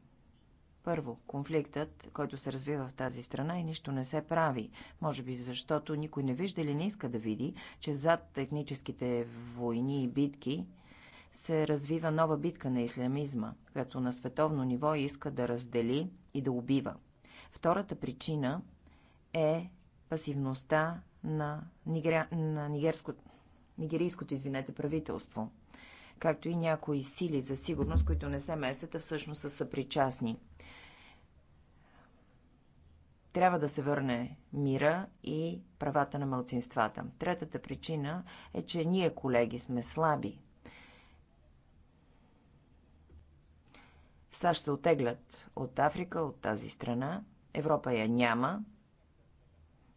Speaker 6: Първо, конфликтът, който се развива в тази страна и нищо не се прави. Може би защото никой не вижда или не иска да види, че зад етническите войни и битки се развива нова битка на ислямизма, която на световно ниво иска да раздели и да убива. Втората причина е пасивността на, нигер... на нигерско... нигерийското извинете, правителство, както и някои сили за сигурност, които не се месят, а всъщност са съпричастни. Трябва да се върне мира и правата на мълцинствата. Третата причина е, че ние, колеги, сме слаби В САЩ се отеглят от Африка, от тази страна. Европа я няма.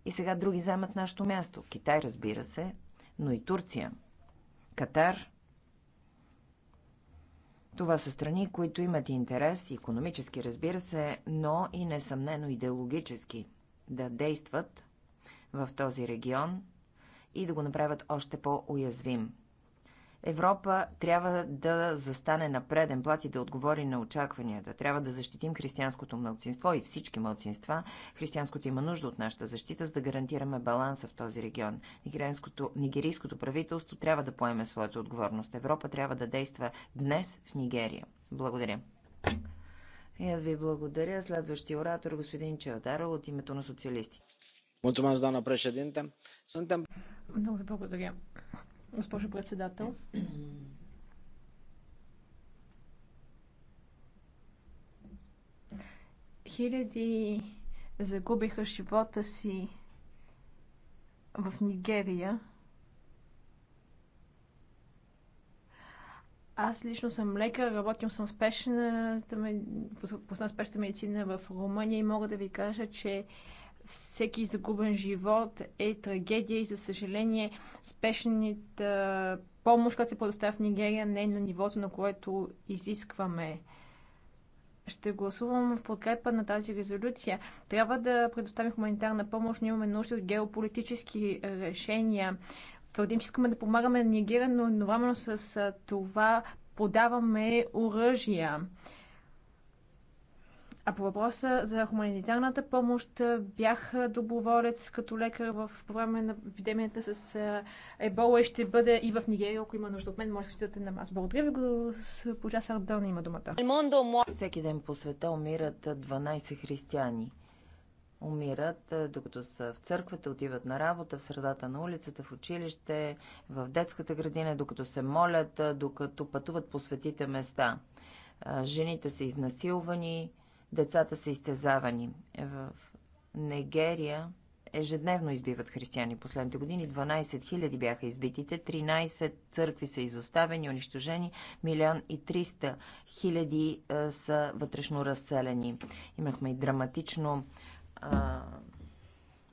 Speaker 6: И сега други вземат нашето място. Китай, разбира се, но и Турция. Катар. Това са страни, които имат интерес, економически, разбира се, но и несъмнено идеологически, да действат в този регион и да го направят още по-уязвим. Европа трябва да застане на преден плат и да отговори на очакванията. Трябва да защитим християнското мълцинство и всички мълцинства. Християнското има нужда от нашата защита, за да гарантираме баланса в този регион. Нигерийското, нигерийското правителство трябва да поеме своята отговорност. Европа трябва да действа днес в Нигерия. Благодаря. И аз ви благодаря. Следващия оратор, господин Чеодаро, от името на социалистите.
Speaker 8: Mulțumesc, doamnă președinte. Suntem...
Speaker 7: Много ви благодаря госпожо председател. Хиляди загубиха живота си в Нигерия. Аз лично съм лекар, работим съм спешната, спешната медицина в Румъния и мога да ви кажа, че всеки загубен живот е трагедия и за съжаление спешната помощ, която се предоставя в Нигерия, не е на нивото, на което изискваме. Ще гласувам в подкрепа на тази резолюция. Трябва да предоставим хуманитарна помощ. но имаме нужда от геополитически решения. Твърдим, че искаме да помагаме на Нигерия, но едновременно с това подаваме оръжия. А по въпроса за хуманитарната помощ бях доброволец като лекар в време на епидемията с ебола и ще бъде и в Нигерия, ако има нужда от мен, може да на нас. Благодаря ви, госпожа Сардона има
Speaker 6: думата. Всеки ден по света умират 12 християни. Умират, докато са в църквата, отиват на работа, в средата на улицата, в училище, в детската градина, докато се молят, докато пътуват по светите места. Жените са изнасилвани, Децата са изтезавани. В Нигерия ежедневно избиват християни. Последните години 12 000 бяха избитите, 13 църкви са изоставени, унищожени, милион и 300 хиляди са вътрешно разселени. Имахме и драматично а,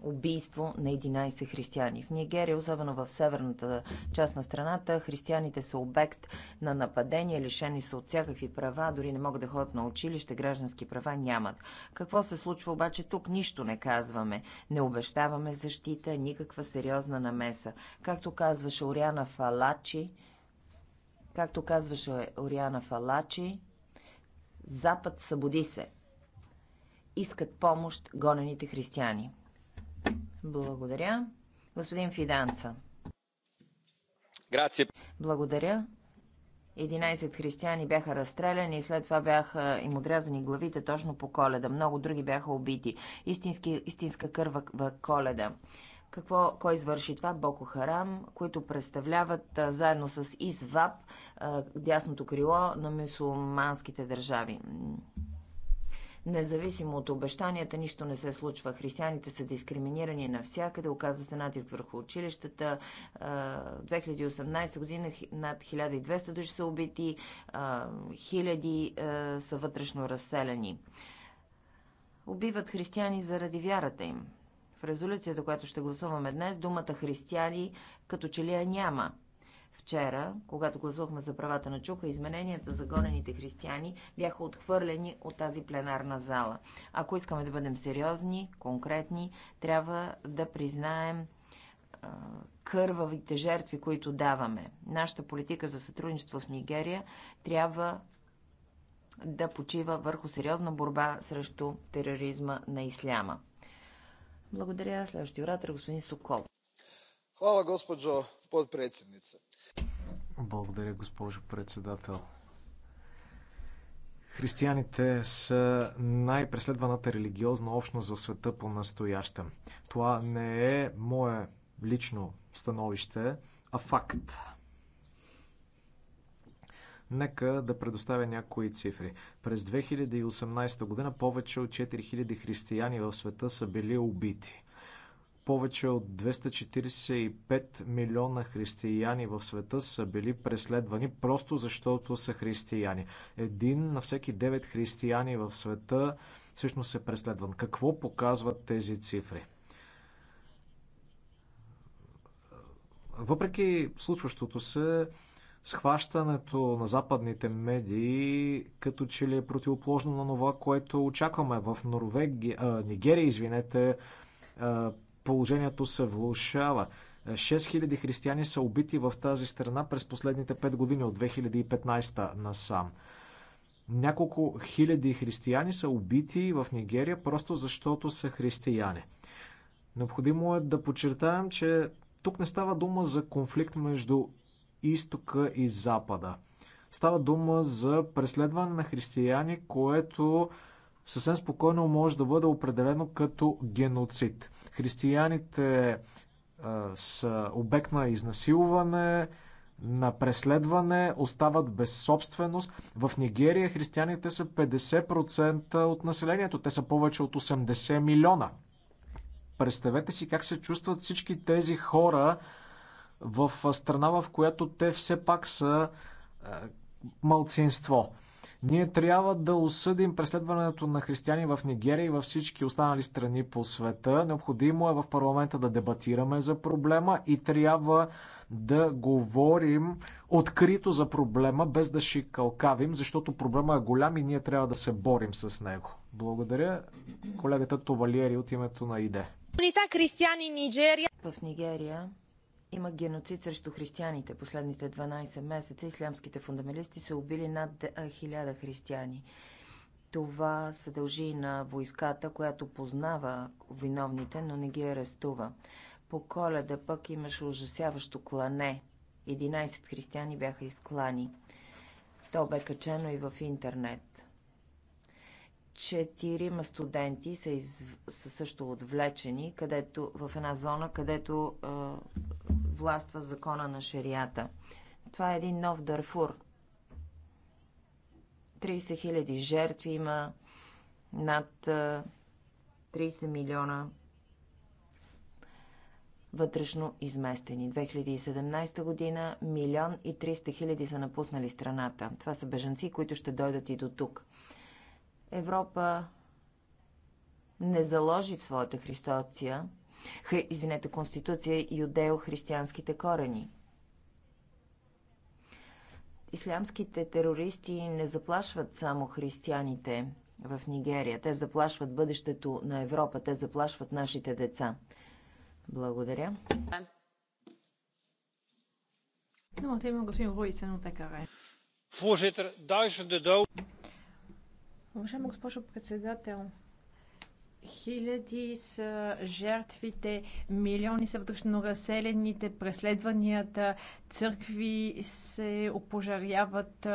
Speaker 6: убийство на 11 християни. В Нигерия, особено в северната част на страната, християните са обект на нападения, лишени са от всякакви права, дори не могат да ходят на училище, граждански права нямат. Какво се случва обаче тук? Нищо не казваме. Не обещаваме защита, никаква сериозна намеса. Както казваше Ориана Фалачи, както казваше Ориана Фалачи, Запад събуди се. Искат помощ гонените християни. Благодаря. Господин Фиданца. Грация. Благодаря. 11 християни бяха разстреляни и след това бяха им отрязани главите точно по коледа. Много други бяха убити. Истински, истинска кърва в коледа. Какво, кой извърши това? Боко Харам, които представляват а, заедно с ИСВАП а, дясното крило на мусулманските държави. Независимо от обещанията, нищо не се случва. Християните са дискриминирани навсякъде, оказва се натиск върху училищата. 2018 година над 1200 души са убити, хиляди са вътрешно разселени. Убиват християни заради вярата им. В резолюцията, която ще гласуваме днес, думата християни като че ли я няма – Вчера, когато гласувахме за правата на чука, измененията за гонените християни бяха отхвърлени от тази пленарна зала. Ако искаме да бъдем сериозни, конкретни, трябва да признаем кървавите жертви, които даваме. Нашата политика за сътрудничество с Нигерия трябва да почива върху сериозна борба срещу тероризма на исляма. Благодаря. Следващия оратор е господин Сокол.
Speaker 8: Хвала, госпожо подпредседница. Благодаря, госпожо председател. Християните са най-преследваната религиозна общност в света по настоящем. Това не е мое лично становище, а факт. Нека да предоставя някои цифри. През 2018 година повече от 4000 християни в света са били убити повече от 245 милиона християни в света са били преследвани просто защото са християни. Един на всеки 9 християни в света всъщност е преследван. Какво показват тези цифри? Въпреки случващото се, схващането на западните медии като че ли е противоположно на това, което очакваме в Норвегия, а, Нигерия, извинете, положението се влушава. 6000 е, християни са убити в тази страна през последните 5 години от 2015 насам. Няколко хиляди християни са убити в Нигерия просто защото са християни. Необходимо е да подчертаем, че тук не става дума за конфликт между изтока и запада. Става дума за преследване на християни, което съвсем спокойно може да бъде определено като геноцид. Християните е, са обект на изнасилване, на преследване, остават без собственост. В Нигерия християните са 50% от населението. Те са повече от 80 милиона. Представете си как се чувстват всички тези хора в страна, в която те все пак са е, малцинство. Ние трябва да осъдим преследването на християни в Нигерия и във всички останали страни по света. Необходимо е в парламента да дебатираме за проблема и трябва да говорим открито за проблема, без да шикалкавим, защото проблема е голям и ние трябва да се борим с него. Благодаря колегата Товалиери от името на ИДЕ.
Speaker 6: В Нигерия има геноцид срещу християните. Последните 12 месеца ислямските фундаменталисти са убили над 1000 християни. Това се дължи на войската, която познава виновните, но не ги арестува. По коледа пък имаше ужасяващо клане. 11 християни бяха изклани. То бе качено и в интернет четирима студенти са, из... са също отвлечени където, в една зона, където а, властва закона на шарията. Това е един нов Дарфур. 30 000 жертви има, над 30 милиона вътрешно изместени. 2017 година милион и 300 хиляди са напуснали страната. Това са бежанци, които ще дойдат и до тук. Европа не заложи в своята христоция, хри, извинете, конституция юдео-християнските корени. Ислямските терористи не заплашват само християните в Нигерия. Те заплашват бъдещето на Европа. Те заплашват нашите деца. Благодаря.
Speaker 7: Но, има господин Руисен от
Speaker 1: Voorzitter, duizenden doden.
Speaker 7: Уважаема госпожо председател, Хиляди са жертвите, милиони са вътрешно разселените, преследванията, църкви се опожаряват,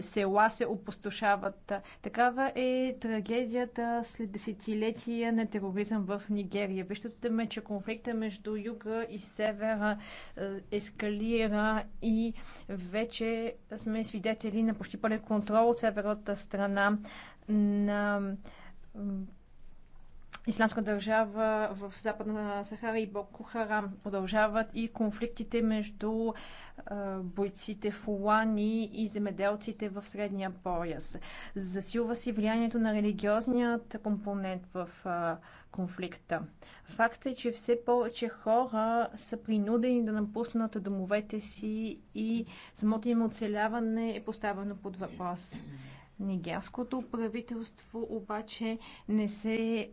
Speaker 7: села се опустошават. Такава е трагедията след десетилетия на тероризъм в Нигерия. Виждате ме, че конфликта между юга и севера е, ескалира и вече сме свидетели на почти пълен контрол от северната страна на Исламска държава в Западна Сахара и Боко Харам. Продължават и конфликтите между бойците фулани и земеделците в Средния пояс. Засилва си влиянието на религиозният компонент в конфликта. Факт е, че все повече хора са принудени да напуснат домовете си и самото им оцеляване е поставено под въпрос. Нигерското правителство обаче не се е,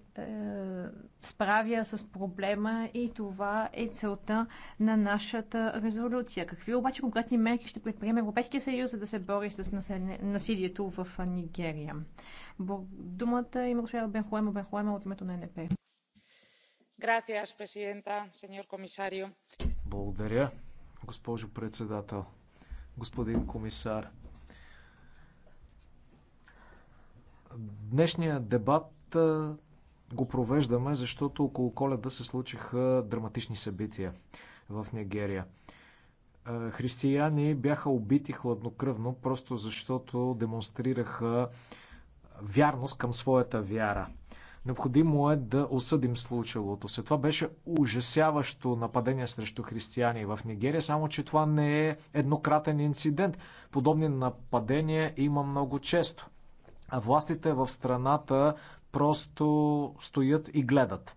Speaker 7: справя с проблема и това е целта на нашата резолюция. Какви обаче конкретни мерки ще предприеме Европейския съюз, за да се бори с насилието в Нигерия? Думата има госпожа Бенхуема Бенхуема от името на НП.
Speaker 8: Благодаря, госпожо председател, господин комисар. Днешния дебат го провеждаме, защото около коледа се случиха драматични събития в Нигерия. Християни бяха убити хладнокръвно, просто защото демонстрираха вярност към своята вяра. Необходимо е да осъдим случилото се. Това беше ужасяващо нападение срещу християни в Нигерия, само че това не е еднократен инцидент. Подобни нападения има много често. А властите в страната просто стоят и гледат.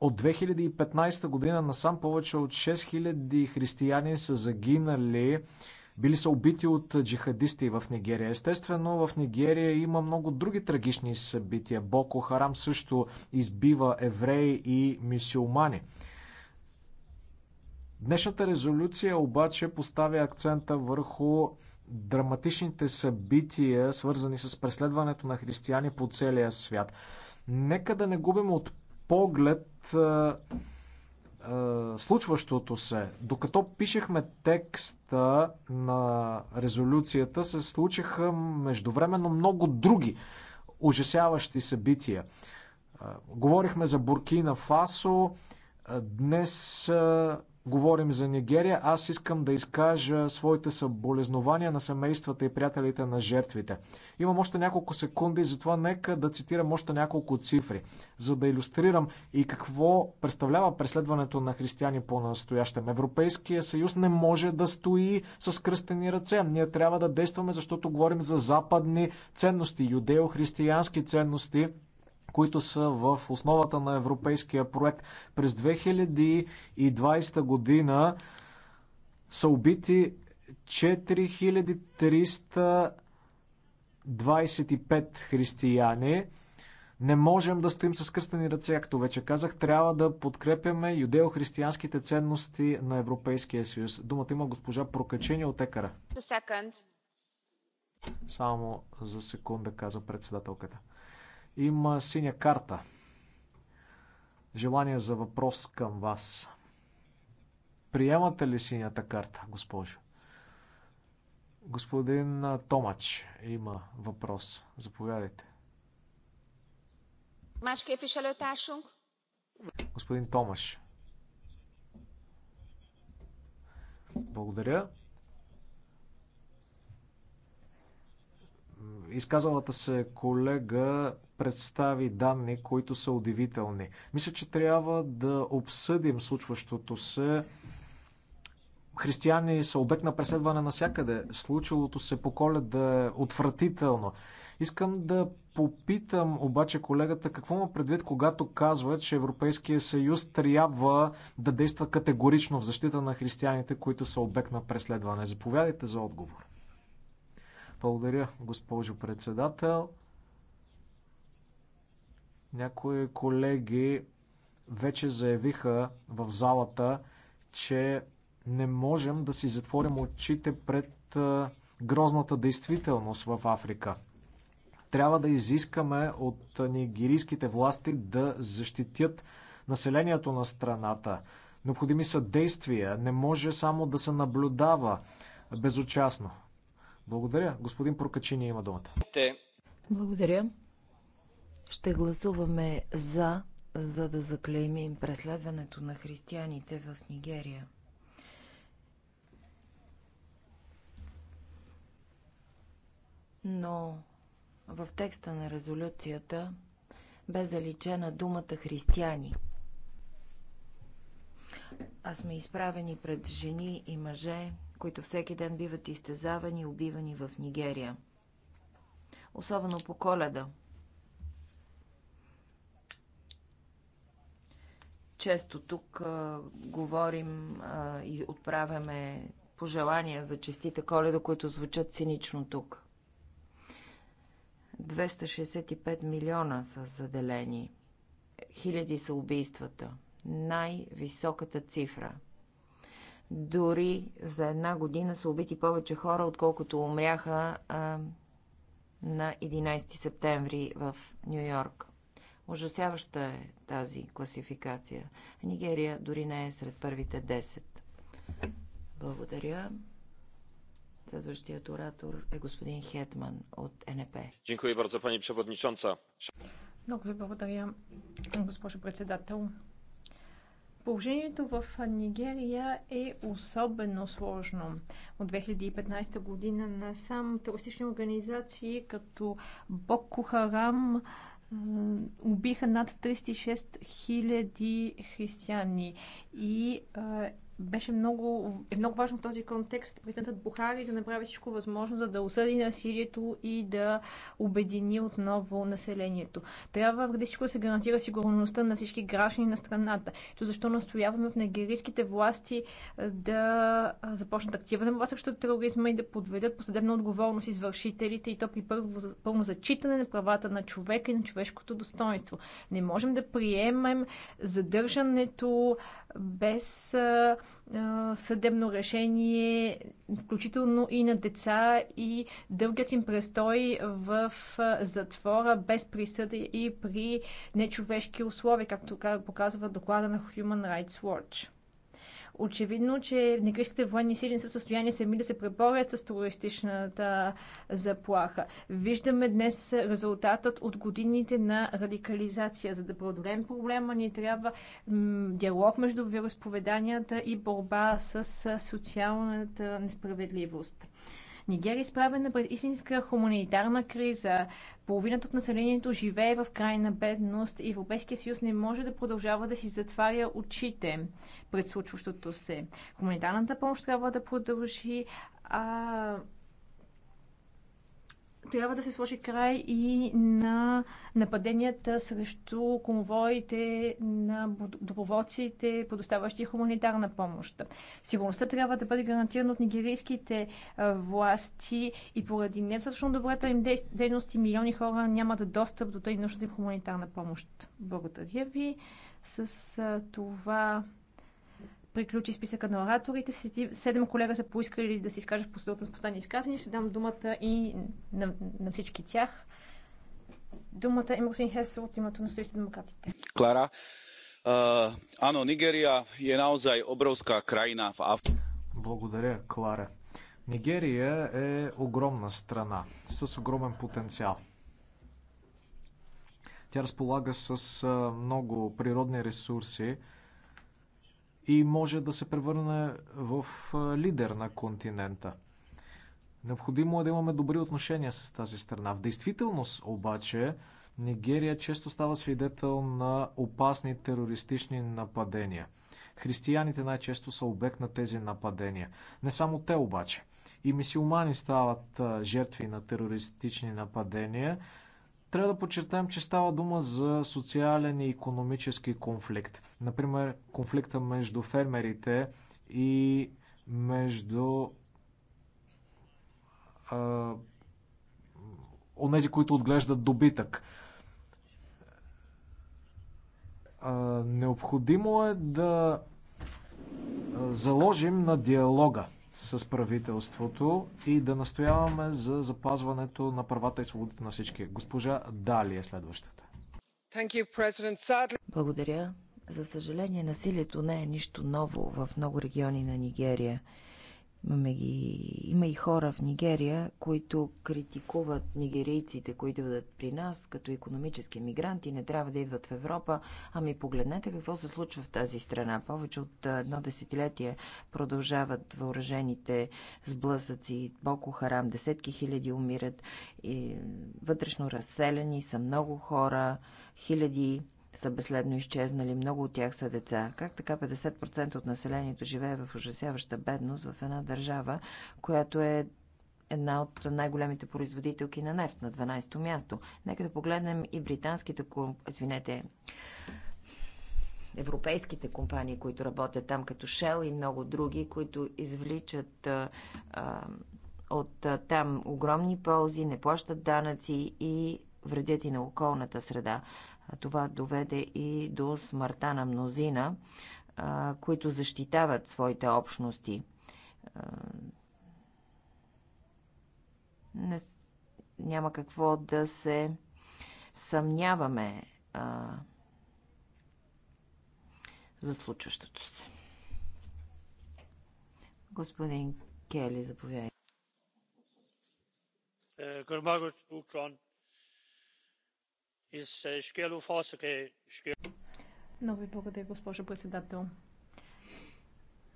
Speaker 8: От 2015 година насам повече от 6000 християни са загинали, били са убити от джихадисти в Нигерия. Естествено, в Нигерия има много други трагични събития. Боко Харам също избива евреи и мисиомани. Днешната резолюция обаче поставя акцента върху драматичните събития, свързани с преследването на християни по целия свят. Нека да не губим от поглед а, а, случващото се. Докато пишехме текста на резолюцията, се случиха междувременно много други ужасяващи събития. А, говорихме за Буркина Фасо, днес говорим за Нигерия, аз искам да изкажа своите съболезнования на семействата и приятелите на жертвите. Имам още няколко секунди, затова нека да цитирам още няколко цифри, за да иллюстрирам и какво представлява преследването на християни по-настоящем. Европейския съюз не може да стои с кръстени ръце. Ние трябва да действаме, защото говорим за западни ценности, юдео-християнски ценности, които са в основата на европейския проект. През 2020 година са убити 4325 християни. Не можем да стоим с кръстени ръце, както вече казах. Трябва да подкрепяме юдео-християнските ценности на Европейския съюз. Думата има госпожа Прокачени от Екара. Само за секунда, каза председателката. Има синя карта. Желание за въпрос към вас. Приемате ли синята карта, госпожо? Господин Томач има въпрос. Заповядайте. Господин Томаш. Благодаря. Изказалата се колега представи данни, които са удивителни. Мисля, че трябва да обсъдим случващото се. Християни са обект на преследване навсякъде. Случилото се по коледа е отвратително. Искам да попитам обаче колегата какво има предвид, когато казва, че Европейския съюз трябва да действа категорично в защита на християните, които са обект на преследване. Заповядайте за отговор. Благодаря, госпожо председател. Някои колеги вече заявиха в залата, че не можем да си затворим очите пред грозната действителност в Африка. Трябва да изискаме от нигерийските власти да защитят населението на страната. Необходими са действия. Не може само да се наблюдава безучастно. Благодаря. Господин Прокачини има думата.
Speaker 6: Благодаря. Ще гласуваме за, за да заклеймим преследването на християните в Нигерия. Но в текста на резолюцията бе заличена думата християни. А сме изправени пред жени и мъже, които всеки ден биват изтезавани и убивани в Нигерия. Особено по коледа – Често тук а, говорим а, и отправяме пожелания за честите коледа, които звучат цинично тук. 265 милиона са заделени. Хиляди са убийствата. Най-високата цифра. Дори за една година са убити повече хора, отколкото умряха а, на 11 септември в Нью Йорк. Ужасяваща е тази класификация. Нигерия дори не е сред първите 10. Благодаря. Следващият оратор е господин Хетман от НП.
Speaker 1: Дякую бързо, пани преводничонца.
Speaker 6: Много ви благодаря, госпожо председател.
Speaker 7: Положението в Нигерия е особено сложно. От 2015 година насам терористични организации като Боко Харам, убиха над 36 000 християни и беше много, е много важно в този контекст президентът Бухари да направи всичко възможно, за да осъди насилието и да обедини отново населението. Трябва преди всичко да се гарантира сигурността на всички граждани на страната. Ето защо настояваме от нигерийските власти да започнат активен борба срещу тероризма и да подведат последна отговорност извършителите и то при първо, пълно зачитане на правата на човека и на човешкото достоинство. Не можем да приемем задържането без съдебно решение, включително и на деца и дългият им престой в затвора без присъда и при нечовешки условия, както показва доклада на Human Rights Watch. Очевидно, че негрийските военни сили не са в състояние сами да се преборят с терористичната заплаха. Виждаме днес резултатът от годините на радикализация. За да преодолеем проблема, ни трябва диалог между вероисповеданията и борба с социалната несправедливост. Нигерия е изправена пред истинска хуманитарна криза. Половината от населението живее в крайна бедност и Европейския съюз не може да продължава да си затваря очите пред случващото се. Хуманитарната помощ трябва да продължи, а трябва да се сложи край и на нападенията срещу конвоите на доброволците, предоставящи хуманитарна помощ. Сигурността трябва да бъде гарантирана от нигерийските власти и поради недостатъчно добрата им дейност и милиони хора нямат достъп до тъй нужната им хуманитарна помощ. Благодаря ви. С това приключи списъка на ораторите. Седем колега са поискали да се изкажат в последователно спонтанни изказвания. Ще дам думата и на, на всички тях. Думата е Мусин Хесел от името на Стоистите демократите.
Speaker 9: Клара, ано, Нигерия е наузай обровска крайна в Африка. Благодаря, Клара.
Speaker 8: Нигерия е огромна страна с огромен потенциал. Тя разполага с много природни ресурси, и може да се превърне в лидер на континента. Необходимо е да имаме добри отношения с тази страна. В действителност обаче Нигерия често става свидетел на опасни терористични нападения. Християните най-често са обект на тези нападения. Не само те обаче. И мисиомани стават жертви на терористични нападения. Трябва да подчертаем, че става дума за социален и економически конфликт. Например, конфликта между фермерите и между а, онези, които отглеждат добитък. А, необходимо е да заложим на диалога с правителството и да настояваме за запазването на правата и свободите на всички. Госпожа Дали е следващата.
Speaker 6: Благодаря. За съжаление, насилието не е нищо ново в много региони на Нигерия. Имаме ги... Има и хора в Нигерия, които критикуват нигерийците, които идват при нас като економически мигранти, не трябва да идват в Европа. Ами погледнете какво се случва в тази страна. Повече от едно десетилетие продължават въоръжените сблъсъци. Боко Харам, десетки хиляди умират. И вътрешно разселени са много хора, хиляди са безследно изчезнали. Много от тях са деца. Как така 50% от населението живее в ужасяваща бедност в една държава, която е една от най-големите производителки на нефт на 12-то място. Нека да погледнем и британските, извинете, европейските компании, които работят там, като Shell и много други, които извличат а, а, от а, там огромни ползи, не плащат данъци и вредят и на околната среда. Това доведе и до смъртта на мнозина, които защитават своите общности. Не, няма какво да се съмняваме а, за случващото се. Господин Кели, заповядайте.
Speaker 1: Е, Uh,
Speaker 7: Много ви благодаря, госпожо председател.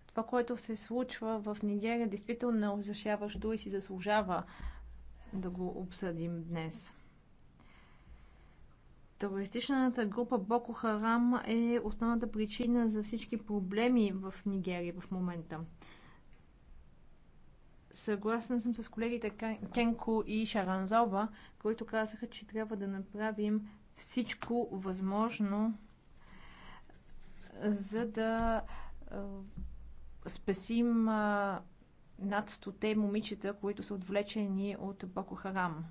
Speaker 7: Това, което се случва в Нигерия, е действително е озашяващо и си заслужава да го обсъдим днес. Терористичната група Боко Харам е основната причина за всички проблеми в Нигерия в момента. Съгласна съм с колегите Кенко и Шаранзова, които казаха, че трябва да направим всичко възможно, за да спасим над 100 момичета, които са отвлечени от Боко Харам.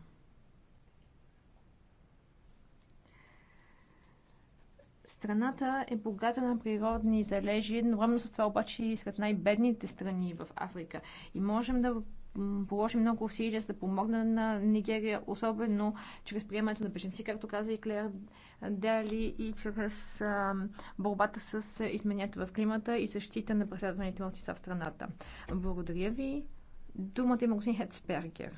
Speaker 7: Страната е богата на природни залежи, едновременно с това обаче и сред най-бедните страни в Африка. И можем да положи много усилия за да помогна на Нигерия, особено чрез приемането на беженци, както каза и Клер Дели, и чрез а, борбата с изменята в климата и защита на преследваните младсиства в страната. Благодаря ви. Думата има господин Хецбергер.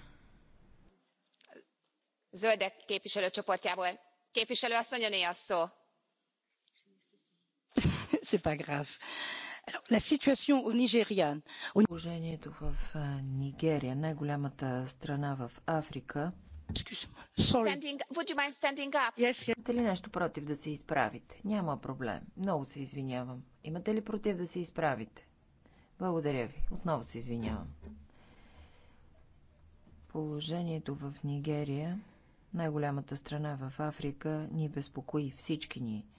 Speaker 3: Zöldek
Speaker 6: képviselőcsoportjából. Képviselő asszony, a szó. c'est pas grave. Положението в Нигерия, най-голямата страна в Африка. Имате ли нещо против да се изправите? Няма проблем. Много се извинявам. Имате ли против да се изправите? Благодаря ви. Отново се извинявам. Положението в Нигерия, най-голямата страна в Африка, ни безпокои всички ни –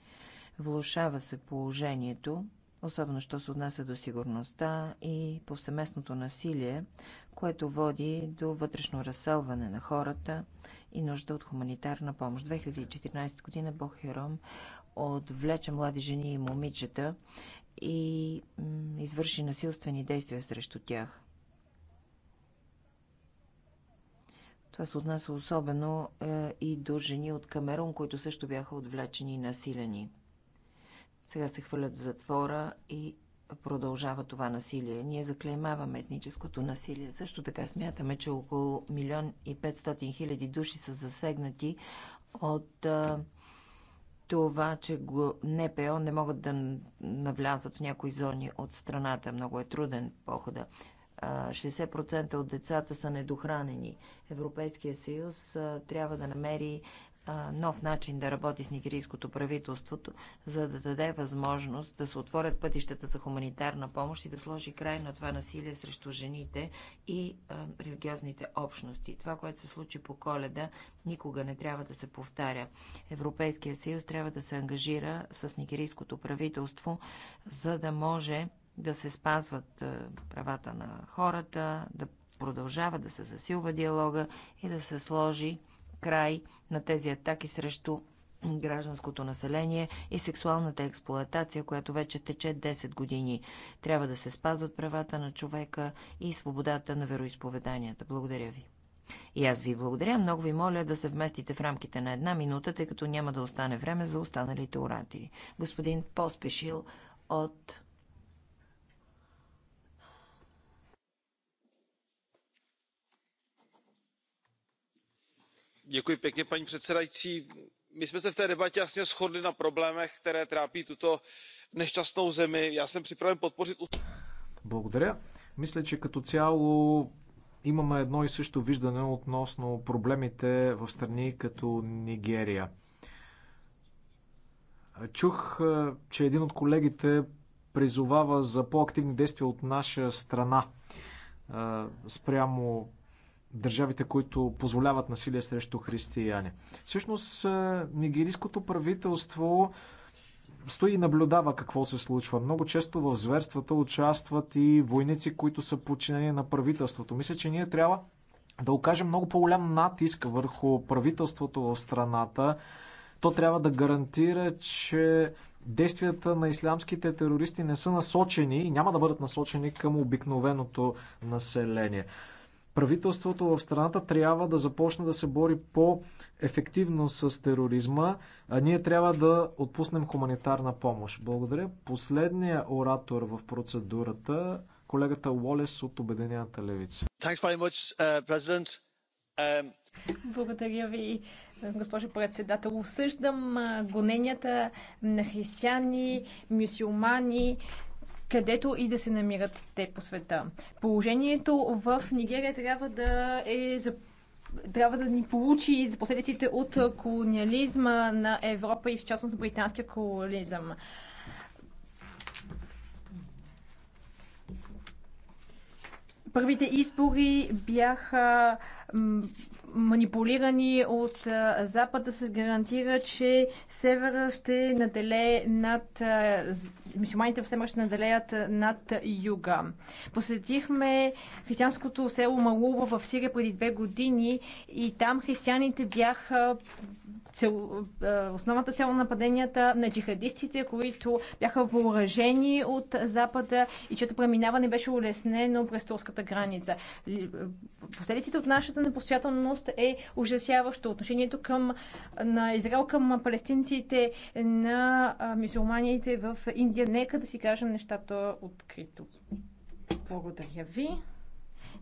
Speaker 6: Влушава се положението, особено що се отнася до сигурността и повсеместното насилие, което води до вътрешно разселване на хората и нужда от хуманитарна помощ. 2014 година Бог Хером отвлече млади жени и момичета и извърши насилствени действия срещу тях. Това се отнася особено е, и до жени от Камерун, които също бяха отвлечени и насилени сега се хвърлят в затвора и продължава това насилие. Ние заклеймаваме етническото насилие. Също така смятаме, че около милион и 500 хиляди души са засегнати от а, това, че го, НПО не могат да навлязат в някои зони от страната. Много е труден похода. 60% от децата са недохранени. Европейския съюз трябва да намери нов начин да работи с нигерийското правителството, за да даде възможност да се отворят пътищата за хуманитарна помощ и да сложи край на това насилие срещу жените и религиозните общности. Това, което се случи по коледа, никога не трябва да се повтаря. Европейския съюз трябва да се ангажира с нигерийското правителство, за да може да се спазват правата на хората, да продължава да се засилва диалога и да се сложи край на тези атаки срещу гражданското население и сексуалната експлоатация, която вече тече 10 години. Трябва да се спазват правата на човека и свободата на вероисповеданията. Благодаря ви. И аз ви благодаря. Много ви моля да се вместите в рамките на една минута, тъй като няма да остане време за останалите оратори. Господин Поспешил от
Speaker 1: paní předsedající my jsme se v té debatě jasně shodli na problémech které trápí tuto nešťastnou zemi. já jsem připraven podpořit.
Speaker 8: Благодаря. Мисля, че като цяло имаме едно и също виждане относно проблемите в страни като Нигерия. Чух, е, че един от колегите призовава за по-активни действия от наша страна е, спрямо държавите, които позволяват насилие срещу християни. Всъщност, нигерийското правителство стои и наблюдава какво се случва. Много често в зверствата участват и войници, които са подчинени на правителството. Мисля, че ние трябва да окажем много по-голям натиск върху правителството в страната. То трябва да гарантира, че действията на ислямските терористи не са насочени и няма да бъдат насочени към обикновеното население правителството в страната трябва да започне да се бори по-ефективно с тероризма, а ние трябва да отпуснем хуманитарна помощ. Благодаря. Последния оратор в процедурата, колегата Уолес от Обединената левица.
Speaker 7: Uh, um, Благодаря ви, госпожо председател. Осъждам гоненията на християни, мюсюлмани, където и да се намират те по света. Положението в Нигерия трябва да е за трябва да ни получи за последиците от колониализма на Европа и в частност британския колониализъм. Първите избори бяха манипулирани от Запада, се гарантира, че Севера ще наделее над... мусулманите в Севера ще наделеят над Юга. Посетихме християнското село Малуба в Сирия преди две години и там християните бяха цел, основната цел на нападенията на джихадистите, които бяха въоръжени от Запада и чето преминаване беше улеснено през турската граница. Последиците от нашата непостоятелност е ужасяващо. Отношението към, на Израел към палестинците, на мюсюлманите в Индия. Нека да си кажем нещата открито. Благодаря ви.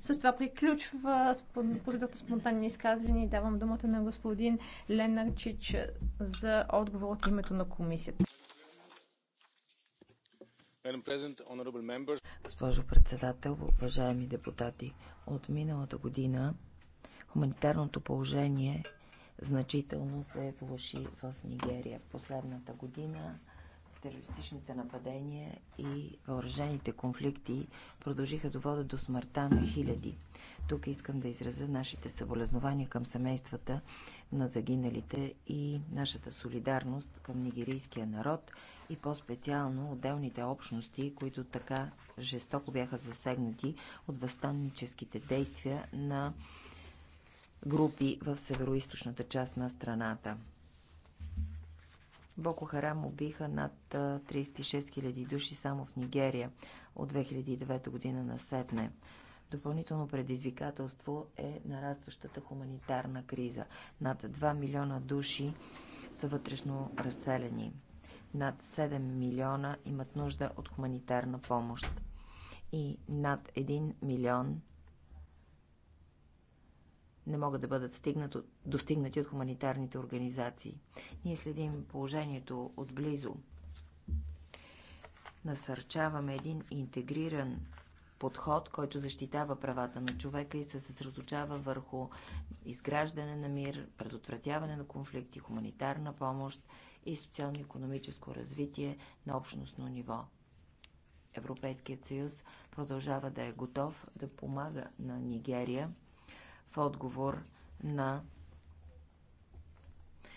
Speaker 7: С това приключва процедурата спонтанни изказвания и давам думата на господин
Speaker 6: Ленарчич за отговор от името на комисията. Госпожо председател, уважаеми депутати, от миналата година хуманитарното положение значително се влуши в Нигерия. Последната година Терористичните нападения и въоръжените конфликти продължиха да водят до смъртта на хиляди. Тук искам да изразя нашите съболезнования към семействата на загиналите и нашата солидарност към нигерийския народ и по-специално отделните общности, които така жестоко бяха засегнати от възстанническите действия на групи в северо част на страната. Боко Харам убиха над 36 000 души само в Нигерия от 2009 година на сетне. Допълнително предизвикателство е нарастващата хуманитарна криза. Над 2 милиона души са вътрешно разселени. Над 7 милиона имат нужда от хуманитарна помощ. И над 1 милион не могат да бъдат стигнат, достигнати от хуманитарните организации. Ние следим положението отблизо. Насърчаваме един интегриран подход, който защитава правата на човека и се съсредоточава върху изграждане на мир, предотвратяване на конфликти, хуманитарна помощ и социално-економическо развитие на общностно ниво. Европейският съюз продължава да е готов да помага на Нигерия – отговор на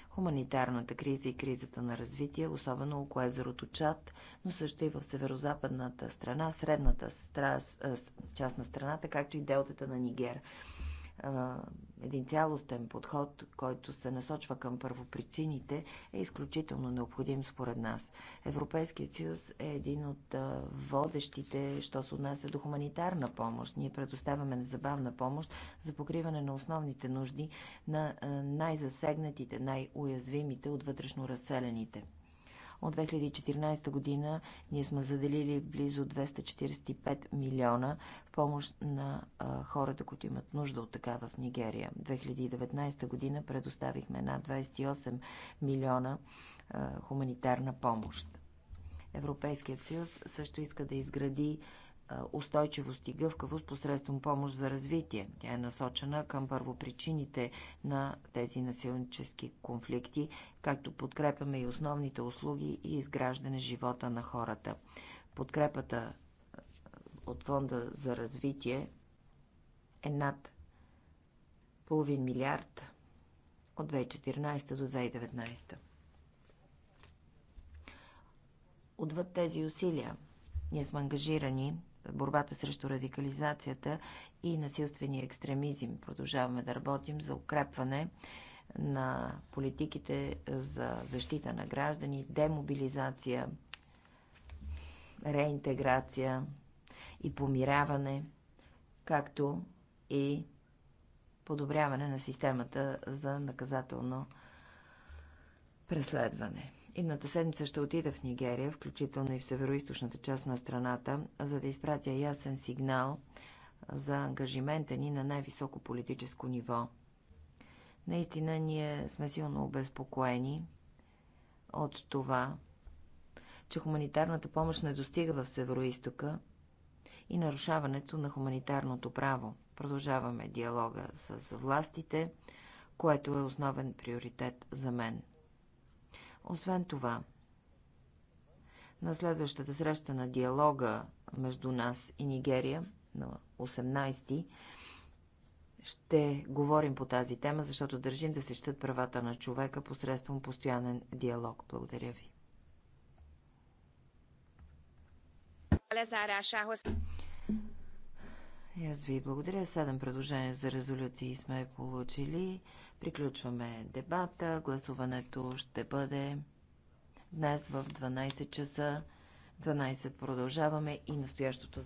Speaker 6: хуманитарната криза и кризата на развитие, особено около езерото Чад, но също и в северо-западната страна, средната стра... част на страната, както и делтата на Нигер един цялостен подход, който се насочва към първопричините, е изключително необходим според нас. Европейският съюз е един от водещите, що се отнася до хуманитарна помощ. Ние предоставяме незабавна помощ за покриване на основните нужди на най-засегнатите, най-уязвимите от вътрешно разселените. От 2014 година ние сме заделили близо 245 милиона в помощ на а, хората, които имат нужда от такава в Нигерия. 2019 година предоставихме над 28 милиона а, хуманитарна помощ. Европейският съюз също иска да изгради устойчивост и гъвкавост посредством помощ за развитие. Тя е насочена към първопричините на тези насилнически конфликти, както подкрепяме и основните услуги и изграждане живота на хората. Подкрепата от Фонда за развитие е над половин милиард от 2014 до 2019. Отвъд тези усилия ние сме ангажирани борбата срещу радикализацията и насилствения екстремизъм. Продължаваме да работим за укрепване на политиките за защита на граждани, демобилизация, реинтеграция и помиряване, както и подобряване на системата за наказателно преследване. Идната седмица ще отида в Нигерия, включително и в североизточната част на страната, за да изпратя ясен сигнал за ангажимента ни на най-високо политическо ниво. Наистина ние сме силно обезпокоени от това, че хуманитарната помощ не достига в Североистока и нарушаването на хуманитарното право. Продължаваме диалога с властите, което е основен приоритет за мен – освен това, на следващата среща на диалога между нас и Нигерия на 18 ще говорим по тази тема, защото държим да се щат правата на човека посредством постоянен диалог. Благодаря ви. И аз ви благодаря. Седем предложения за резолюции сме получили. Приключваме дебата. Гласуването ще бъде днес в 12 часа. 12 продължаваме и настоящото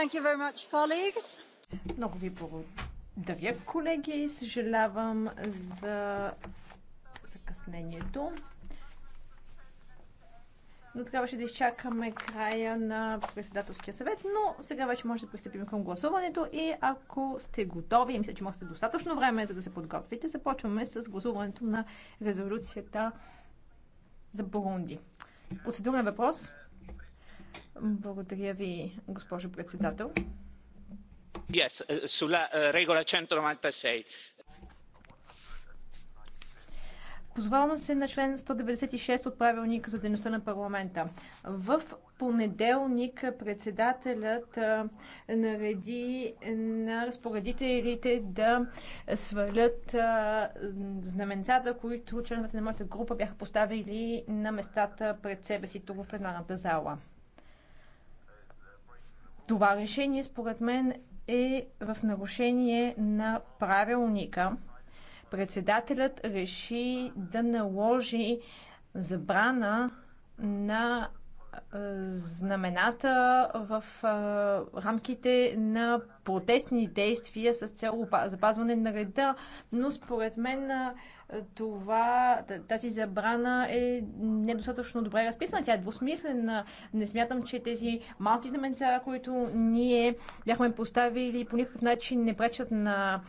Speaker 5: Thank you very much, colleagues.
Speaker 7: Много ви благодаря, колеги, съжалявам за закъснението. Но трябваше да изчакаме края на председателския съвет, но сега вече може да пристъпим към гласуването и ако сте готови, мисля, че можете достатъчно време, за да се подготвите, започваме с гласуването на резолюцията за Бурунди. Процедурен въпрос. Благодаря ви, госпожо председател.
Speaker 8: Yes, sulla regola
Speaker 5: 196.
Speaker 7: Позвавам се на член 196 от правилника за дейността на парламента. В понеделник председателят е, нареди на разпоредителите да свалят е, знаменцата, които членовете на моята група бяха поставили на местата пред себе си тук в пленарната зала. Това решение, според мен, е в нарушение на правилника. Председателят реши да наложи забрана на знамената в рамките на протестни действия с цел запазване на реда, но според мен това, тази забрана е недостатъчно добре разписана. Тя е двусмислена. Не смятам, че тези малки знаменца, които ние бяхме поставили, по никакъв начин не пречат на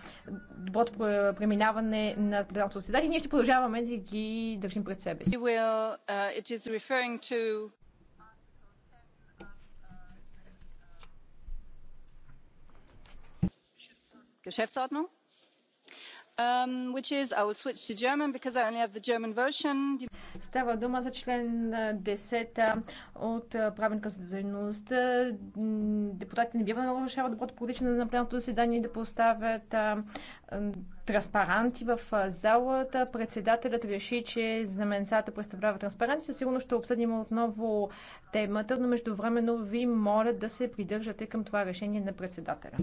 Speaker 7: доброто преминаване на пленарното заседание. Ние ще продължаваме да ги държим
Speaker 5: пред себе си. Uh, geschäftsordnung um, Става дума за член 10 от правилника за
Speaker 7: дейността. Депутатите не бива да нарушават доброто политично на пленарното заседание и да поставят транспаранти в залата. Председателят реши, че знаменцата представлява транспаранти. Със сигурност ще обсъдим отново темата, но междувременно ви моля да се придържате към това решение на председателя.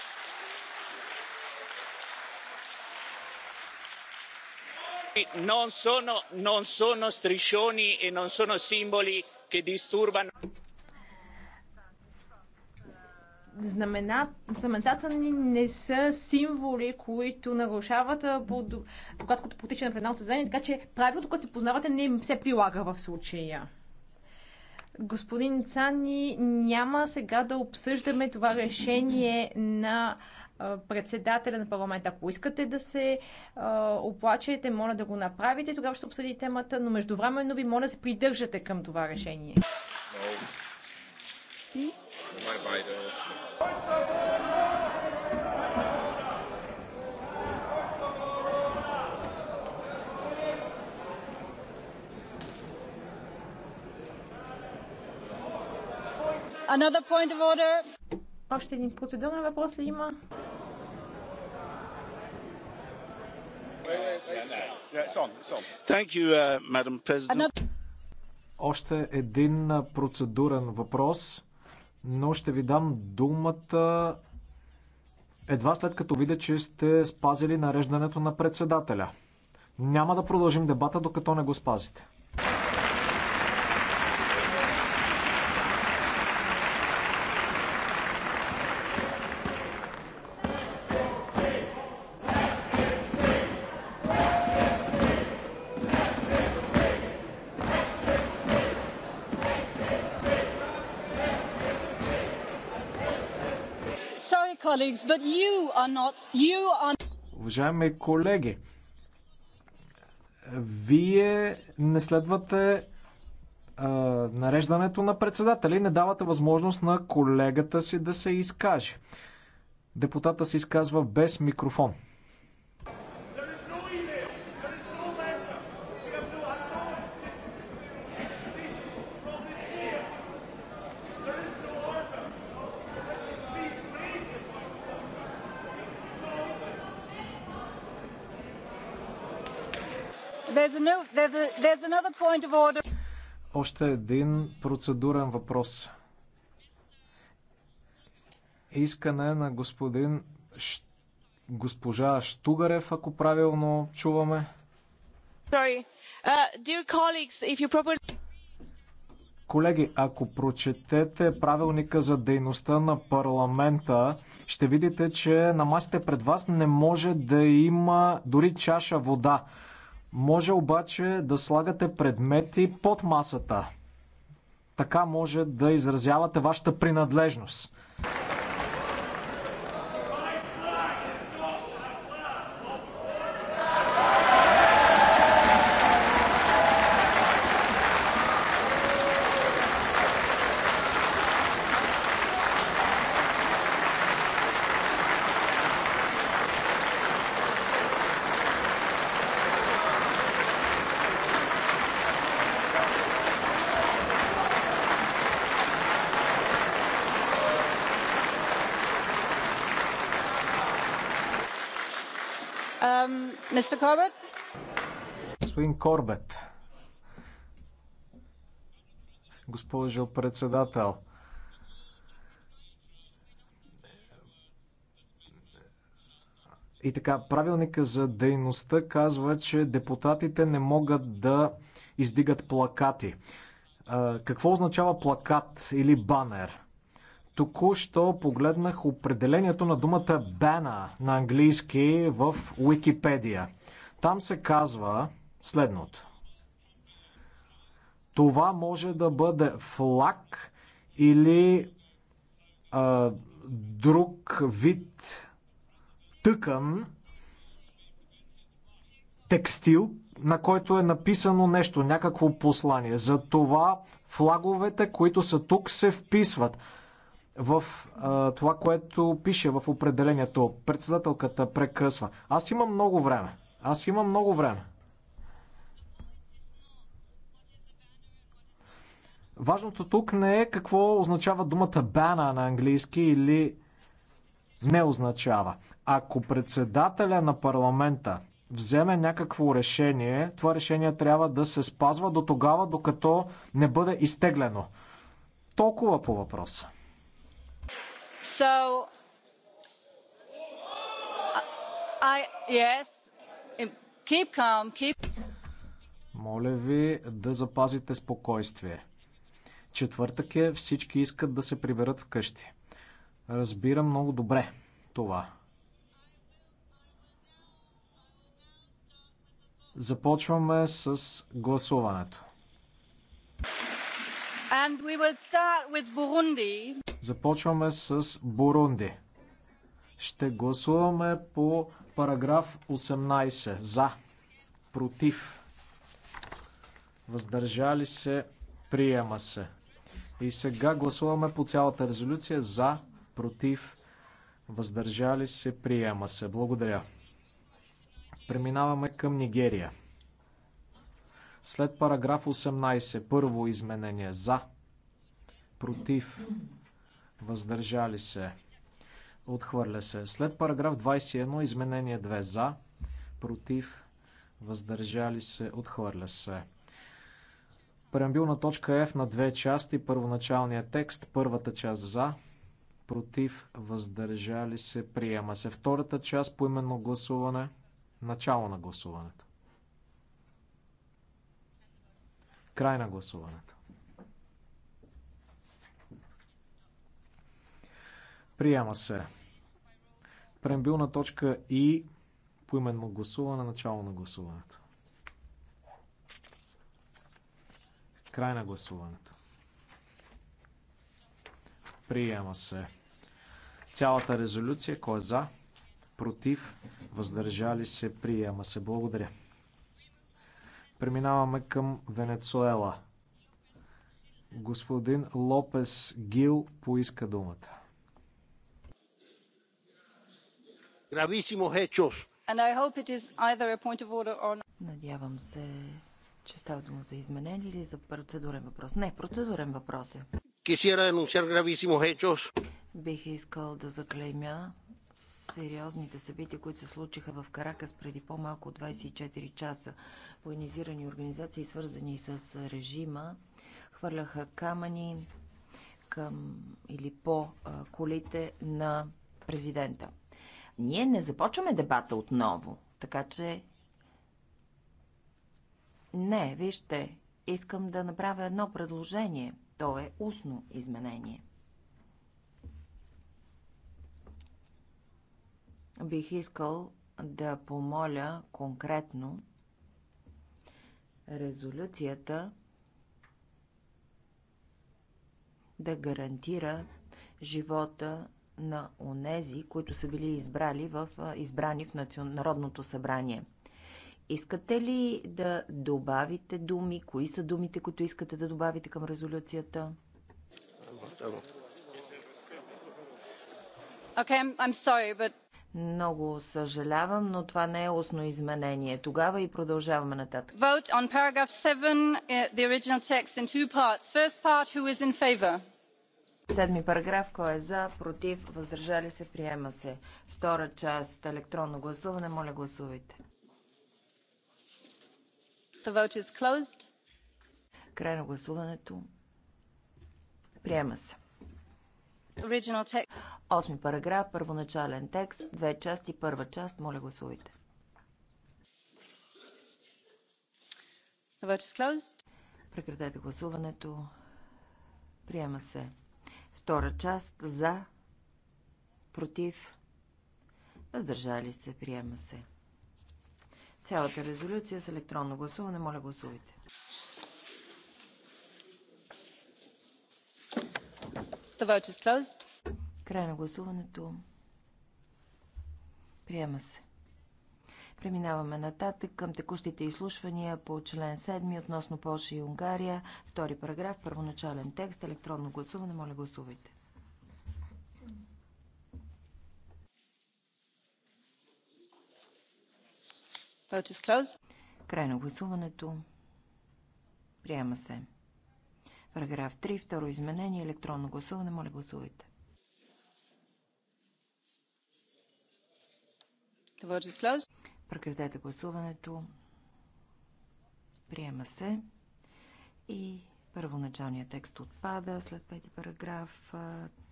Speaker 8: non sono striscioni e non sono simboli che disturbano.
Speaker 7: Знамена, знамената ни не са символи, които нарушават когато като потича на пленарното заседание, така че правилото, което се познавате, не се прилага в случая. Господин Цани, няма сега да обсъждаме това решение на председателя на парламента. Ако искате да се а, оплачете, моля да го направите, тогава ще обсъди темата, но междувременно ви моля да се придържате към това решение. Another point of order. Още един процедурен въпрос ли има?
Speaker 5: Uh,
Speaker 8: Още един процедурен въпрос, но ще ви дам думата едва след като видя, че сте спазили нареждането на председателя. Няма да продължим дебата, докато не го спазите.
Speaker 5: colleagues, but you are not, you are...
Speaker 8: Уважаеми колеги, вие не следвате а, нареждането на председателя и не давате възможност на колегата си да се изкаже. Депутата се изказва без микрофон. Още един процедурен въпрос. Искане на господин госпожа Штугарев, ако правилно чуваме. Uh, Колеги, ако прочетете правилника за дейността на парламента, ще видите, че на масите пред вас не може да има дори чаша вода. Може обаче да слагате предмети под масата. Така може да изразявате вашата принадлежност Mr. Corbett? Господин Корбет. Госпожо председател, И така, правилника за дейността казва, че депутатите не могат да издигат плакати. Какво означава плакат или банер? Току-що погледнах определението на думата бена на английски в Уикипедия. Там се казва следното. Това може да бъде флаг или а, друг вид тъкан, текстил, на който е написано нещо, някакво послание. Затова флаговете, които са тук, се вписват в а, това, което пише в определението. Председателката прекъсва. Аз имам много време. Аз имам много време. Важното тук не е какво означава думата бана на английски или не означава. Ако председателя на парламента вземе някакво решение, това решение трябва да се спазва до тогава, докато не бъде изтеглено. Толкова по въпроса.
Speaker 5: So, I, yes, keep calm, keep...
Speaker 8: Моля ви да запазите спокойствие. Четвъртък е, всички искат да се приберат вкъщи. Разбирам много добре това. Започваме с гласуването. Започваме с Бурунди. Ще гласуваме по параграф 18. За. Против. Въздържали се. Приема се. И сега гласуваме по цялата резолюция. За. Против. Въздържали се. Приема се. Благодаря. Преминаваме към Нигерия. След параграф 18, първо изменение за, против, въздържали се, отхвърля се. След параграф 21, изменение 2 за, против, въздържали се, отхвърля се. Преамбилна точка F на две части. Първоначалният текст, първата част за, против, въздържали се, приема се. Втората част по именно гласуване, начало на гласуването. Край на гласуването. Приема се. Прембилна точка И. Поименно гласуване. Начало на гласуването. Край на гласуването. Приема се. Цялата резолюция. Кой е за? Против? Въздържали се? Приема се. Благодаря. Преминаваме към Венецуела. Господин Лопес Гил поиска
Speaker 1: думата. Грависимо хечос.
Speaker 6: Надявам се, че става дума за изменение или за процедурен въпрос. Не, процедурен въпрос е. Бих искал да заклеймя сериозните събития, които се случиха в Каракас преди по-малко от 24 часа. Военизирани организации, свързани с режима, хвърляха камъни към или по колите на президента. Ние не започваме дебата отново, така че не, вижте, искам да направя едно предложение. То е устно изменение. бих искал да помоля конкретно резолюцията да гарантира живота на онези, които са били избрали в, избрани в Народното събрание. Искате ли да добавите думи? Кои са думите, които искате да добавите към резолюцията? Okay, I'm sorry, but много съжалявам, но това не е устно изменение. Тогава и продължаваме нататък.
Speaker 5: Vote on paragraph 7, uh, the original text in two parts. First part, who is in favor?
Speaker 6: Седми параграф, кой е за, против, въздържали се, приема се. Втора част, електронно гласуване, моля гласувайте. The vote is closed. Край на гласуването. Приема се. Осми параграф, първоначален текст, две части, първа част. Моля гласувайте. Прекратете гласуването. Приема се. Втора част за, против, въздържали се. Приема се. Цялата резолюция с електронно гласуване. Моля гласувайте. Край на гласуването. Приема се. Преминаваме нататък към текущите изслушвания по член 7 относно Польша и Унгария. Втори параграф, първоначален текст, електронно гласуване. Моля, гласувайте. Край на гласуването. Приема се. Параграф 3. Второ изменение. Електронно гласуване. Моля гласувайте. Прекратете гласуването. Приема се. И първоначалният текст отпада след пети параграф.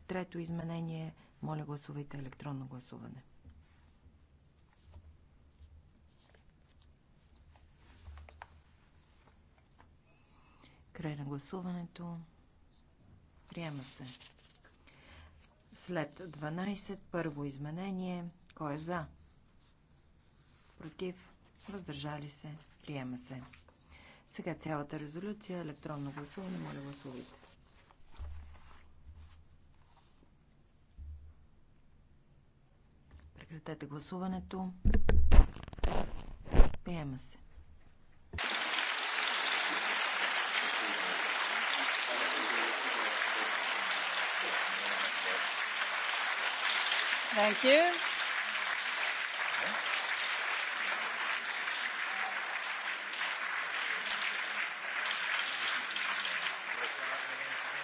Speaker 6: Трето изменение. Моля гласувайте електронно гласуване. Край на гласуването. Приема се. След 12, първо изменение. Кой е за? Против? Въздържали се? Приема се. Сега цялата резолюция, електронно гласуване, моля гласувайте. Прекратете гласуването. Приема се.
Speaker 5: Thank you.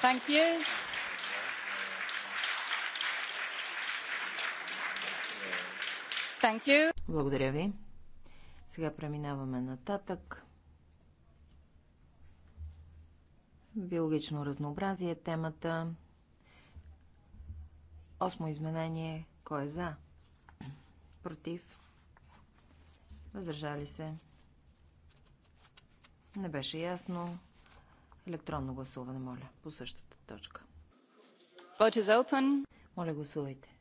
Speaker 5: Thank you.
Speaker 6: Thank you. Благодаря ви. Сега преминаваме нататък. Биологично разнообразие е темата. Осмо изменение кой е за? Против? Въздържали се? Не беше ясно. Електронно гласуване, моля, по същата точка. Vote is open. Моля, гласувайте.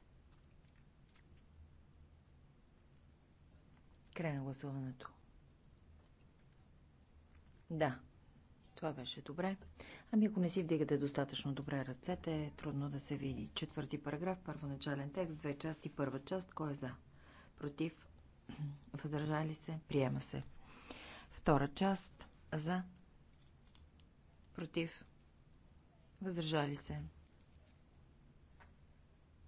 Speaker 6: Край на гласуването. Да, това беше добре. Ами ако не си вдигате достатъчно добре ръцете, е трудно да се види. Четвърти параграф, първоначален текст, две части, първа част, кой е за? Против? Въздържали се? Приема се. Втора част, за? Против? Въздържали се?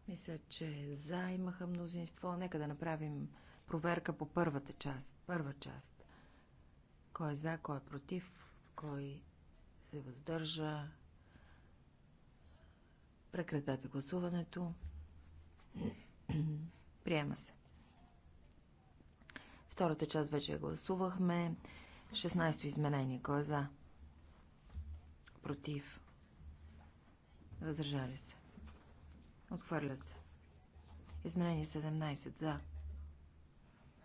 Speaker 6: Мисля, че за имаха мнозинство. Нека да направим проверка по първата част. Първа част. Кой е за, кой е против? Кой се въздържа? Прекратете гласуването. Приема се. Втората част вече гласувахме. 16-то изменение. Кой е за? Против. Въздържали се. Отхвърлят се. Изменение 17. За.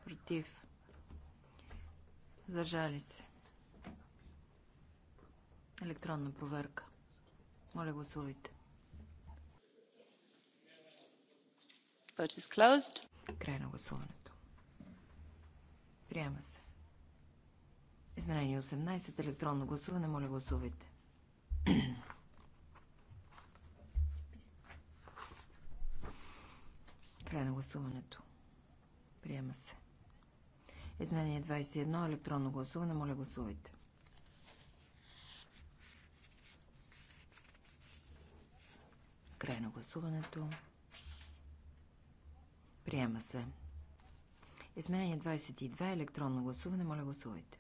Speaker 6: Против. Зажали се. Електронна проверка. Моля, гласувайте. Край на гласуването. Приема се. Изменение 18. Електронно гласуване. Моля, гласувайте. Край на гласуването. Приема се. Изменение 21. Електронно гласуване. Моля, гласувайте. Край на гласуването. Приема се. Изменение 22. Електронно гласуване. Моля гласувайте.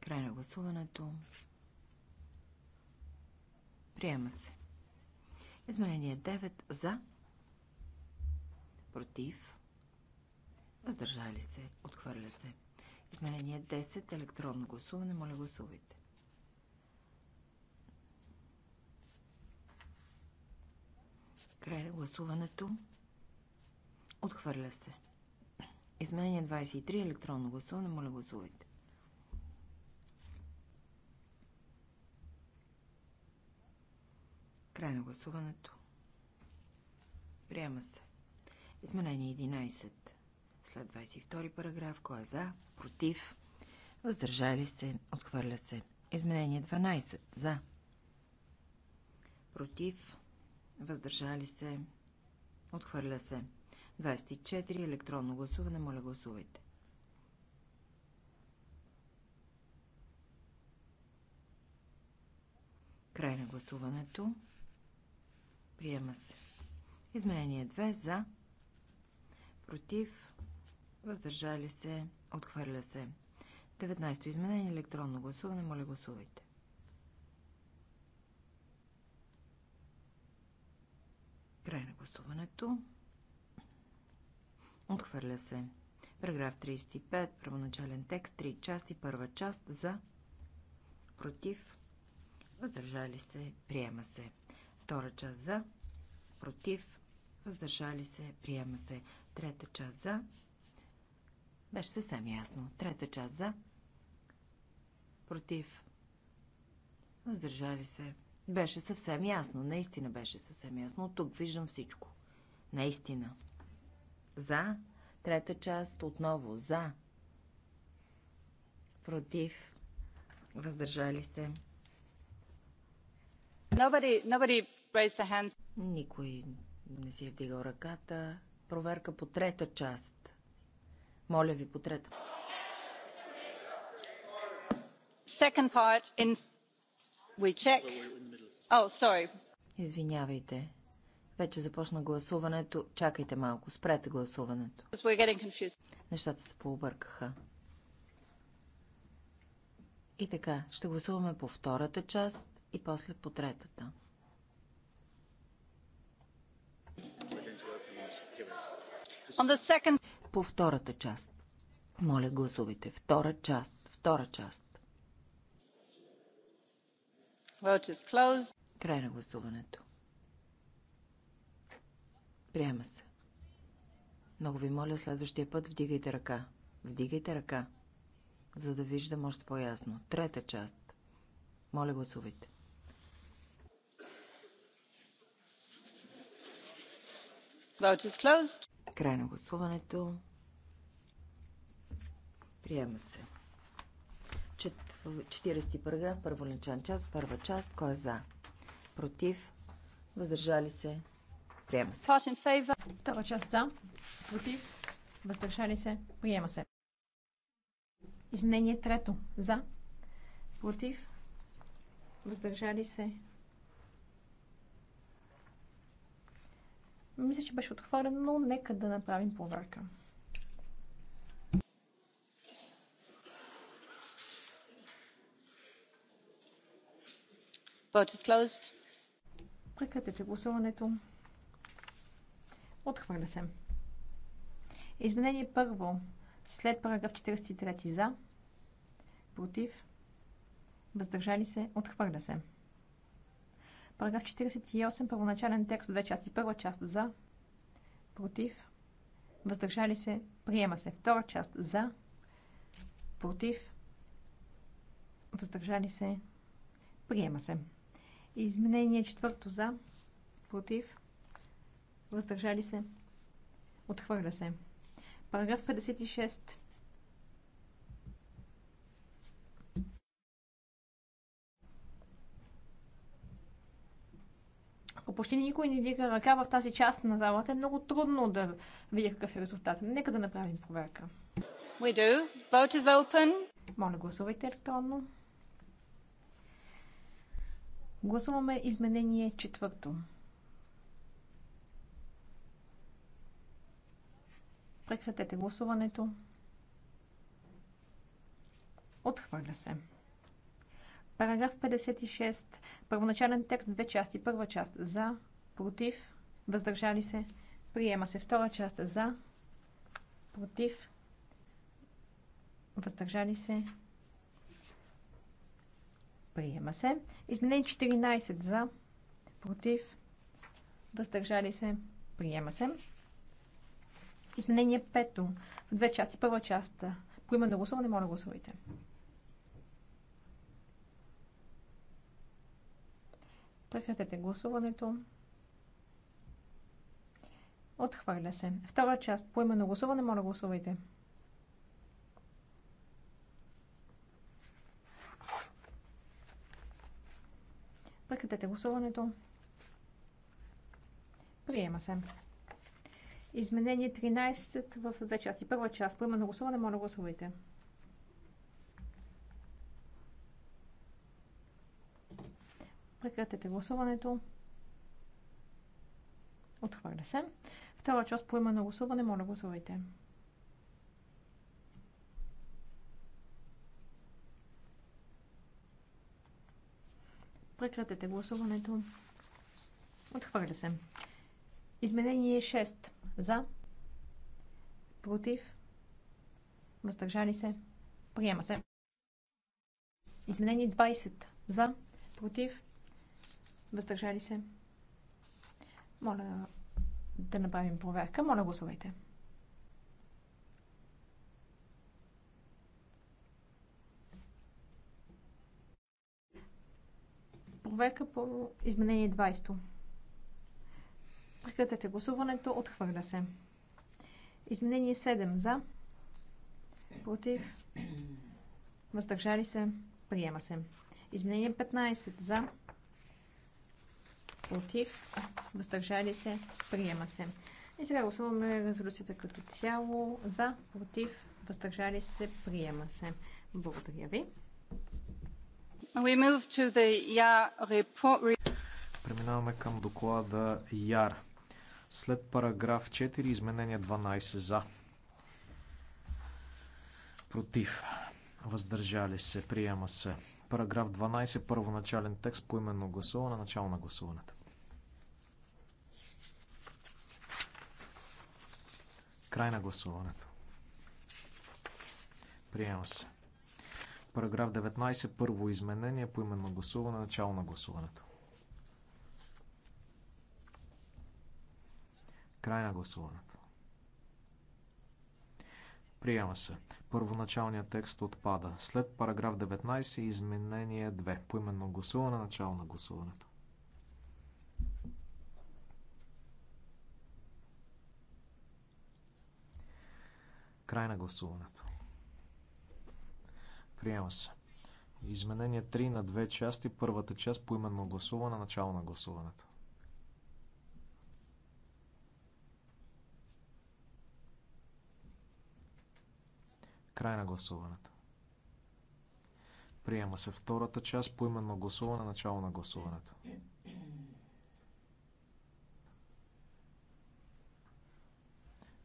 Speaker 6: Край на гласуването. Приема се. Изменение 9. За. Против. Въздържали се. Отхвърля се. Изменение 10. Електронно гласуване. Моля гласувайте. Край на гласуването. Отхвърля се. Изменение 23. Електронно гласуване. Моля гласувайте. Край на гласуването. Приема се. Изменение 11. След 22 параграф. Кой е за? Против? Въздържали се? Отхвърля се. Изменение 12. За. Против? въздържали се, отхвърля се. 24. Електронно гласуване. Моля, гласувайте. Край на гласуването. Приема се. Изменение 2 за, против, въздържали се, отхвърля се. 19. Изменение електронно гласуване. Моля гласувайте. Край на гласуването. Отхвърля се. Параграф 35, първоначален текст, 3 части, първа част за, против, въздържали се, приема се. Втора част за, против, въздържали се, приема се. Трета част за, беше съвсем ясно. Трета част за, против, въздържали се, беше съвсем ясно, наистина беше съвсем ясно. От тук виждам всичко. Наистина. За. Трета част отново. За. Против. Въздържали сте.
Speaker 5: Nobody, nobody raised
Speaker 6: the hands. Никой не си е вдигал ръката. Проверка по трета част. Моля ви по трета.
Speaker 5: Second part in Oh,
Speaker 6: Извинявайте. Вече започна гласуването. Чакайте малко. Спрете гласуването. Нещата се пообъркаха. И така, ще гласуваме по втората част и после по третата. По втората част. Моля, гласувайте. Втора част. Втора част. Край на гласуването. Приема се. Много ви моля, следващия път вдигайте ръка. Вдигайте ръка, за да виждам още по-ясно. Трета част. Моля, гласувайте. Край на гласуването. Приема се. 40 параграф, първоначален част, първа част, кой е за? Против? Въздържали се? Приема се. Втора част за, против, въздържали се, приема
Speaker 7: се. Изменение трето. За, против, въздържали се. Мисля, че беше отхвърлено, но нека да направим проверка. Прекратете гласуването. Отхвърля се. Изменение първо. След параграф 43 за. Против. Въздържали се. Отхвърля се. Параграф 48. Първоначален текст. Две части. Първа част за. Против. Въздържали се. Приема се. Втора част за. Против. Въздържали се. Приема се. Изменение четвърто за, против, въздържали се, отхвърля се. Параграф 56. Ако почти никой не вдига ръка в тази част на залата, е много трудно да видя какъв е резултат. Нека да направим проверка. We do. Vote is open. Моля, гласувайте електронно. Гласуваме изменение четвърто. Прекратете гласуването. Отхвърля се. Параграф 56. Първоначален текст две части. Първа част за, против, въздържали се. Приема се втора част за, против, въздържали се. Приема се. Изменение 14 за. Против. Въздържали се. Приема се. Изменение 5. В две части. Първа част. По име на гласуване, моля гласувайте. Прекратете гласуването. Отхвърля се. Втора част. По на гласуване, моля гласувайте. Прекратете гласуването. Приема се. Изменение 13 в две части. Първа част. Поема на гласуване. Моля гласувайте. Прекратете гласуването. Отхвърля се. Втора част. Поема на гласуване. Моля гласувайте. Прекратете гласуването. Отхвърля се. Изменение 6. За. Против. Въздържали се. Приема се. Изменение 20. За. Против. Въздържали се. Моля да направим проверка. Моля гласувайте. Проверка по изменение 20. Прекратете гласуването. Отхвърля се. Изменение 7. За. Против. Въздържали се. Приема се. Изменение 15. За. Против. Въздържали се. Приема се. И сега гласуваме резолюцията като цяло. За. Против. Въздържали се. Приема се. Благодаря ви.
Speaker 8: Преминаваме към доклада ЯР. След параграф 4 изменение 12 за. Против. Въздържали се. Приема се. Параграф 12. Първоначален текст по именно гласуване. Начало на гласуването. Край на гласуването. Приема се. Параграф 19. Първо изменение по именно гласуване. Начало на гласуването. Край на гласуването. Приема се. Първоначалният текст отпада. След параграф 19 изменение 2. По именно гласуване. Начало на гласуването. Край на гласуването. Приема се. Изменение 3 на две части. Първата част по именно гласуване, начало на гласуването. Край на гласуването. Приема се втората част по именно гласуване, начало на гласуването.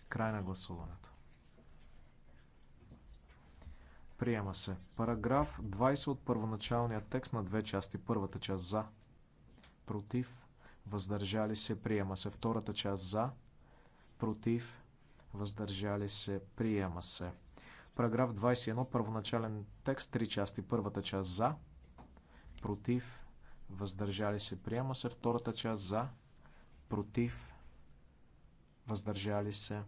Speaker 8: Край на гласуването. Приема се. Параграф 20 от първоначалния текст на две части. Първата част за. Против. Въздържали се. Приема се. Втората част за. Против. Въздържали се. Приема се. Параграф 21. Първоначален текст. Три части. Първата част за. Против. Въздържали се. Приема се. Втората част за. Против. Въздържали се.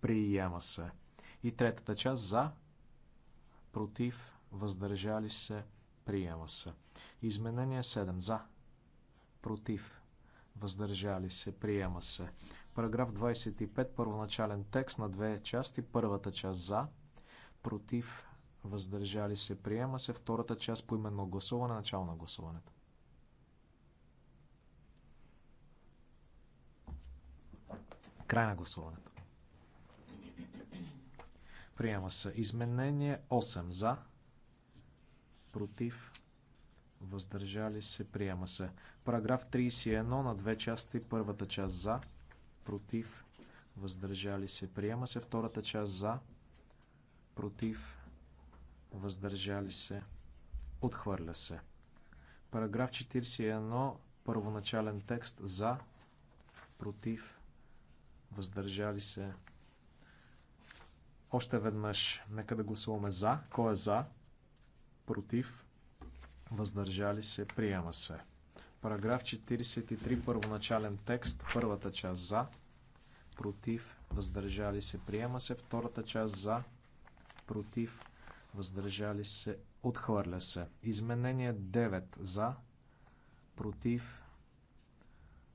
Speaker 8: Приема се. И третата част за против, въздържали се, приема се. Изменение 7 за, против, въздържали се, приема се. Параграф 25, първоначален текст на две части. Първата част за, против, въздържали се, приема се. Втората част по именно гласуване, начало на гласуването. Край на гласуването. Приема се. Изменение 8 за. Против. Въздържали се. Приема се. Параграф 31 на две части. Първата част за. Против. Въздържали се. Приема се. Втората част за. Против. Въздържали се. Отхвърля се. Параграф 41. Първоначален текст за. Против. Въздържали се. Още веднъж, нека да гласуваме за. Кой е за? Против? Въздържали се? Приема се. Параграф 43, първоначален текст, първата част за, против, въздържали се, приема се, втората част за, против, въздържали се, отхвърля се. Изменение 9 за, против,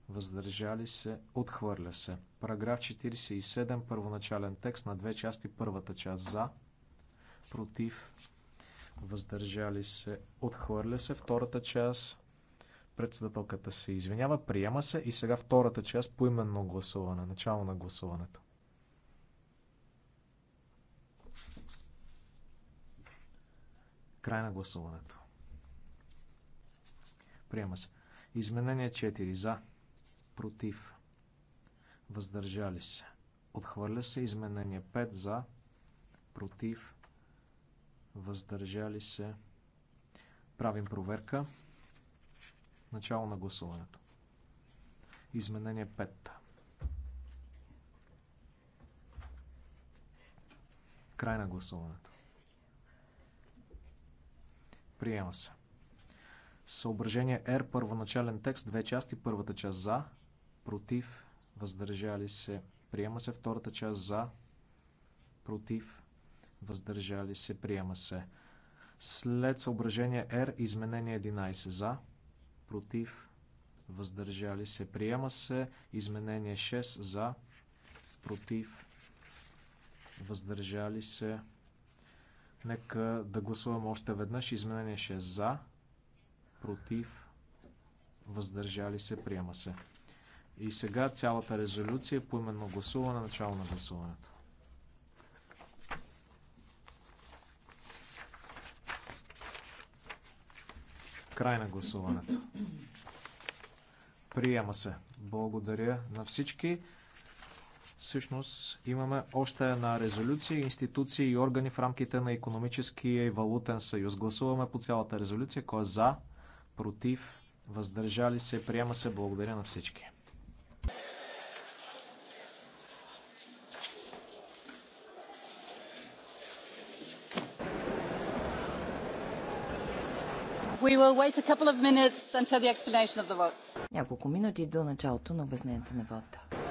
Speaker 8: въздържали се, отхвърля се. Параграф 47, първоначален текст на две части, първата част за, против, въздържали се, отхвърля се, втората част, председателката се извинява, приема се и сега втората част по именно гласуване, начало на гласуването. Край на гласуването. Приема се. Изменение 4 за против, въздържали се. Отхвърля се изменение 5 за, против, въздържали се. Правим проверка. Начало на гласуването. Изменение 5. Край на гласуването. Приема се. Съображение R, първоначален текст, две части, първата част за, против, въздържали се, приема се. Втората част за, против, въздържали се, приема се. След съображение R, изменение 11 за, против, въздържали се, приема се. Изменение 6 за, против, въздържали се. Нека да гласуваме още веднъж. Изменение 6 за, против, въздържали се, приема се. И сега цялата резолюция по именно гласуване, начало на гласуването. Край на гласуването. Приема се. Благодаря на всички. Всъщност имаме още една резолюция, институции и органи в рамките на економическия и валутен съюз. Гласуваме по цялата резолюция. Кой е за, против, въздържали се, приема се. Благодаря на всички.
Speaker 6: Няколко минути до началото на обяснението на вода.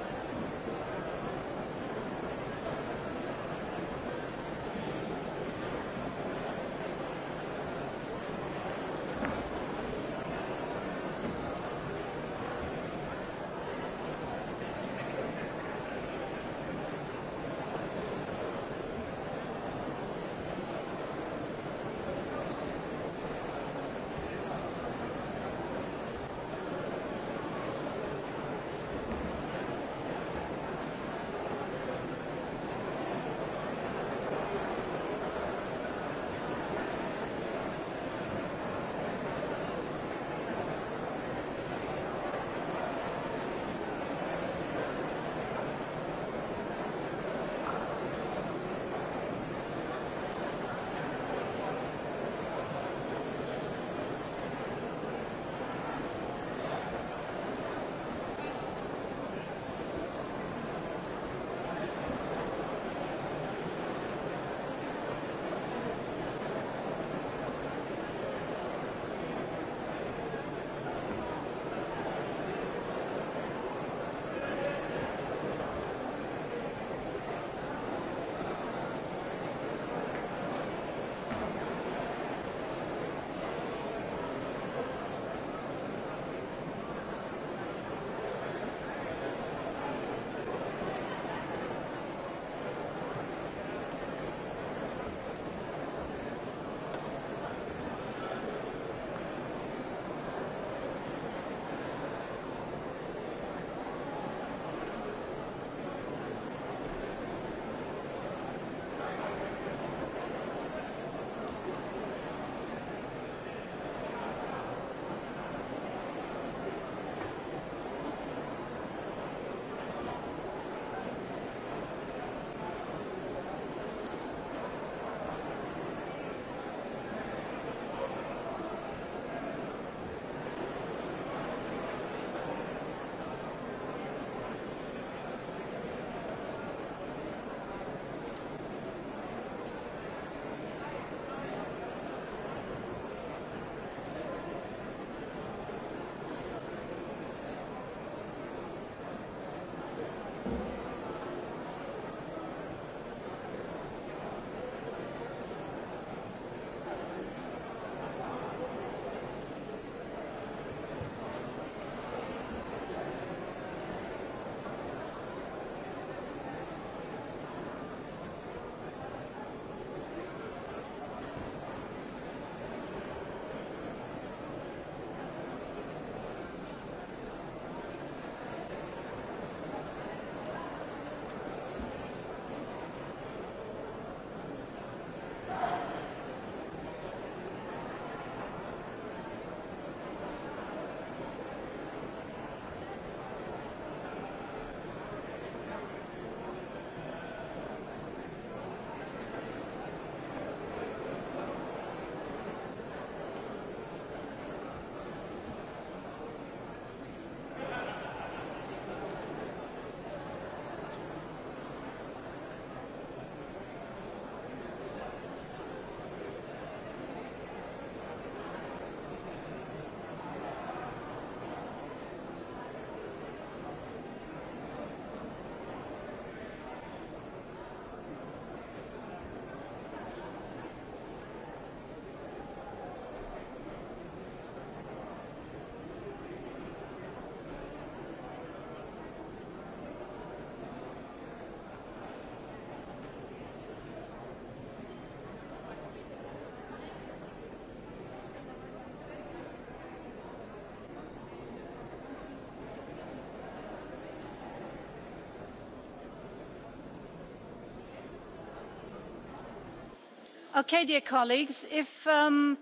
Speaker 5: Um,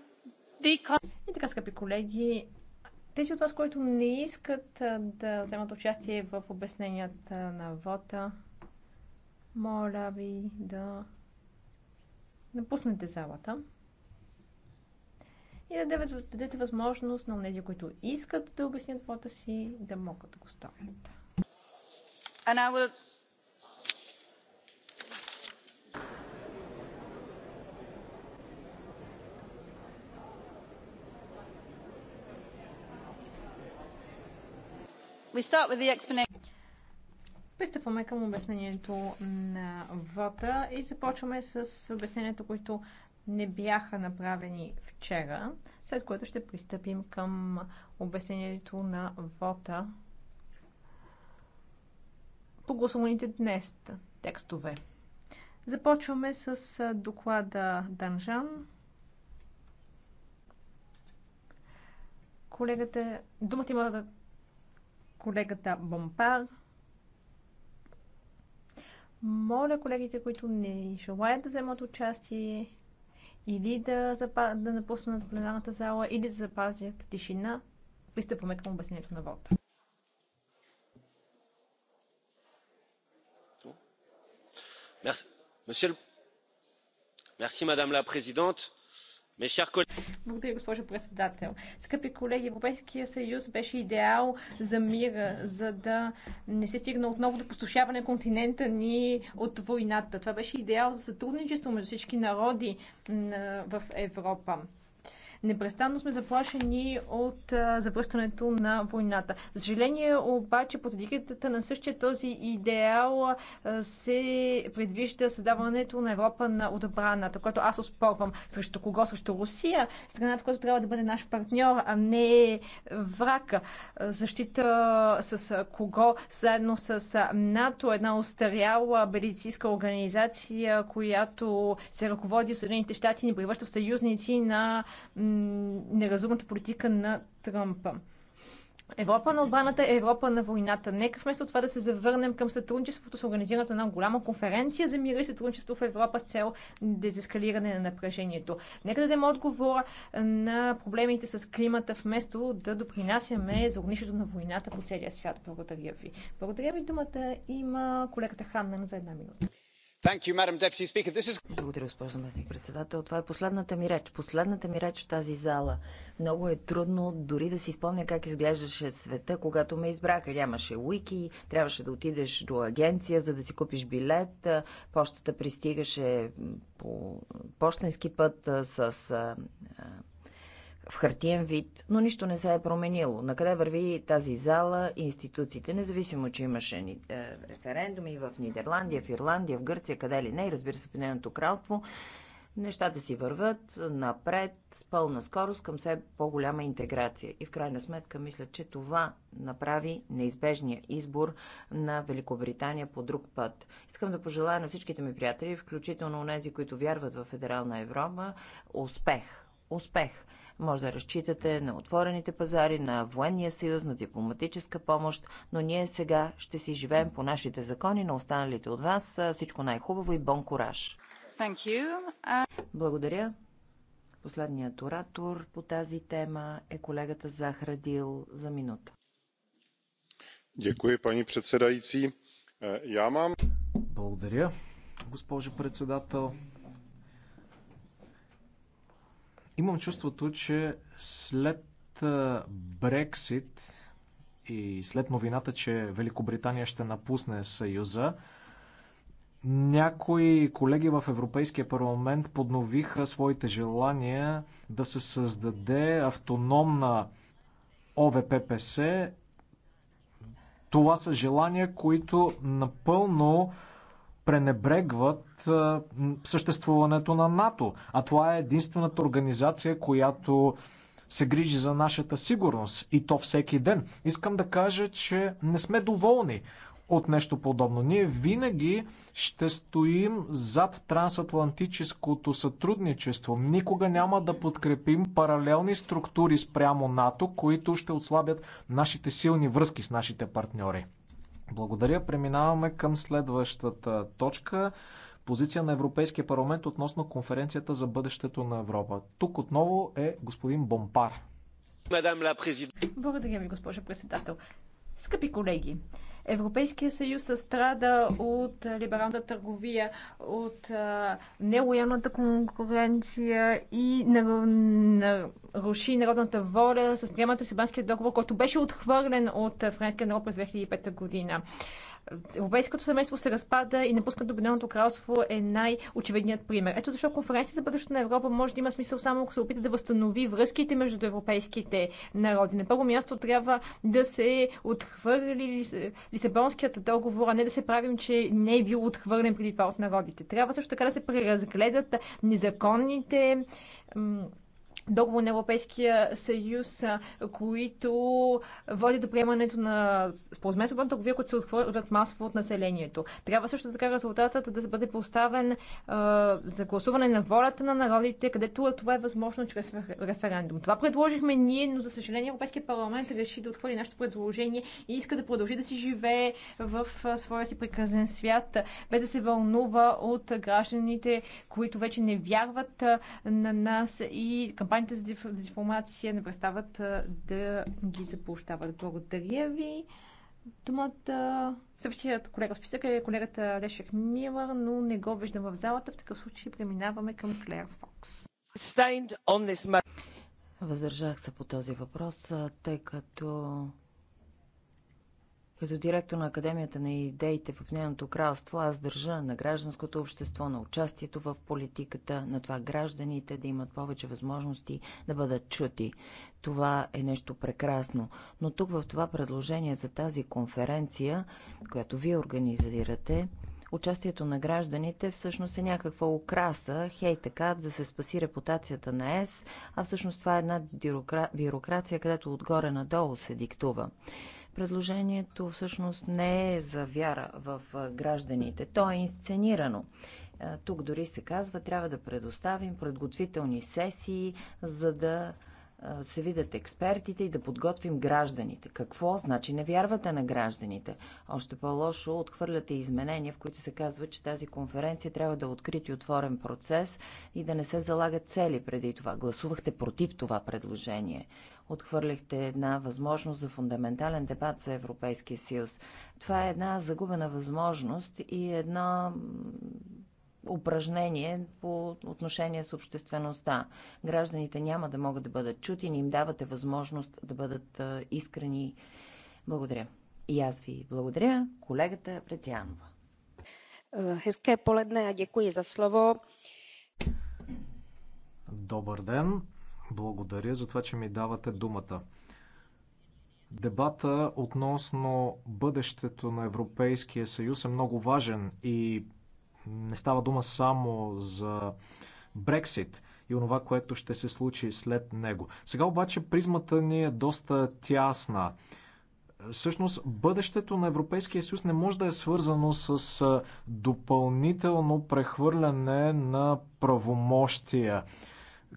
Speaker 5: и
Speaker 7: така, скъпи колеги, тези от вас, които не искат да вземат участие в обясненията на вота, моля ви да напуснете залата и да дадете възможност на тези, които искат да обяснят вота си, да могат да го сторят. Пристъпваме към обяснението на вота и започваме с обяснението, които не бяха направени вчера, след което ще пристъпим към обяснението на ВОта. по гласуваните днес текстове. Започваме с доклада Данжан. Колегата, думата има колегата Бомпар. Моля колегите, които не желаят да вземат участие или да, запа... да напуснат пленарната зала, или да запазят тишина, пристъпваме към обяснението на вода.
Speaker 10: Merci, madame la présidente.
Speaker 7: Благодаря, госпожо председател. Скъпи колеги, Европейския съюз беше идеал за мира, за да не се стигна отново до посушаване на континента ни от войната. Това беше идеал за сътрудничество между всички народи в Европа. Непрестанно сме заплашени от завръщането на войната. За съжаление, обаче, под егидата на същия този идеал се предвижда създаването на Европа на отбраната, което аз оспорвам. Срещу кого? Срещу Русия, страната, която трябва да бъде наш партньор, а не враг. Защита с кого? Заедно с НАТО, една устаряла белицийска организация, която се ръководи в Съединените щати, ни превръща в съюзници на неразумната политика на Тръмпа. Европа на отбраната е Европа на войната. Нека вместо това да се завърнем към сътрудничеството с организирането на голяма конференция за мира и сътрудничество в Европа с цел дезескалиране на напрежението. Нека да дадем отговора на проблемите с климата, вместо да допринасяме за огнището на войната по целия свят. Благодаря ви. Благодаря ви думата. Има колегата Ханнан за една минута.
Speaker 6: Благодаря, госпожо заместник председател. Това е последната ми реч. Последната ми реч в тази зала. Много е трудно дори да си спомня как изглеждаше света, когато ме избраха. Нямаше уики, трябваше да отидеш до агенция, за да си купиш билет. Пощата пристигаше по почтенски път с в хартиен вид, но нищо не се е променило. Накъде върви тази зала и институциите, независимо, че имаше е, референдуми в Нидерландия, в Ирландия, в Гърция, къде ли не, и разбира се, Обединеното кралство, нещата си върват напред с пълна скорост към все по-голяма интеграция. И в крайна сметка мисля, че това направи неизбежния избор на Великобритания по друг път. Искам да пожелая на всичките ми приятели, включително у нези, които вярват в Федерална Европа, успех. Успех! Може да разчитате на отворените пазари, на военния съюз, на дипломатическа помощ, но ние сега ще си живеем по нашите закони, на останалите от вас всичко най-хубаво и бон кураж. Благодаря. Последният оратор по тази тема е колегата Захрадил за минута.
Speaker 1: Děkuji, paní předsedající. Já mám... Благодаря,
Speaker 8: госпожо председател. Имам чувството, че след Брексит и след новината, че Великобритания ще напусне Съюза, някои колеги в Европейския парламент подновиха своите желания да се създаде автономна ОВППС. Това са желания, които напълно пренебрегват съществуването на НАТО. А това е единствената организация, която се грижи за нашата сигурност и то всеки ден. Искам да кажа, че не сме доволни от нещо подобно. Ние винаги ще стоим зад трансатлантическото сътрудничество. Никога няма да подкрепим паралелни структури спрямо НАТО, които ще отслабят нашите силни връзки с нашите партньори. Благодаря. Преминаваме към следващата точка. Позиция на Европейския парламент относно конференцията за бъдещето на Европа. Тук отново е господин Бомпар.
Speaker 7: Благодаря ви, госпожо председател. Скъпи колеги, Европейския съюз страда от либерална търговия, от нелоялната конкуренция и наруши народната воля с приемането в Сибанския договор, който беше отхвърлен от Френския народ през 2005 година. Европейското семейство се разпада и напускането до Обединеното кралство е най-очевидният пример. Ето защо конференция за бъдещето на Европа може да има смисъл само ако се опита да възстанови връзките между европейските народи. На първо място трябва да се отхвърли Лисабонският договор, а не да се правим, че не е бил отхвърлен преди това от народите. Трябва също така да се преразгледат незаконните договор на Европейския съюз, които водят до приемането на споразумение свободна търговия, които се отхвърлят масово от населението. Трябва също така резултатът да бъде поставен за гласуване на волята на народите, където това е възможно чрез референдум. Това предложихме ние, но за съжаление Европейския парламент реши да отхвърли нашето предложение и иска да продължи да си живее в своя си приказен свят, без да се вълнува от гражданите, които вече не вярват на нас и кампанията кампаниите за дезинформация не престават да ги заплощават. Благодаря ви. Думата Същият колега в списъка е колегата Лешек Милър, но не го виждам в залата. В такъв случай преминаваме към Клер Фокс.
Speaker 6: Въздържах се по този въпрос, тъй като като директор на Академията на идеите в Обединеното кралство, аз държа на гражданското общество, на участието в политиката, на това гражданите да имат повече възможности да бъдат чути. Това е нещо прекрасно. Но тук в това предложение за тази конференция, която вие организирате, участието на гражданите всъщност е някаква украса, хей така, да се спаси репутацията на ЕС, а всъщност това е една бюрокра... бюрокрация, където отгоре надолу се диктува. Предложението всъщност не е за вяра в гражданите. То е инсценирано. Тук дори се казва, трябва да предоставим предготвителни сесии, за да се видят експертите и да подготвим гражданите. Какво? Значи не вярвате на гражданите. Още по-лошо отхвърляте изменения, в които се казва, че тази конференция трябва да е открит и отворен процес и да не се залагат цели преди това. Гласувахте против това предложение отхвърлихте една възможност за фундаментален дебат за Европейския съюз. Това е една загубена възможност и една упражнение по отношение с обществеността. Гражданите няма да могат да бъдат чути, не им давате възможност да бъдат искрени. Благодаря. И аз ви благодаря, колегата Претянова. Hezké poledne a děkuji za
Speaker 8: Добър ден. Благодаря за това, че ми давате думата. Дебата относно бъдещето на Европейския съюз е много важен и не става дума само за Брексит и онова, което ще се случи след него. Сега обаче призмата ни е доста тясна. Всъщност, бъдещето на Европейския съюз не може да е свързано с допълнително прехвърляне на правомощия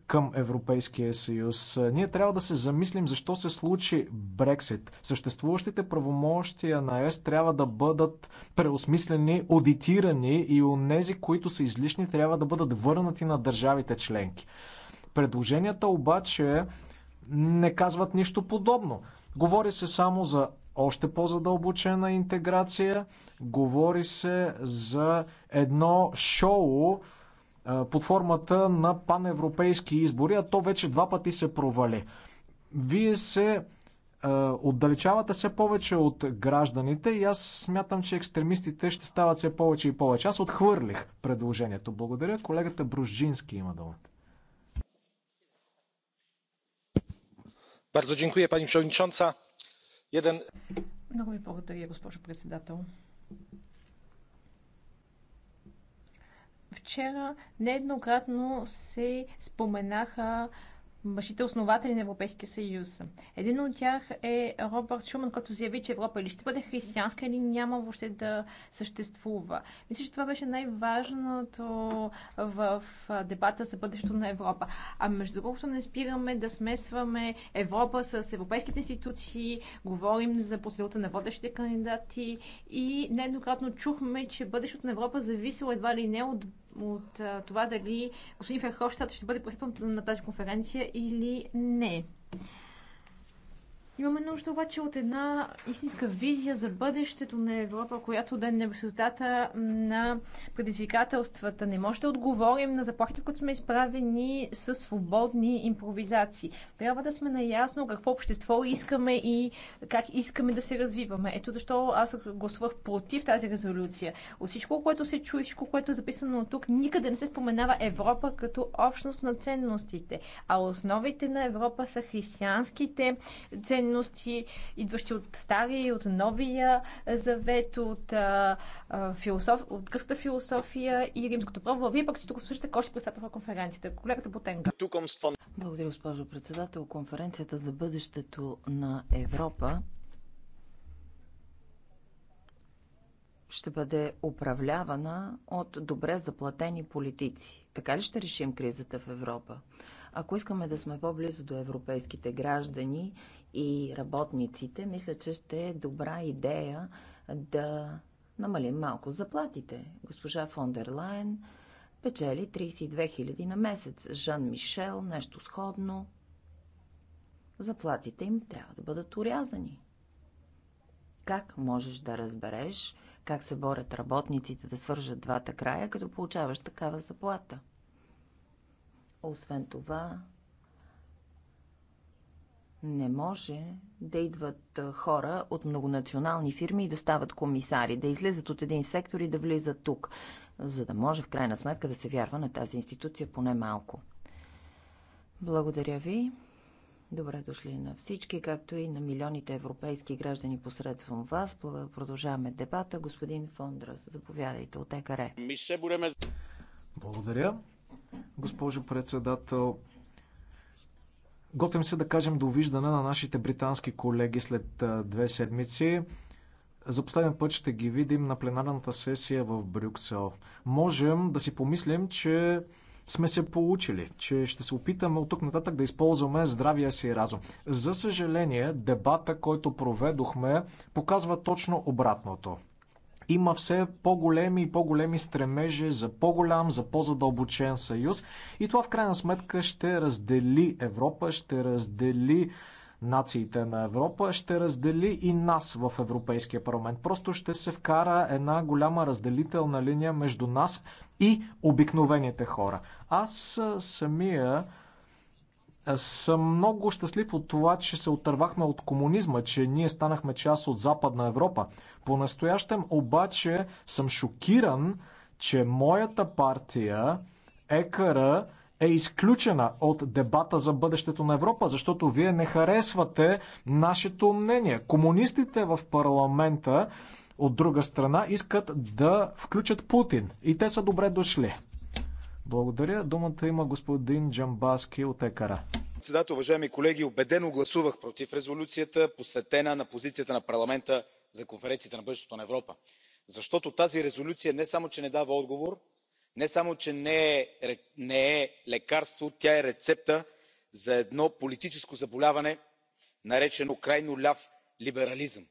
Speaker 8: към Европейския съюз. Ние трябва да се замислим защо се случи Брексит. Съществуващите правомощия на ЕС трябва да бъдат преосмислени, аудитирани и нези, които са излишни, трябва да бъдат върнати на държавите членки. Предложенията обаче не казват нищо подобно. Говори се само за още по-задълбочена интеграция, говори се за едно шоу, под формата на паневропейски избори, а то вече два пъти се провали. Вие се отдалечавате все повече от гражданите и аз смятам, че екстремистите ще стават все повече и повече. Аз отхвърлих предложението. Благодаря. Колегата Бружински има думата.
Speaker 1: Bardzo dziękuję pani przewodnicząca. Jeden...
Speaker 7: Много ви благодаря, госпожо председател. Вчера нееднократно се споменаха бащите основатели на Европейския съюз. Един от тях е Робърт Шуман, който заяви, че Европа или ще бъде християнска, или няма въобще да съществува. Мисля, че това беше най-важното в дебата за бъдещето на Европа. А между другото не спираме да смесваме Европа с европейските институции, говорим за процедурата на водещите кандидати и нееднократно чухме, че бъдещето на Европа зависело едва ли не от от а, това дали господин Ферховщад ще бъде председател на тази конференция или не. Имаме нужда обаче от една истинска визия за бъдещето на Европа, която да е резултата на предизвикателствата. Не може да отговорим на заплахите, които сме изправени с свободни импровизации. Трябва да сме наясно какво общество искаме и как искаме да се развиваме. Ето защо аз гласувах против тази резолюция. От всичко, което се чуе, всичко, което е записано тук, никъде не се споменава Европа като общност на ценностите. А основите на Европа са християнските ценности ценности, идващи от стария и от новия завет, от, а, философ, от гръцката философия и римското право. Вие пък си тук слушате кой ще председател на конференцията. Колегата Ботенга.
Speaker 6: Благодаря, госпожо председател. Конференцията за бъдещето на Европа ще бъде управлявана от добре заплатени политици. Така ли ще решим кризата в Европа? Ако искаме да сме по-близо до европейските граждани и работниците, мисля, че ще е добра идея да намалим малко заплатите. Госпожа Фондер печели 32 000 на месец. Жан Мишел нещо сходно. Заплатите им трябва да бъдат урязани. Как можеш да разбереш как се борят работниците да свържат двата края, като получаваш такава заплата? Освен това, не може да идват хора от многонационални фирми и да стават комисари, да излизат от един сектор и да влизат тук, за да може в крайна сметка да се вярва на тази институция поне малко. Благодаря ви. Добре дошли на всички, както и на милионите европейски граждани посредством вас. Продължаваме дебата. Господин Фондрас, заповядайте от ЕКР.
Speaker 8: Благодаря. Госпожо председател, Готвим се да кажем довиждане на нашите британски колеги след две седмици. За последен път ще ги видим на пленарната сесия в Брюксел. Можем да си помислим, че сме се получили, че ще се опитаме от тук нататък да използваме здравия си разум. За съжаление, дебата, който проведохме, показва точно обратното. Има все по-големи и по-големи стремежи за по-голям, за по-задълбочен съюз. И това в крайна сметка ще раздели Европа, ще раздели нациите на Европа, ще раздели и нас в Европейския парламент. Просто ще се вкара една голяма разделителна линия между нас и обикновените хора. Аз самия съм много щастлив от това, че се отървахме от комунизма, че ние станахме част от Западна Европа. По-настоящем обаче съм шокиран, че моята партия ЕКР е изключена от дебата за бъдещето на Европа, защото вие не харесвате нашето мнение. Комунистите в парламента от друга страна искат да включат Путин и те са добре дошли. Благодаря. Думата има господин Джамбаски от ЕКАРА.
Speaker 9: Председател, уважаеми колеги, убедено гласувах против резолюцията, посветена на позицията на парламента за конференцията за бъдещето на европа защото тази резолюция не само че не дава отговор не само че е не е лекарство тя е рецепта за едно политическо заболяване наречено крайно ляв либерализъм.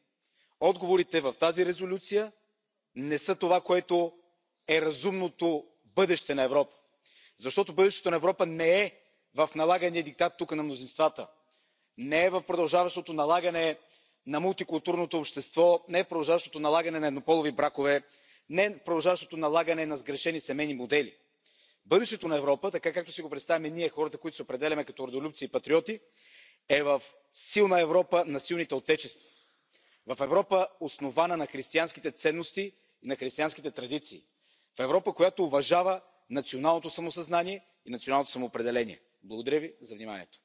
Speaker 9: отговорите в тази резолюция не са това което е разумното бъдеще на европа защото бъдещето на европа не е в налагания диктат тук на мнозинствата не е в продължаващото налагане на мултикултурното общество не продължаващото налагане на еднополови бракове не продължаващото налагане на сгрешени семейни модели. бъдещето на европа така както си го представяме ние хората които се определяме като родолюбци и патриоти е в силна европа на силните отечества в европа основана на християнските ценности и на християнските традиции в европа която уважава националното самосъзнание и националното самоопределение. благодаря ви за вниманието.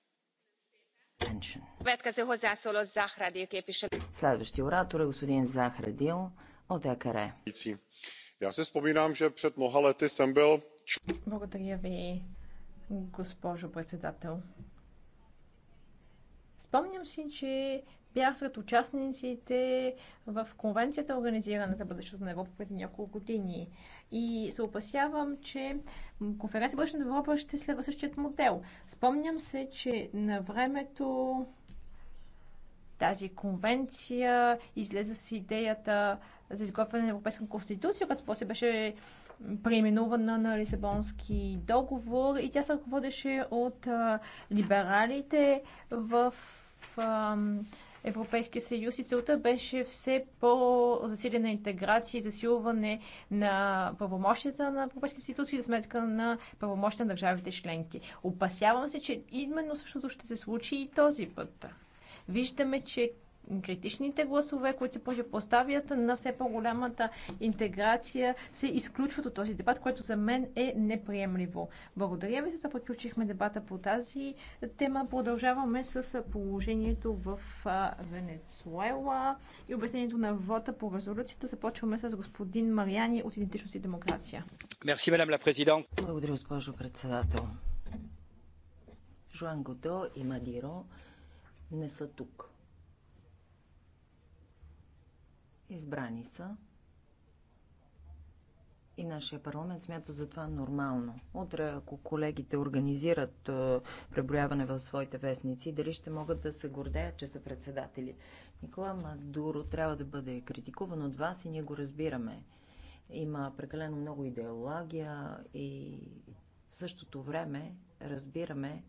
Speaker 6: Следващия оратор е господин Захрадил от ЕКР. Благодаря
Speaker 7: ви, госпожо председател. Спомням си, че бях сред участниците в конвенцията, организирана за бъдещето на Европа преди няколко години и се опасявам, че конференция на Европа ще следва същият модел. Спомням се, че на времето тази конвенция излезе с идеята за изготвяне на Европейска конституция, като после беше преименувана на Лисабонски договор и тя се ръководеше от а, либералите в а, Европейския съюз и целта беше все по-засилена интеграция и засилване на правомощията на европейските институции за сметка на правомощията на държавите членки. Опасявам се, че именно същото ще се случи и този път. Виждаме, че критичните гласове, които се противопоставят на все по-голямата интеграция, се изключват от този дебат, което за мен е неприемливо. Благодаря ви, за това приключихме дебата по тази тема. Продължаваме с положението в Венецуела и обяснението на вота по резолюцията. Започваме с господин Мариани от Идентичност и демокрация.
Speaker 1: Благодаря, госпожо
Speaker 6: председател. Жуан Годо и Мадиро не са тук. Избрани са. И нашия парламент смята за това нормално. Утре, ако колегите организират е, преброяване в своите вестници, дали ще могат да се гордеят, че са председатели. Никола Мадуро трябва да бъде критикуван от вас и ние го разбираме. Има прекалено много идеология и в същото време разбираме,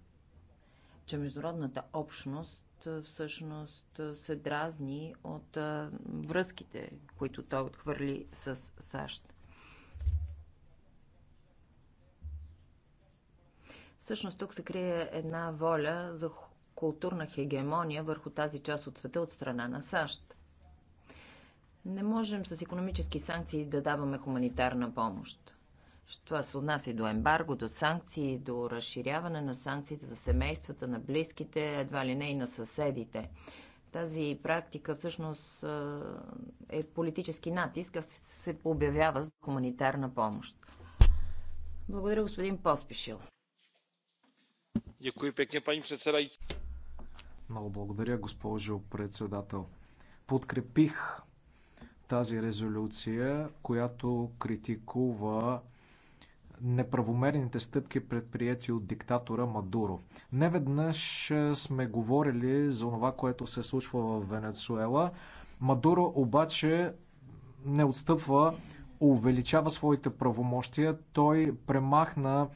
Speaker 6: че международната общност всъщност се дразни от връзките, които той отхвърли с САЩ. Всъщност тук се крие една воля за културна хегемония върху тази част от света от страна на САЩ. Не можем с економически санкции да даваме хуманитарна помощ. Това се отнася и до ембарго, до санкции, до разширяване на санкциите за семействата, на близките, едва ли не и на съседите. Тази практика всъщност е, е политически натиск, а се обявява за хуманитарна помощ. Благодаря, господин
Speaker 8: Поспишил. Děkuji pěkně, пани председател. Много благодаря, госпожо председател. Подкрепих тази резолюция, която критикува неправомерните стъпки, предприяти от диктатора Мадуро. Неведнъж сме говорили за това, което се случва в Венецуела. Мадуро обаче не отстъпва, увеличава своите правомощия. Той премахна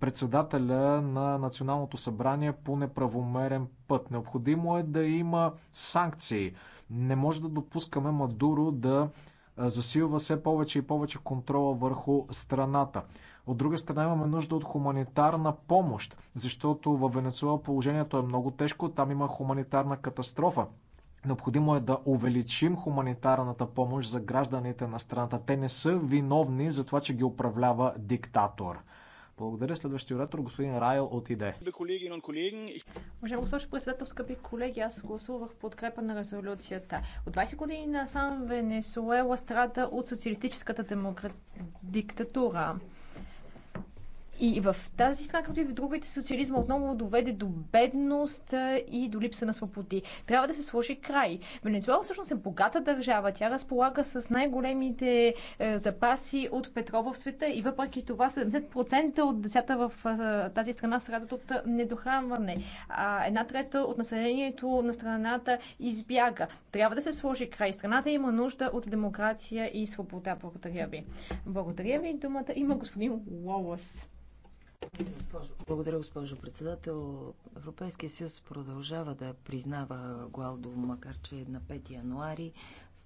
Speaker 8: председателя на Националното събрание по неправомерен път. Необходимо е да има санкции. Не може да допускаме Мадуро да засилва все повече и повече контрола върху страната. От друга страна имаме нужда от хуманитарна помощ, защото във Венецуела положението е много тежко, там има хуманитарна катастрофа. Необходимо е да увеличим хуманитарната помощ за гражданите на страната. Те не са виновни за това, че ги управлява диктатор. Благодаря. Следващия оратор, господин Райл от ИДЕ.
Speaker 7: Уважаемо госпожо председател, скъпи колеги, аз гласувах подкрепа на резолюцията. От 20 години насам Венесуела страда от социалистическата демократ... диктатура. И в тази страна, като и в другите, социализма отново доведе до бедност и до липса на свободи. Трябва да се сложи край. Венецуела всъщност е богата държава. Тя разполага с най-големите е, запаси от петро в света и въпреки това 70% от децата в тази страна страдат от недохранване. А една трета от населението на страната избяга. Трябва да се сложи край. Страната има нужда от демокрация и свобода. Благодаря ви. Благодаря ви. Думата има господин Лолас.
Speaker 6: Благодаря, госпожо председател. Европейския съюз продължава да признава Гуалдо, макар че на 5 януари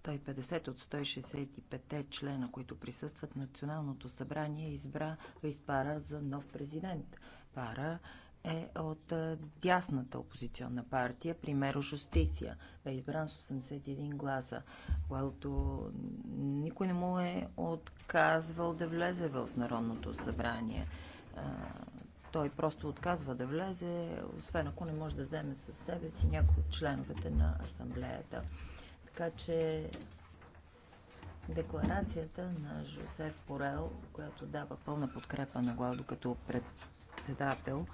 Speaker 6: 150 от 165-те члена, които присъстват, Националното събрание избра Луис Пара за нов президент. Пара е от дясната опозиционна партия, примеро Жустиция. Бе избран с 81 гласа, когато никой не му е отказвал да влезе в Народното събрание той просто отказва да влезе, освен ако не може да вземе със себе си някои от членовете на асамблеята. Така че декларацията на Жозеф Порел, която дава пълна подкрепа на Гладо като председател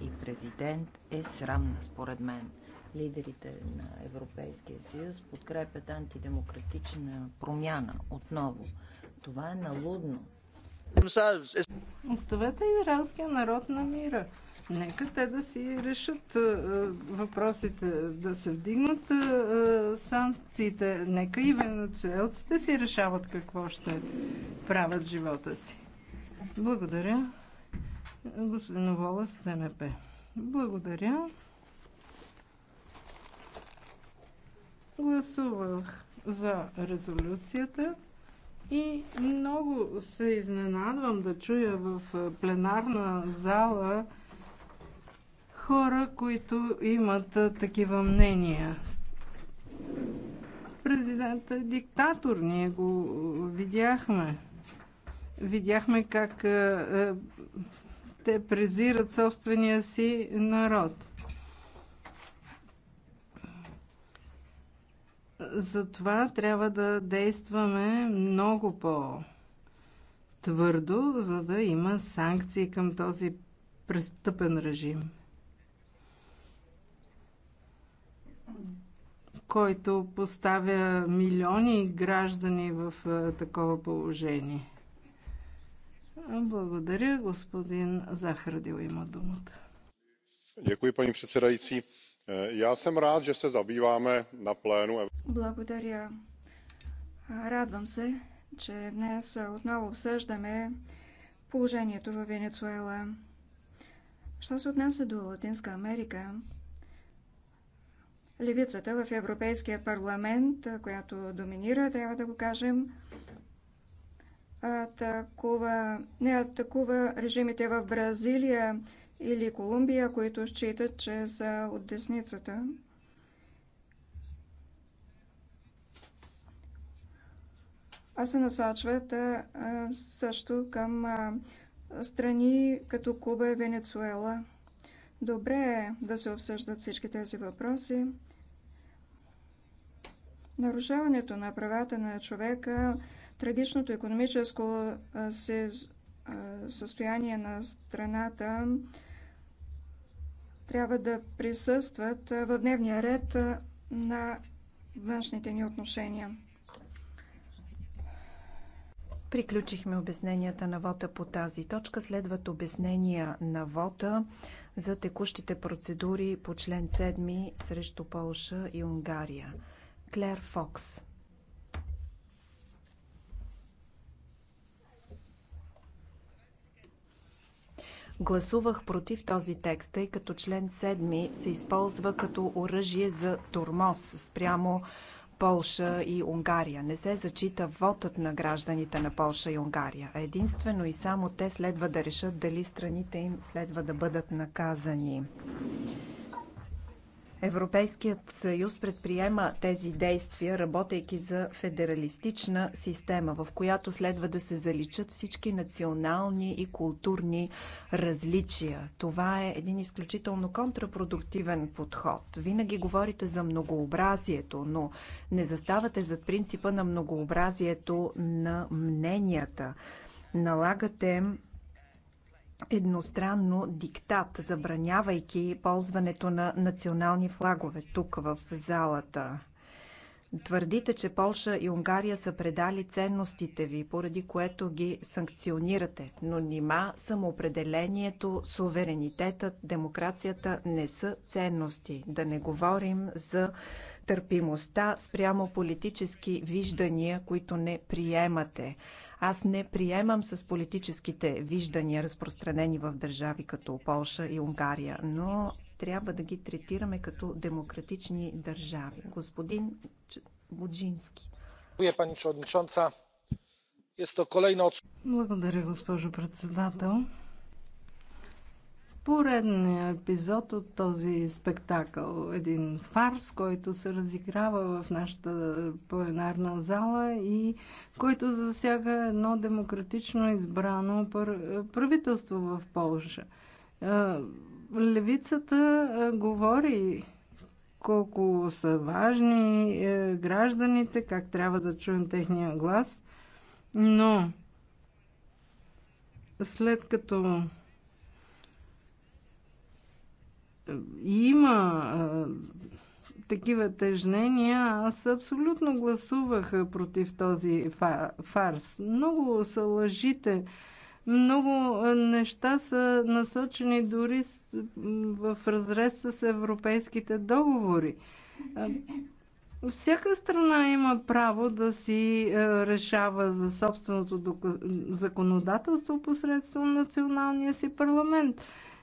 Speaker 6: и президент, е срамна според мен. Лидерите на Европейския съюз подкрепят антидемократична промяна отново. Това е налудно Оставете
Speaker 4: израелския народ на мира. Нека те да си решат въпросите, да се вдигнат санкциите. Нека и венецуелците си решават какво ще правят живота си. Благодаря. Господин Волос, ДНП. Благодаря. Гласувах за резолюцията. И много се изненадвам да чуя в пленарна зала хора, които имат такива мнения. Президентът е диктатор, ние го видяхме. Видяхме как те презират собствения си народ. Затова трябва да действаме много по-твърдо, за да има санкции към този престъпен режим, който поставя милиони граждани в такова положение. Благодаря. Господин Захарадил има думата.
Speaker 1: Děkuji, пани předsedající. Eh, já jsem rád, že se zabýváme na plénu.
Speaker 3: Благодаря. Радвам се, че днес отново обсъждаме положението във Венецуела. Що се отнася до Латинска Америка, левицата в Европейския парламент, която доминира, трябва да го кажем, атакува, не атакува режимите в Бразилия, или Колумбия, които считат, че са от десницата. А се насочват също към страни като Куба и Венецуела. Добре е да се обсъждат всички тези въпроси. Нарушаването на правата на човека, трагичното економическо състояние на страната, трябва да присъстват в дневния ред на външните ни отношения.
Speaker 2: Приключихме обясненията на вота по тази точка. Следват обяснения на вота за текущите процедури по член 7 срещу Полша и Унгария. Клер Фокс. Гласувах против този текст, тъй като член 7 се използва като оръжие за тормоз спрямо Полша и Унгария. Не се зачита вотът на гражданите на Полша и Унгария. Единствено и само те следва да решат дали страните им следва да бъдат наказани. Европейският съюз предприема тези действия, работейки за федералистична система, в която следва да се заличат всички национални и културни различия. Това е един изключително контрапродуктивен подход. Винаги говорите за многообразието, но не заставате зад принципа на многообразието на мненията. Налагате едностранно диктат, забранявайки ползването на национални флагове тук в залата. Твърдите, че Полша и Унгария са предали ценностите ви, поради което ги санкционирате. Но нима самоопределението, суверенитетът, демокрацията не са ценности. Да не говорим за търпимостта спрямо политически виждания, които не приемате. Аз не приемам с политическите виждания, разпространени в държави като Полша и Унгария, но трябва да ги третираме като демократични държави. Господин Буджински. Благодаря, госпожо председател
Speaker 4: поредния епизод от този спектакъл. Един фарс, който се разиграва в нашата пленарна зала и който засяга едно демократично избрано правителство в Полша. Левицата говори колко са важни е, гражданите, как трябва да чуем техния глас, но след като има а, такива тежнения, аз абсолютно гласувах против този фарс. Много са лъжите, много неща са насочени дори в разрез с европейските договори. Всяка страна има право да си решава за собственото законодателство посредством националния си парламент.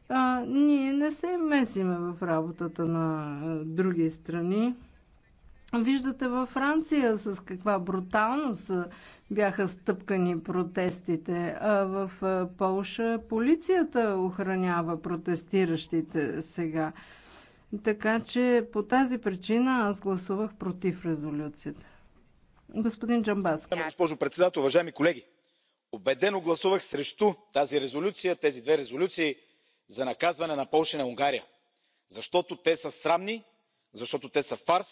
Speaker 4: А, ние не се месиме в работата на други страни. Виждате във Франция с каква бруталност бяха стъпкани протестите, а в Полша полицията охранява протестиращите сега. Така че по тази причина аз гласувах против резолюцията. Господин Джамбас,
Speaker 9: Госпожо председател, уважаеми колеги, убедено гласувах срещу тази резолюция, тези две резолюции – за наказване на полша и на унгария защото те са срамни защото те са фарс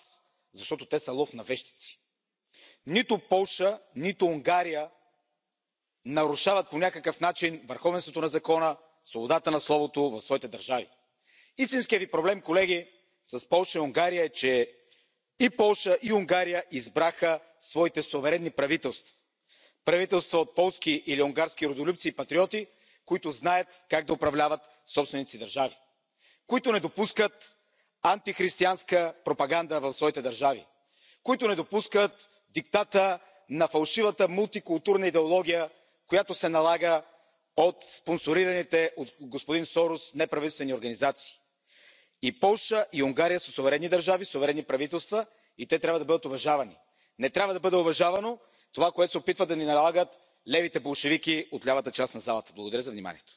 Speaker 9: защото те са лов на вещици. нито полша нито унгария нарушават по някакъв начин върховенството на закона свободата на словото в своите държави. истинският ви проблем колеги с полша и унгария е че и полша и унгария избраха своите суверенни правителства правителства от полски или унгарски родолюбци и патриоти които знаят как да управляват собствените си държави които не допускат антихристиянска пропаганда в своите държави които не допускат диктата на фалшивата мултикултурна идеология която се налага от спонсорираните от господин сорос неправителствени организации. и полша и унгария са суверенни държави суверенни правителства и те трябва да бъдат уважавани. не трябва да бъде уважавано това което се опитват да ни налагат левите болшевики от лявата част на залата. благодаря за вниманието.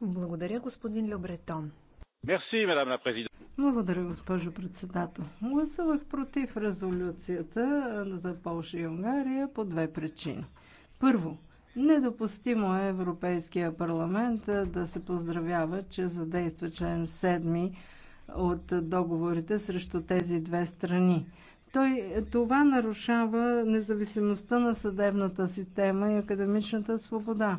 Speaker 2: Благодаря, господин Любретон.
Speaker 4: Благодаря, госпожо председател. Гласувах против резолюцията за Польша и Унгария по две причини. Първо, недопустимо е Европейския парламент да се поздравява, че задейства член 7 от договорите срещу тези две страни. Той, това нарушава независимостта на съдебната система и академичната свобода.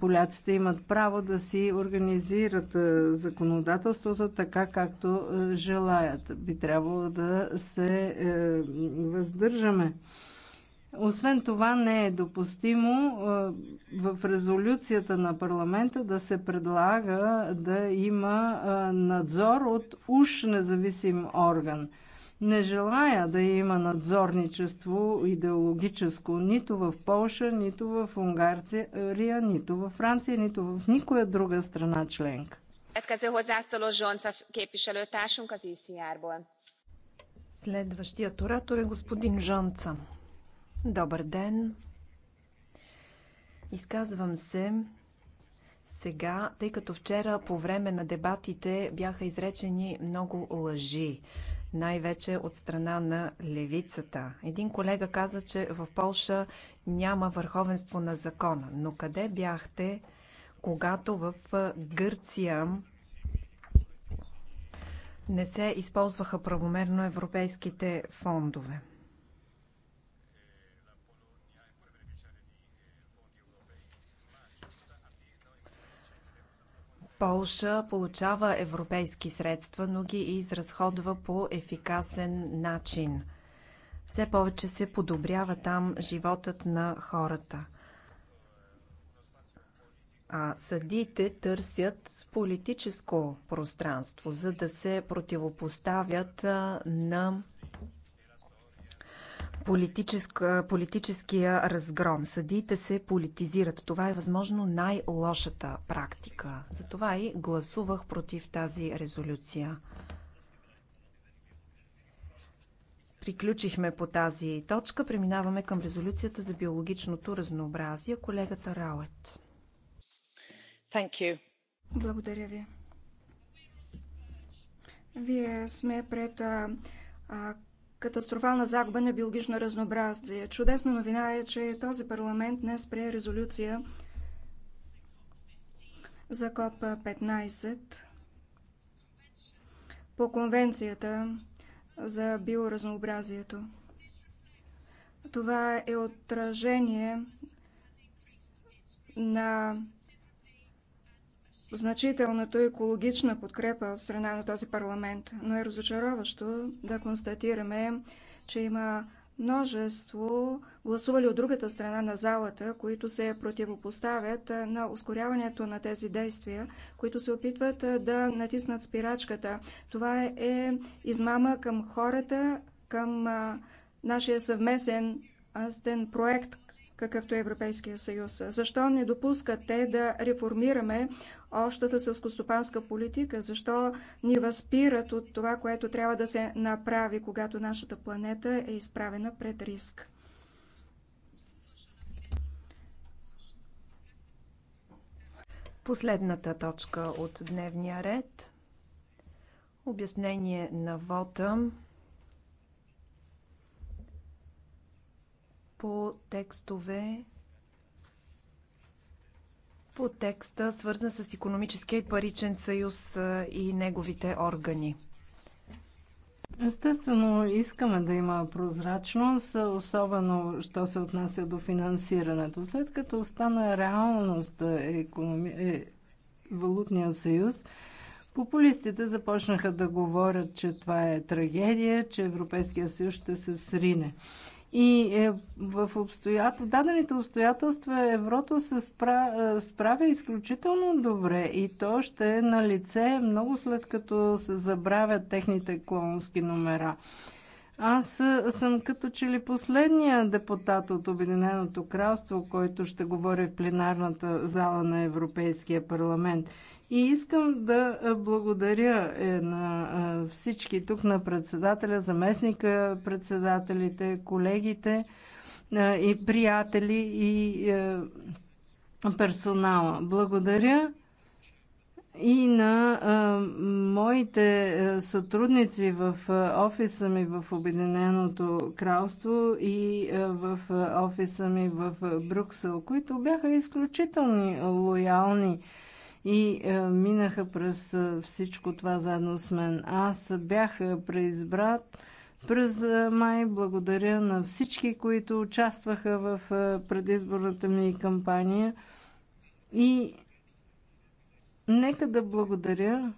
Speaker 4: Поляците имат право да си организират законодателството така, както желаят. Би трябвало да се е, въздържаме освен това не е допустимо в резолюцията на парламента да се предлага да има надзор от уж независим орган. Не желая да има надзорничество идеологическо нито в Полша, нито в Унгария, нито в Франция, нито
Speaker 2: в никоя друга страна членка. Следващият оратор е господин Жонца. Добър ден! Изказвам се сега, тъй като вчера по време на дебатите бяха изречени много лъжи, най-вече от страна на левицата. Един колега каза, че в Полша няма върховенство на закона. Но къде бяхте, когато в Гърция не се използваха правомерно европейските фондове? Полша получава европейски средства, но ги изразходва по ефикасен начин. Все повече се подобрява там животът на хората. А съдиите търсят политическо пространство, за да се противопоставят на политическия разгром. Съдиите се политизират. Това е възможно най-лошата практика. Затова и гласувах против тази резолюция. Приключихме по тази точка. Преминаваме към резолюцията за биологичното разнообразие. Колегата Раует.
Speaker 3: Благодаря ви. Вие сме пред а, а, катастрофална загуба на биологично разнообразие. Чудесна новина е, че този парламент не спре резолюция за КОП 15 по Конвенцията за биоразнообразието. Това е отражение на значителната екологична подкрепа от страна на този парламент, но е разочароващо да констатираме, че има множество гласували от другата страна на залата, които се противопоставят на ускоряването на тези действия, които се опитват да натиснат спирачката. Това е измама към хората, към нашия съвместен проект, какъвто е Европейския съюз. Защо не допускат те да реформираме общата селскостопанска политика, защо ни възпират от това, което трябва да се направи, когато нашата планета е изправена пред риск.
Speaker 2: Последната точка от дневния ред. Обяснение на вота по текстове по текста, свързан с економическия и паричен съюз и неговите органи.
Speaker 4: Естествено, искаме да има прозрачност, особено що се отнася до финансирането. След като стана реалност е, економи... е... валутния съюз, популистите започнаха да говорят, че това е трагедия, че Европейския съюз ще се срине. И е, в обстоятел... дадените обстоятелства еврото се спра... Е, справя изключително добре и то ще е на лице много след като се забравят техните клонски номера. Аз е, съм като че ли последния депутат от Обединеното кралство, който ще говори в пленарната зала на Европейския парламент. И искам да благодаря е, на всички тук, на председателя, заместника, председателите, колегите и приятели и е, персонала. Благодаря и на а, моите е, сътрудници в офиса ми в Обединеното кралство и а, в офиса ми в Брюксел, които бяха изключително лоялни и е, минаха през е, всичко това заедно с мен. Аз бях е, преизбрат през май. Благодаря на всички, които участваха в предизборната ми кампания. И нека да благодаря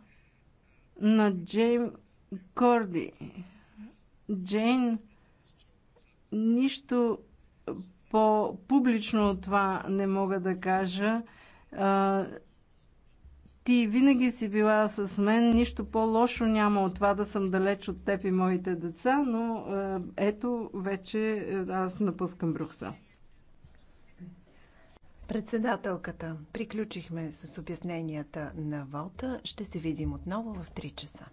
Speaker 4: на Джейм Корди. Джейн нищо по-публично от това не мога да кажа. Ти винаги си била с мен, нищо по-лошо няма от това да съм далеч от теб и моите деца, но е, ето вече е, аз напускам
Speaker 2: брюхса. Председателката, приключихме с обясненията на Волта. Ще се видим отново в 3 часа.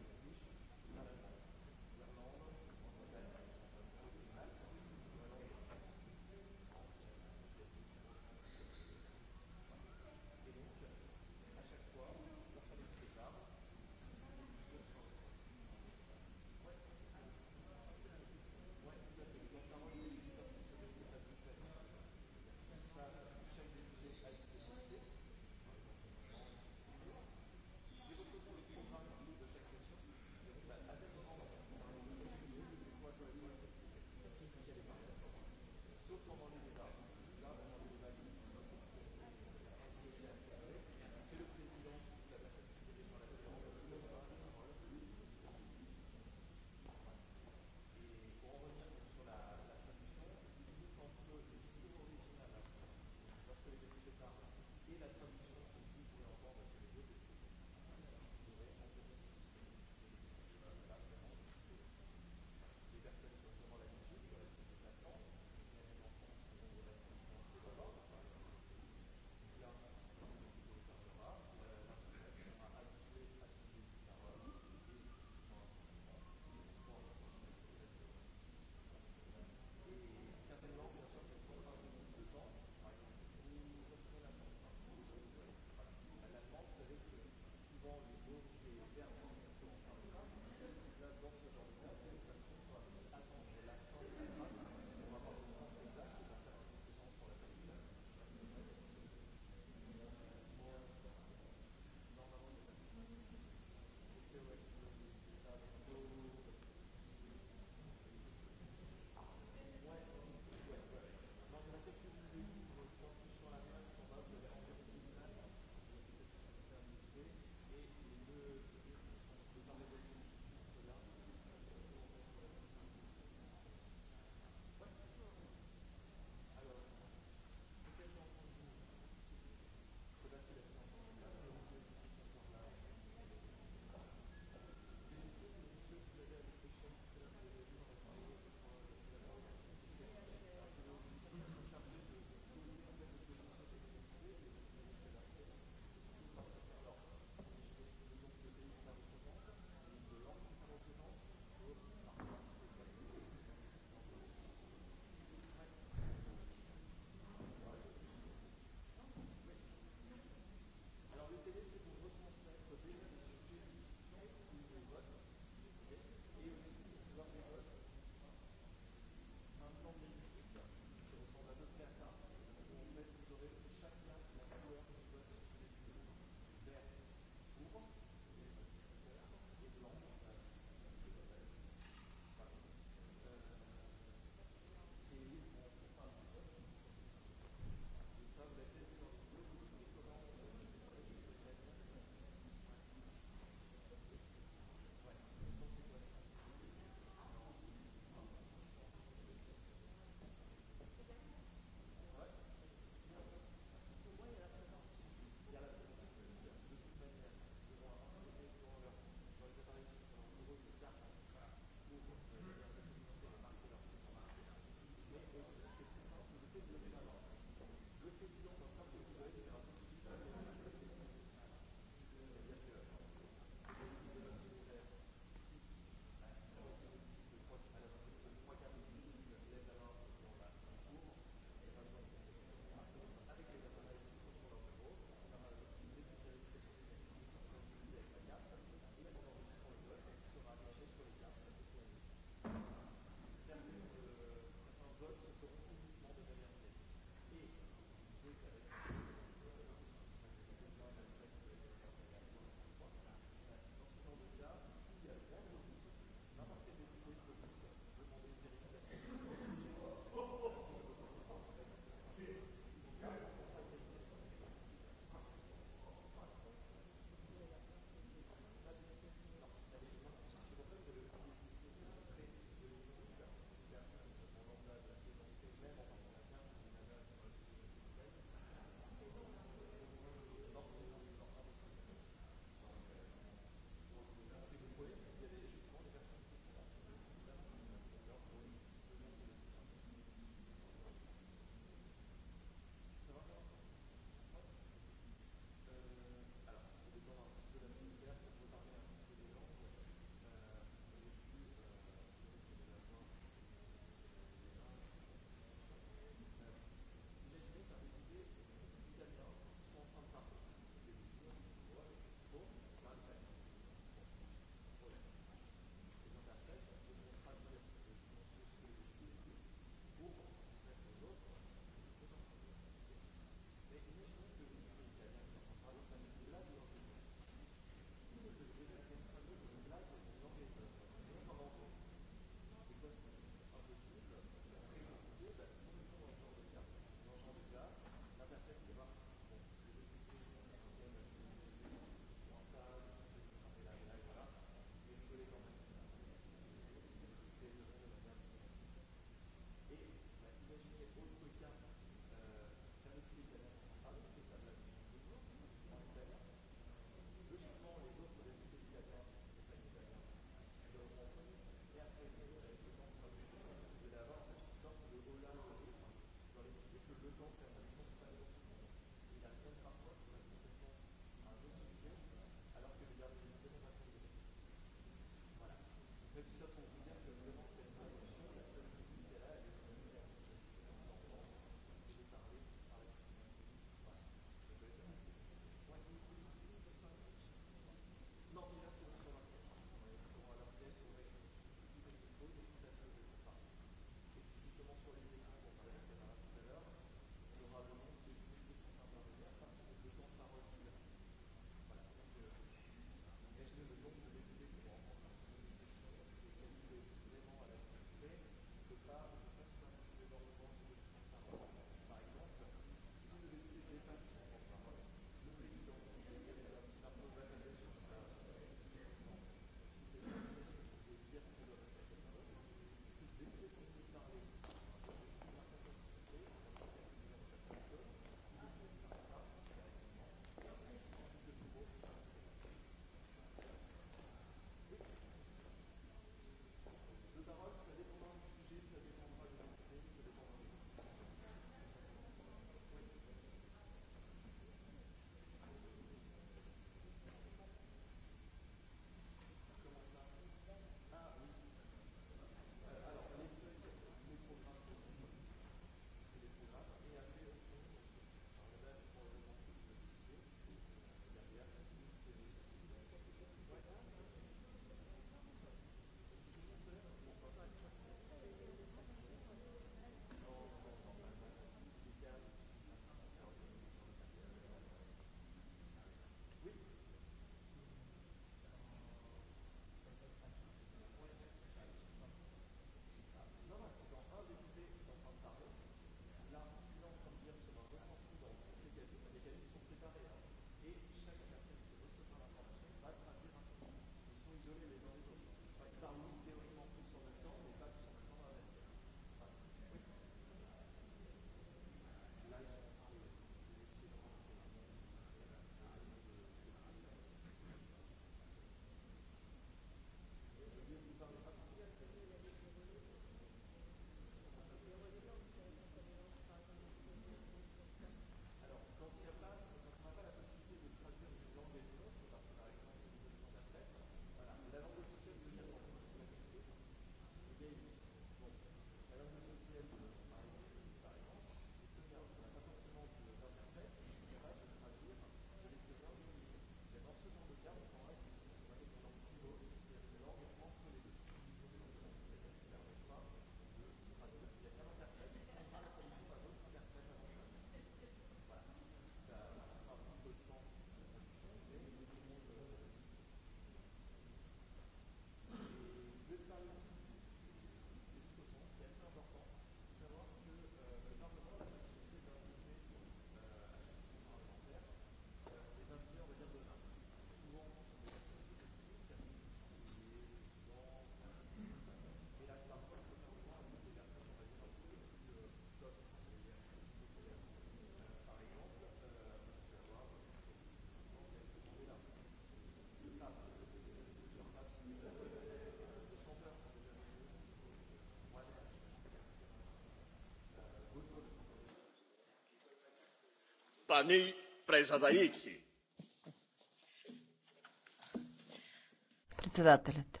Speaker 1: Председателят.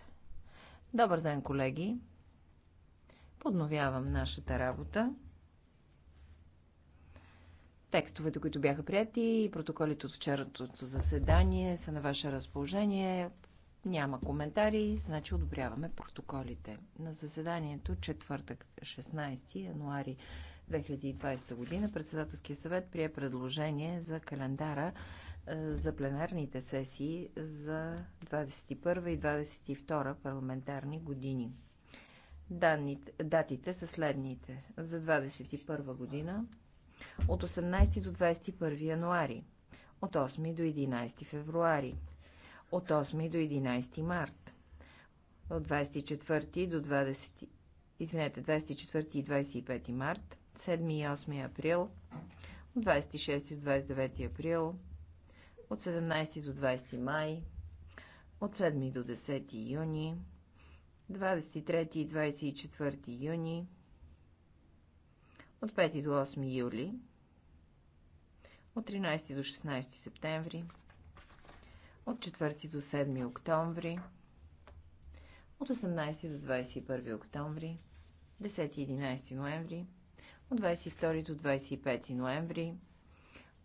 Speaker 6: Добър ден, колеги. Подновявам нашата работа. Текстовете, които бяха прияти и протоколите от вчерашното заседание са на ваше разположение. Няма коментари, значи одобряваме протоколите. На заседанието четвъртък 16 януари 2020 година председателския съвет прие предложение за календара е, за пленарните сесии за 21 и 22 парламентарни години. Данните, датите са следните. За 21 година от 18 до 21 януари, от 8 до 11 февруари, от 8 до 11 март, от 24 до 20, извинете, 24 и 25 март, 7 и 8 април, от 26 до 29 април, от 17 до 20 май, от 7 до 10 юни, 23 и 24 юни, от 5 до 8 юли, от 13 до 16 септември, от 4 до 7 октомври, от 18 до 21 октомври, 10 и 11 ноември, от 22 до 25 ноември,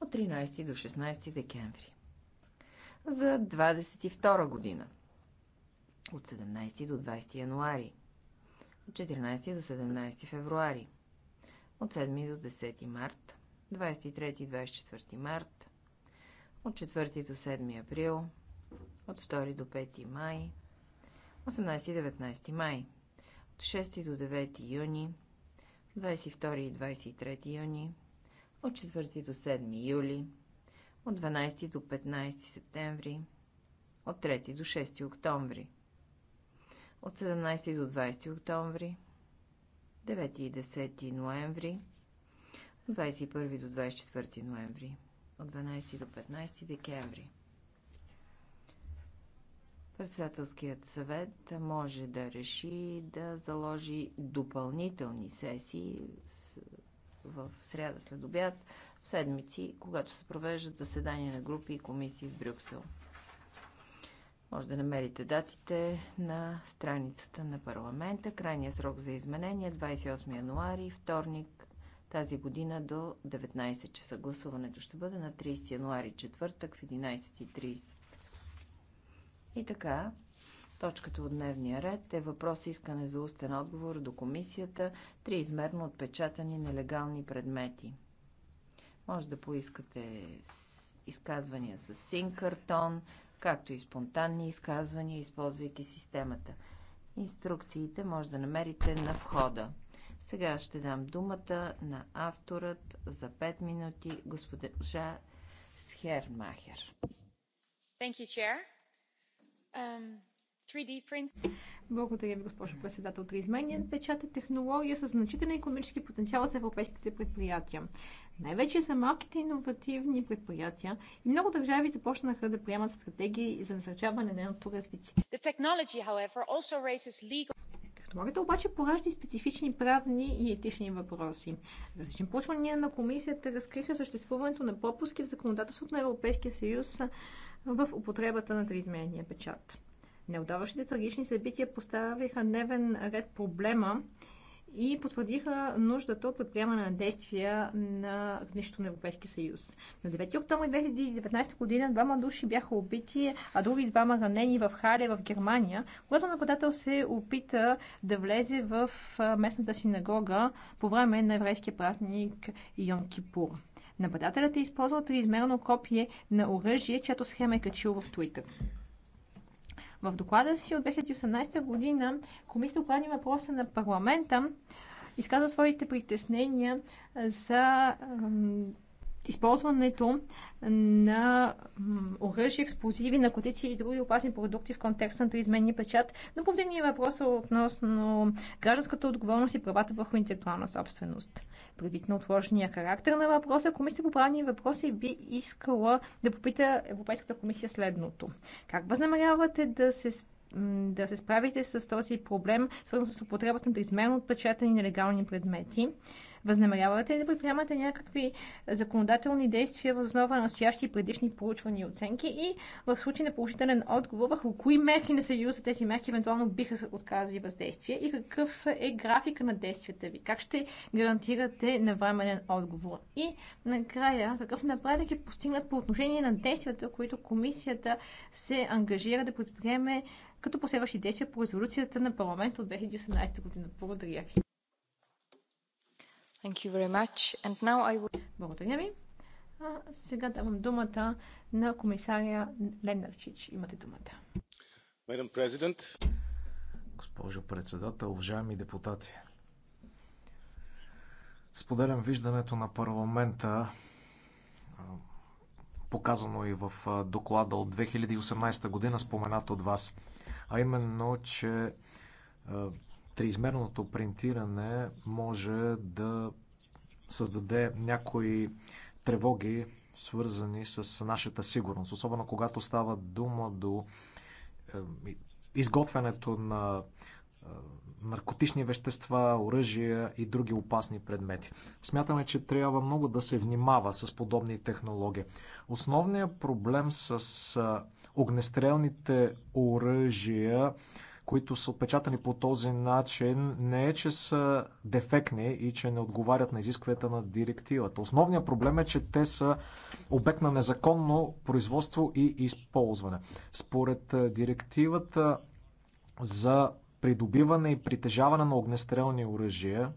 Speaker 6: от 13 до 16 декември. За 22 година от 17 до 20 януари, от 14 до 17 февруари, от 7 до 10 март, 23 и 24 март, от 4 до 7 април, от 2 до 5 май, 18 и 19 май, от 6 до 9 юни, 22 и 23 юни, от 4 до 7 юли, от 12 до 15 септември, от 3 до 6 октомври, от 17 до 20 октомври, 9 и 10 ноември, 21 до 24 ноември, от 12 до 15 декември. Председателският съвет може да реши да заложи допълнителни сесии в сряда след обяд, в седмици, когато се провеждат заседания на групи и комисии в Брюксел. Може да намерите датите на страницата на парламента. Крайният срок за изменение 28 е януари, вторник тази година до 19 часа. Гласуването ще бъде на 30 януари, четвъртък в 11.30. И така, точката от дневния ред е въпрос искане за устен отговор до комисията триизмерно отпечатани нелегални предмети. Може да поискате изказвания с син картон, както и спонтанни изказвания, използвайки системата. Инструкциите може да намерите на входа. Сега ще дам думата на авторът за 5 минути, госпожа Схермахер. Thank you, Chair. Благодаря ви, госпожо
Speaker 7: председател. да печат печата технология с значителен економически потенциал за европейските предприятия. Най-вече за малките иновативни предприятия и много държави започнаха да приемат стратегии за насърчаване на едното развитие. Технологията обаче поражда и специфични правни и етични въпроси. Различни проучвания на комисията разкриха съществуването на пропуски в законодателството на Европейския съюз в употребата на триизмерния печат. Неудаващите трагични събития поставиха дневен ред проблема и потвърдиха нуждата от предприемане на действия на равнището на Европейския съюз. На 9 октомври 2019 година двама души бяха убити, а други двама ранени в Хале, в Германия, когато нападател се опита да влезе в местната синагога по време на еврейския празник Йон Кипур. Нападателят е използвал триизмерно копие на оръжие, чиято схема е качил в Твитър. В доклада си от 2018 година Комисията правни въпроса на парламента изказа своите притеснения за използването на оръжие, експлозиви, наркотици и други опасни продукти в контекста на триизменни печат, но повдигни въпроса относно гражданската отговорност и правата върху интелектуална собственост. Предвид на отложения характер на въпроса, Комисията по правни въпроси би искала да попита Европейската комисия следното. Как възнамерявате да се да се справите с този проблем, свързан с употребата на да измерно отпечатани нелегални предмети? Възнамерявате ли да предприемате някакви законодателни действия в основа на настоящи предишни проучвания и оценки и в случай на положителен отговор върху кои мерки на Съюза тези мерки евентуално биха се отказали въздействие и какъв е графика на действията ви? Как ще гарантирате навременен отговор? И накрая, какъв напредък е постигнат по отношение на действията, които комисията се ангажира да предприеме като последващи действия по резолюцията на парламент от 2018 година. Благодаря ви.
Speaker 3: Will...
Speaker 7: Благодаря ви. А сега давам думата на комисаря Ленарчич. Имате думата.
Speaker 9: Госпожо председател,
Speaker 8: уважаеми депутати. Споделям виждането на парламента, показано и в доклада от 2018 година, споменато от вас. А именно, че Триизмерното принтиране може да създаде някои тревоги, свързани с нашата сигурност, особено когато става дума до е, изготвянето на е, наркотични вещества, оръжия и други опасни предмети. Смятаме, че трябва много да се внимава с подобни технологии. Основният проблем с е, огнестрелните оръжия които са отпечатани по този начин, не е, че са дефектни и че не отговарят на изискванията на директивата. Основният проблем е, че те са обект на незаконно производство и използване. Според е, директивата за придобиване и притежаване на огнестрелни оръжия,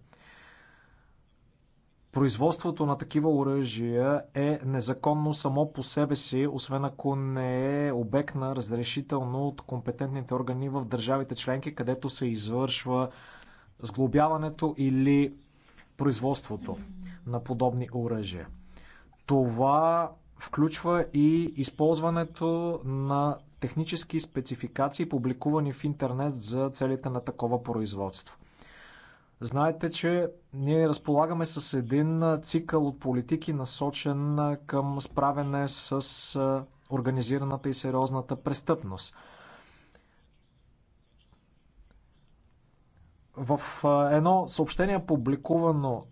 Speaker 8: производството на такива оръжия е незаконно само по себе си, освен ако не е обект на разрешително от компетентните органи в държавите членки, където се извършва сглобяването или производството на подобни оръжия. Това включва и използването на технически спецификации, публикувани в интернет за целите на такова производство. Знаете, че ние разполагаме с един цикъл от политики, насочен към справяне с организираната и сериозната престъпност. В едно съобщение, публикувано,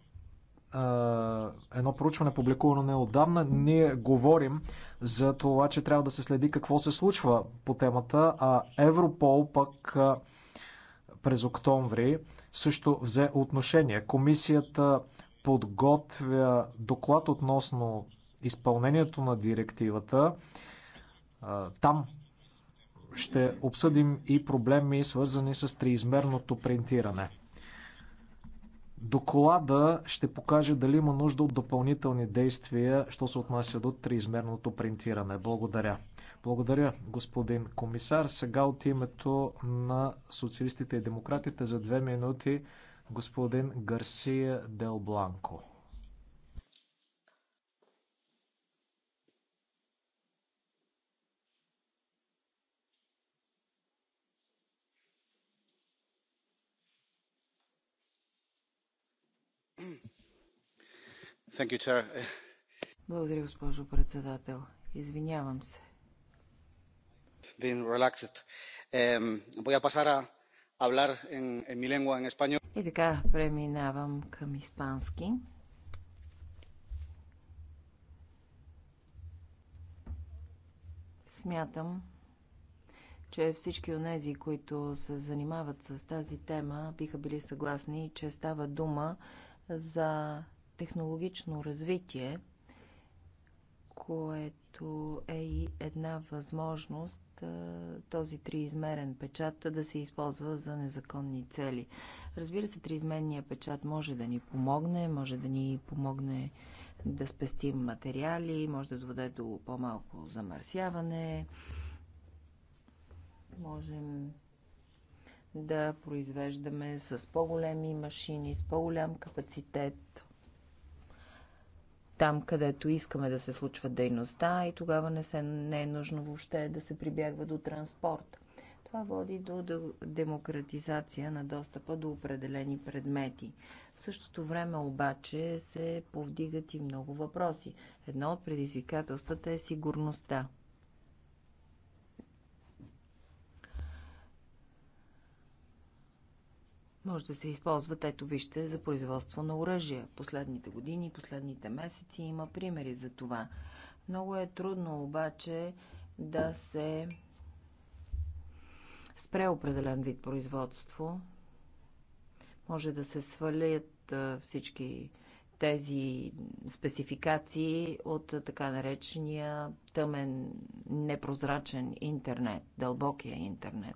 Speaker 8: едно проучване, публикувано неодавна, ние говорим за това, че трябва да се следи какво се случва по темата, а Европол пък през октомври също взе отношение. Комисията подготвя доклад относно изпълнението на директивата. Там ще обсъдим и проблеми, свързани с триизмерното принтиране. Доклада ще покаже дали има нужда от допълнителни действия, що се отнася до триизмерното принтиране. Благодаря. Благодаря, господин комисар. Сега от името на социалистите и демократите за две минути господин Гарсия Дел Бланко.
Speaker 6: Благодаря, госпожо председател. Извинявам се. И така преминавам към испански. Смятам, че всички от тези, които се занимават с тази тема, биха били съгласни, че става дума за технологично развитие, което е и една възможност е, този триизмерен печат да се използва за незаконни цели. Разбира се, триизменният печат може да ни помогне, може да ни помогне да спестим материали, може да доведе до по-малко замърсяване, можем да произвеждаме с по-големи машини, с по-голям капацитет там, където искаме да се случва дейността и тогава не, се, не е нужно въобще да се прибягва до транспорт. Това води до демократизация на достъпа до определени предмети. В същото време обаче се повдигат и много въпроси. Едно от предизвикателствата е сигурността. може да се използват, ето вижте, за производство на оръжия. Последните години, последните месеци има примери за това. Много е трудно обаче да се спре определен вид производство. Може да се свалят всички тези спецификации от така наречения тъмен, непрозрачен интернет, дълбокия интернет.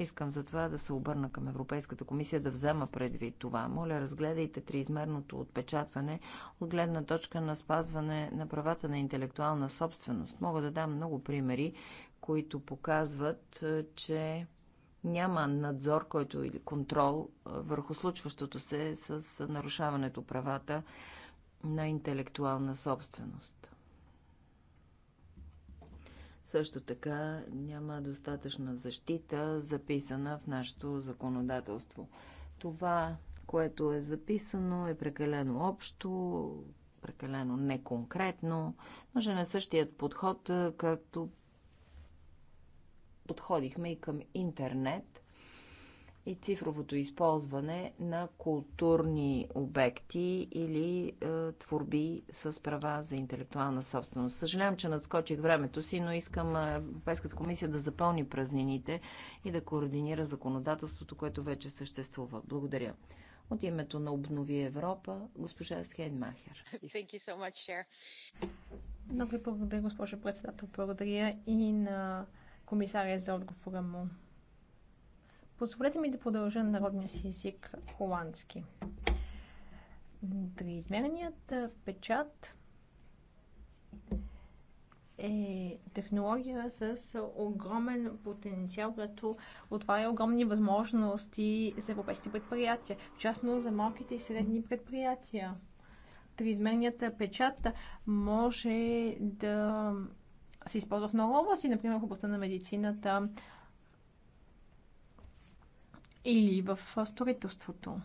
Speaker 6: Искам за това да се обърна към Европейската комисия да взема предвид това. Моля, разгледайте триизмерното отпечатване от гледна точка на спазване на правата на интелектуална собственост. Мога да дам много примери, които показват, е, че няма надзор, който или контрол е, върху случващото се с нарушаването правата на интелектуална собственост. Също така няма достатъчна защита, записана в нашето законодателство. Това, което е записано, е прекалено общо, прекалено неконкретно. Може на същият подход, както подходихме и към интернет, и цифровото използване на културни обекти или е, творби с права за интелектуална собственост. Съжалявам, че надскочих времето си, но искам е, Европейската комисия да запълни празнините и да координира законодателството, което вече съществува. Благодаря. От името на Обнови Европа, госпожа Схейнмахер.
Speaker 7: So
Speaker 6: Много ви благодаря, госпожа председател. Благодаря и на
Speaker 7: комисаря за отговора му. Позволете ми да продължа народния си език холандски. Триизмерният печат е технология с огромен потенциал, като отваря огромни възможности за европейски предприятия, частно за малките и средни предприятия. Триизмерният печат може да се използва в много области, например в областта на медицината, или в строителството.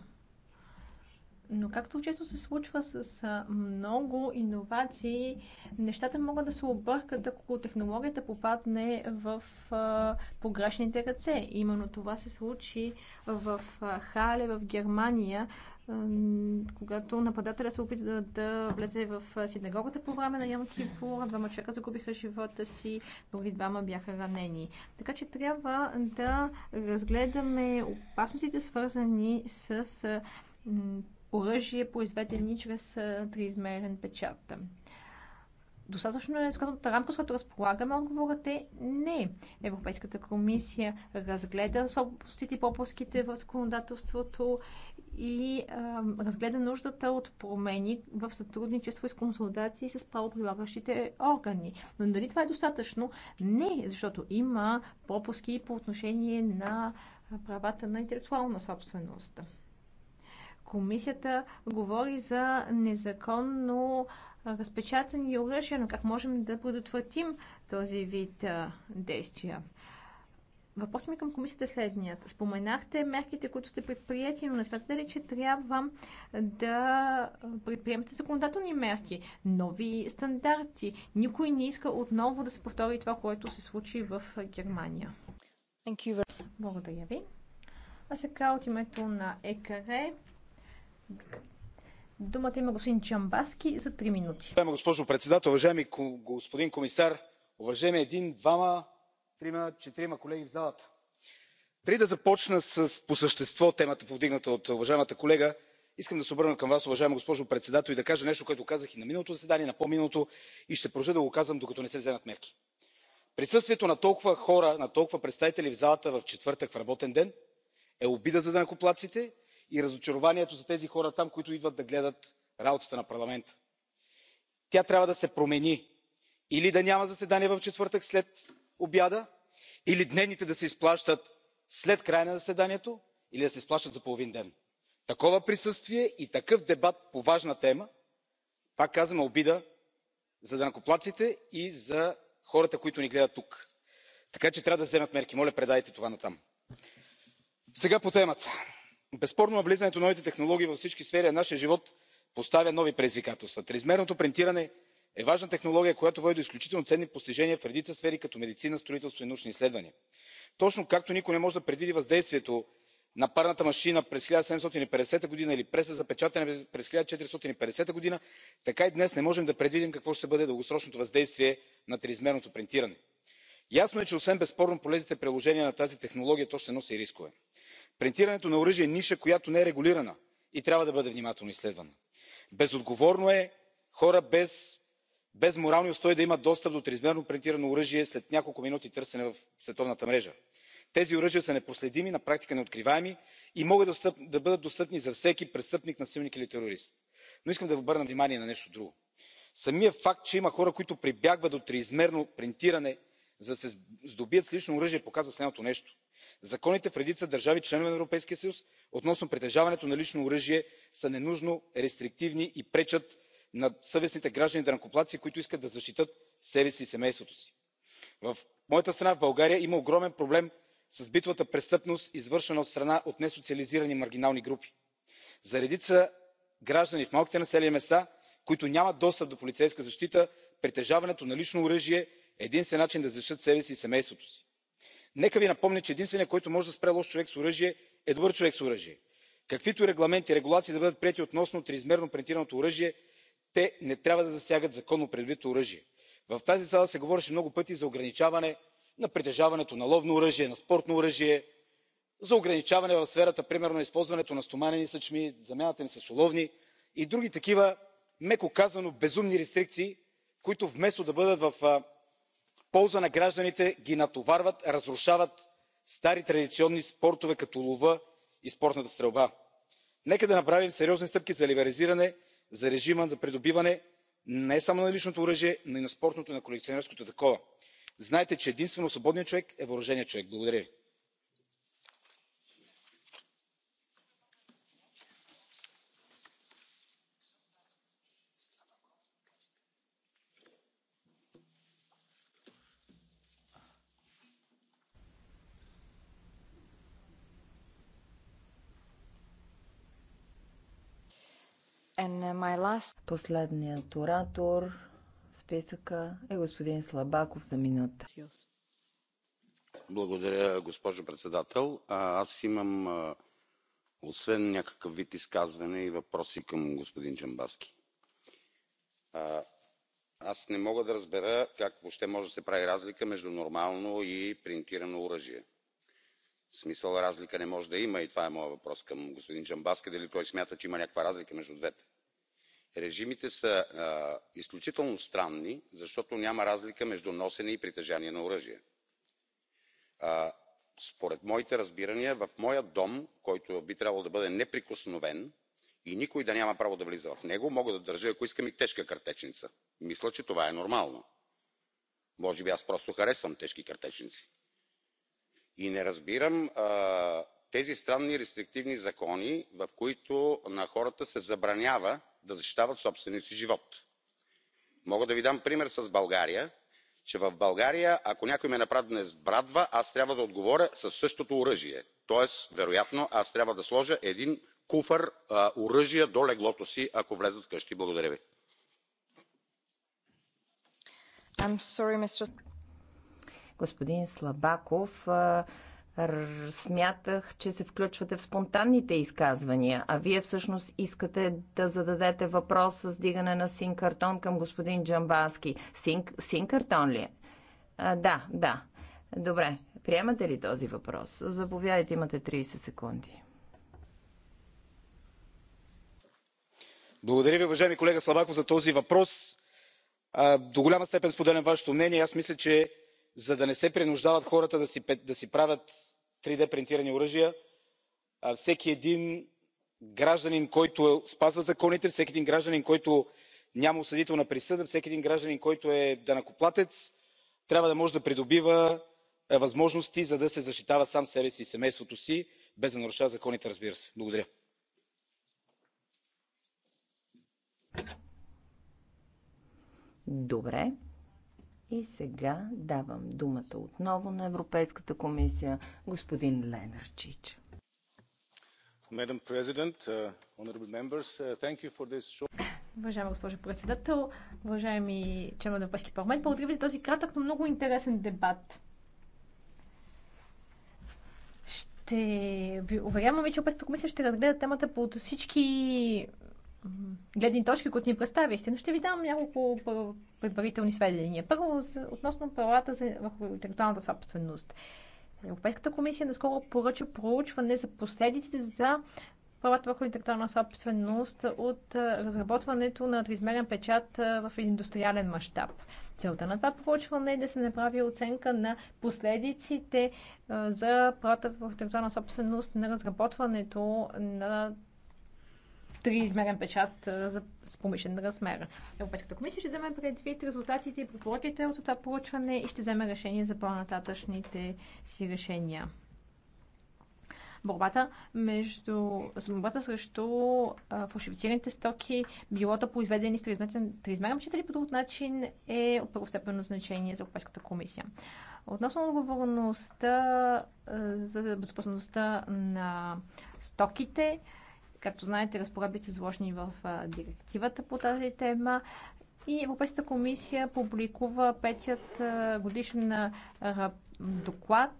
Speaker 7: Но както често се случва с много иновации, нещата могат да се объркат, ако технологията попадне в погрешните ръце. Именно това се случи в Хале, в Германия, когато нападателя се опита да влезе в синагогата по време на Йом Кипур, двама човека загубиха живота си, други двама бяха ранени. Така че трябва да разгледаме опасностите, свързани с оръжие, произведени чрез триизмерен печат достатъчно е законната рамка, с която разполагаме? Отговорът е не. Европейската комисия разгледа слабостите и пропуските в законодателството и а, разгледа нуждата от промени в сътрудничество и с консултации с правоприлагащите органи. Но дали това е достатъчно? Не, защото има пропуски по отношение на правата на интелектуална собственост. Комисията говори за незаконно разпечатани оръжия, но как можем да предотвратим този вид а, действия? Въпросът ми към комисията е следният. Споменахте мерките, които сте предприяти, но не смятате ли, че трябва да предприемете законодателни мерки, нови стандарти? Никой не иска отново да се повтори това, което се случи в Германия. Благодаря ви. А сега от името на ЕКР Думата има господин Чамбаски за 3 минути.
Speaker 9: Уважаема госпожо председател, уважаеми господин комисар, уважаеми един, двама, трима, четирима колеги в залата. Преди да започна с, по същество темата, повдигната от уважаемата колега, искам да се обърна към вас, уважаема госпожо председател, и да кажа нещо, което казах и на миналото заседание, на по-миналото, и ще продължа да го казвам, докато не се вземат мерки. Присъствието на толкова хора, на толкова представители в залата в четвъртък в работен ден е обида за данъкоплатците и разочарованието за тези хора там които идват да гледат работата на парламента. тя трябва да се промени или да няма заседание в четвъртък обяда, или дневните да се изплащат след края на заседанието или да се изплащат за половин ден. такова присъствие и такъв дебат по важна тема пак казвам е обида за данъкоплатците и за хората които ни гледат тук. така че трябва да се вземат мерки. моля предайте това натам. сега по темата безспорно навлизането на новите технологии във всички сфери на нашия живот поставя нови предизвикателства. триизмерното принтиране е важна технология която води до изключително ценни постижения в редица сфери като медицина строителство и научни изследвания. точно както никой не може да предвиди въздействието на парната машина през 1750 г. или преса за печатане през 1450 г. така и днес не можем да предвидим какво ще бъде дългосрочното въздействие на триизмерното принтиране. ясно е че освен безспорно полезните приложения на тази технология то ще носи и рискове. Рентирането на оръжие е ниша която не е регулирана и трябва да бъде внимателно изследвана. безотговорно е хора без морални устои да имат достъп до триизмерно рентирано оръжие след няколко минути търсене в световната мрежа. тези оръжия са непроследими на практика неоткриваеми и могат да бъдат достъпни за всеки престъпник насилник или терорист. но искам да обърна внимание на нещо друго. самият факт че има хора които прибягват до триизмерно принтиране, за да се здобият с лично оръжие показва следното нещо законите в редица държави членки на европейския съюз относно притежаването на лично оръжие са ненужно рестриктивни и пречат на съвестните граждани данъкоплатци които искат да защитят себе си и семейството си. в моята страна в българия има огромен проблем с битовата престъпност извършвана от страна от несоциализирани маргинални групи. за редица граждани в малките населени места които нямат достъп до полицейска защита притежаването на лично оръжие е единственият начин да защитят себе си и семейството си нека ви напомня че единственият който може да спре лош човек с оръжие е добър човек с оръжие. каквито и регламенти и регулации да бъдат приети относно триизмерно принтираното оръжие те не трябва да засягат законно придобитото оръжие. в тази зала се говореше много пъти за ограничаване на притежаването на ловно оръжие на спортно оръжие за ограничаване в сферата примерно на използването на стоманени съчми замяната им с оловни и други такива меко казано безумни рестрикции които вместо да бъдат в полза на гражданите ги натоварват разрушават стари традиционни спортове като лова и спортната стрелба. нека да направим сериозни стъпки за либерализиране за режима за придобиване не само на личното оръжие но и на спортното и на колекционерското такова. знайте че единствено свободният човек е въоръженият човек. благодаря ви.
Speaker 3: Uh,
Speaker 6: Последният оратор в списъка е господин Слабаков за минута.
Speaker 1: Благодаря, госпожо председател. А, аз имам, а, освен някакъв вид изказване, и въпроси към господин Джамбаски. А, аз не мога да разбера как въобще може да се прави разлика между нормално и принтирано оръжие. В смисъл разлика не може да има и това е моят въпрос към господин Джамбаски, дали той смята, че има някаква разлика между двете режимите са изключително странни защото няма разлика между носене и притежание на оръжие. според моите разбирания в моя дом който би трябвало да бъде неприкосновен и никой да няма право да влиза в него мога да държа ако искам и тежка картечница. мисля че това е нормално. може би аз просто харесвам тежки картечници. и не разбирам тези странни рестриктивни закони в които на хората се забранява да защитават собствения си живот. мога да ви дам пример с българия че в българия ако някой ме нападне с брадва аз трябва да отговоря със същото оръжие тоест вероятно аз трябва да сложа един куфар оръжия до леглото си ако вляза вкъщи. благодаря ви.
Speaker 6: Sorry, Господин Слабаков, смятах, че се включвате в спонтанните изказвания, а вие всъщност искате да зададете въпрос с дигане на син картон към господин Джамбаски. Син, син картон ли е? А, да, да. Добре, приемате ли този въпрос? Заповядайте, имате 30 секунди.
Speaker 9: Благодаря ви, уважаеми колега Слабаков, за този въпрос. До голяма степен споделям вашето мнение. Аз мисля, че за да не се принуждават хората да си правят три д принтирани оръжия. всеки един гражданин който е, спазва законите всеки един гражданин който няма осъдителна присъда всеки един гражданин който е данъкоплатец трябва да може да придобива е, възможности за да се защитава сам себе си и семейството си без да нарушава законите разбира се. благодаря.
Speaker 6: Добре. И сега давам думата отново на Европейската комисия, господин Ленарчич.
Speaker 9: Uh, uh,
Speaker 6: Уважаема госпожо председател,
Speaker 7: уважаеми членове на Европейския парламент, благодаря ви за този кратък, но много интересен дебат. Ще ви уверявам, че Европейската комисия ще разгледа темата под всички гледни точки, които ни представихте, но ще ви дам няколко предварителни сведения. Първо, относно правата за върху интелектуалната собственост. Европейската комисия наскоро поръча проучване за последиците за правата върху интелектуална собственост от разработването на триизмерен печат в индустриален мащаб. Целта на това проучване е да се направи оценка на последиците за правата върху интелектуална собственост на разработването на триизмерен печат за, с помишлен размер. Европейската комисия ще вземе предвид резултатите и препоръките от това проучване и ще вземе решение за по-нататъчните си решения борбата между борбата срещу а, фалшифицираните стоки, било да произведени с триизмерен печат или по друг начин е от първостепенно значение за Европейската комисия. Относно отговорността за безопасността на стоките, Както знаете, разпоредбите са заложени в директивата по тази тема и Европейската комисия публикува петият годишен доклад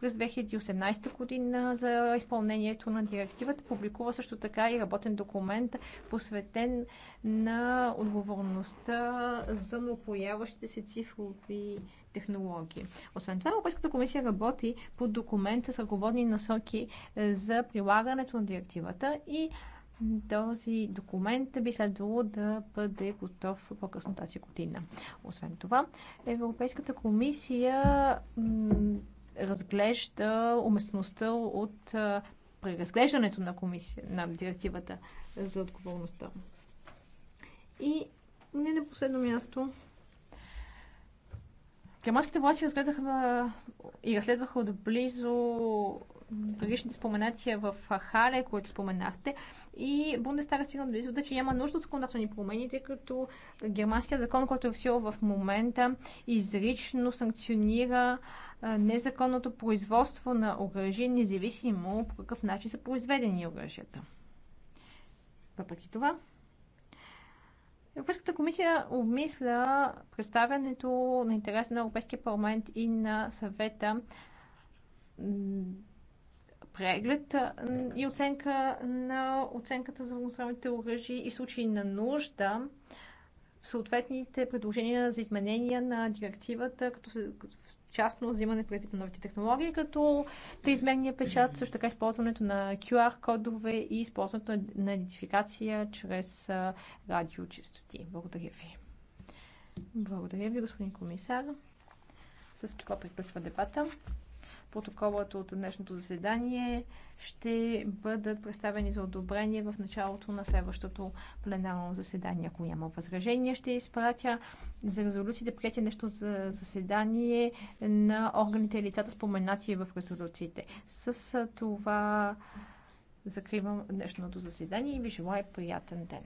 Speaker 7: през 2018 година за изпълнението на директивата. Публикува също така и работен документ, посветен на отговорността за напояващите се цифрови технологии. Освен това, Европейската комисия работи по документ с ръководни насоки е, за прилагането на директивата и този документ би следвало да бъде готов по-късно тази година. Освен това, Европейската комисия разглежда уместността от е, преразглеждането на, комисия, на директивата за отговорността. И не на последно място, Германските власти разгледаха и разследваха отблизо предишните споменатия в Хале, които споменахте. И Бундестага е стигна до извода, че няма нужда от законодателни промени, тъй като германският закон, който е в сила в момента, изрично санкционира незаконното производство на оръжие, независимо по какъв начин са произведени оръжията. Въпреки това, Европейската комисия обмисля представянето на интерес на Европейския парламент и на съвета преглед и оценка на оценката за огнестрелните оръжия и случаи на нужда съответните предложения за изменения на директивата, като се, като частно взимане предвид на новите технологии, като триизмерния печат, също така използването на QR-кодове и използването на идентификация чрез радиочистоти. Благодаря ви. Благодаря ви, господин комисар. С това приключва дебата. Протоколът от днешното заседание ще бъдат представени за одобрение в началото на следващото пленарно заседание. Ако няма възражение, ще изпратя за резолюциите приятие нещо за заседание на органите и лицата споменати в резолюциите. С това закривам днешното заседание и ви желая приятен ден.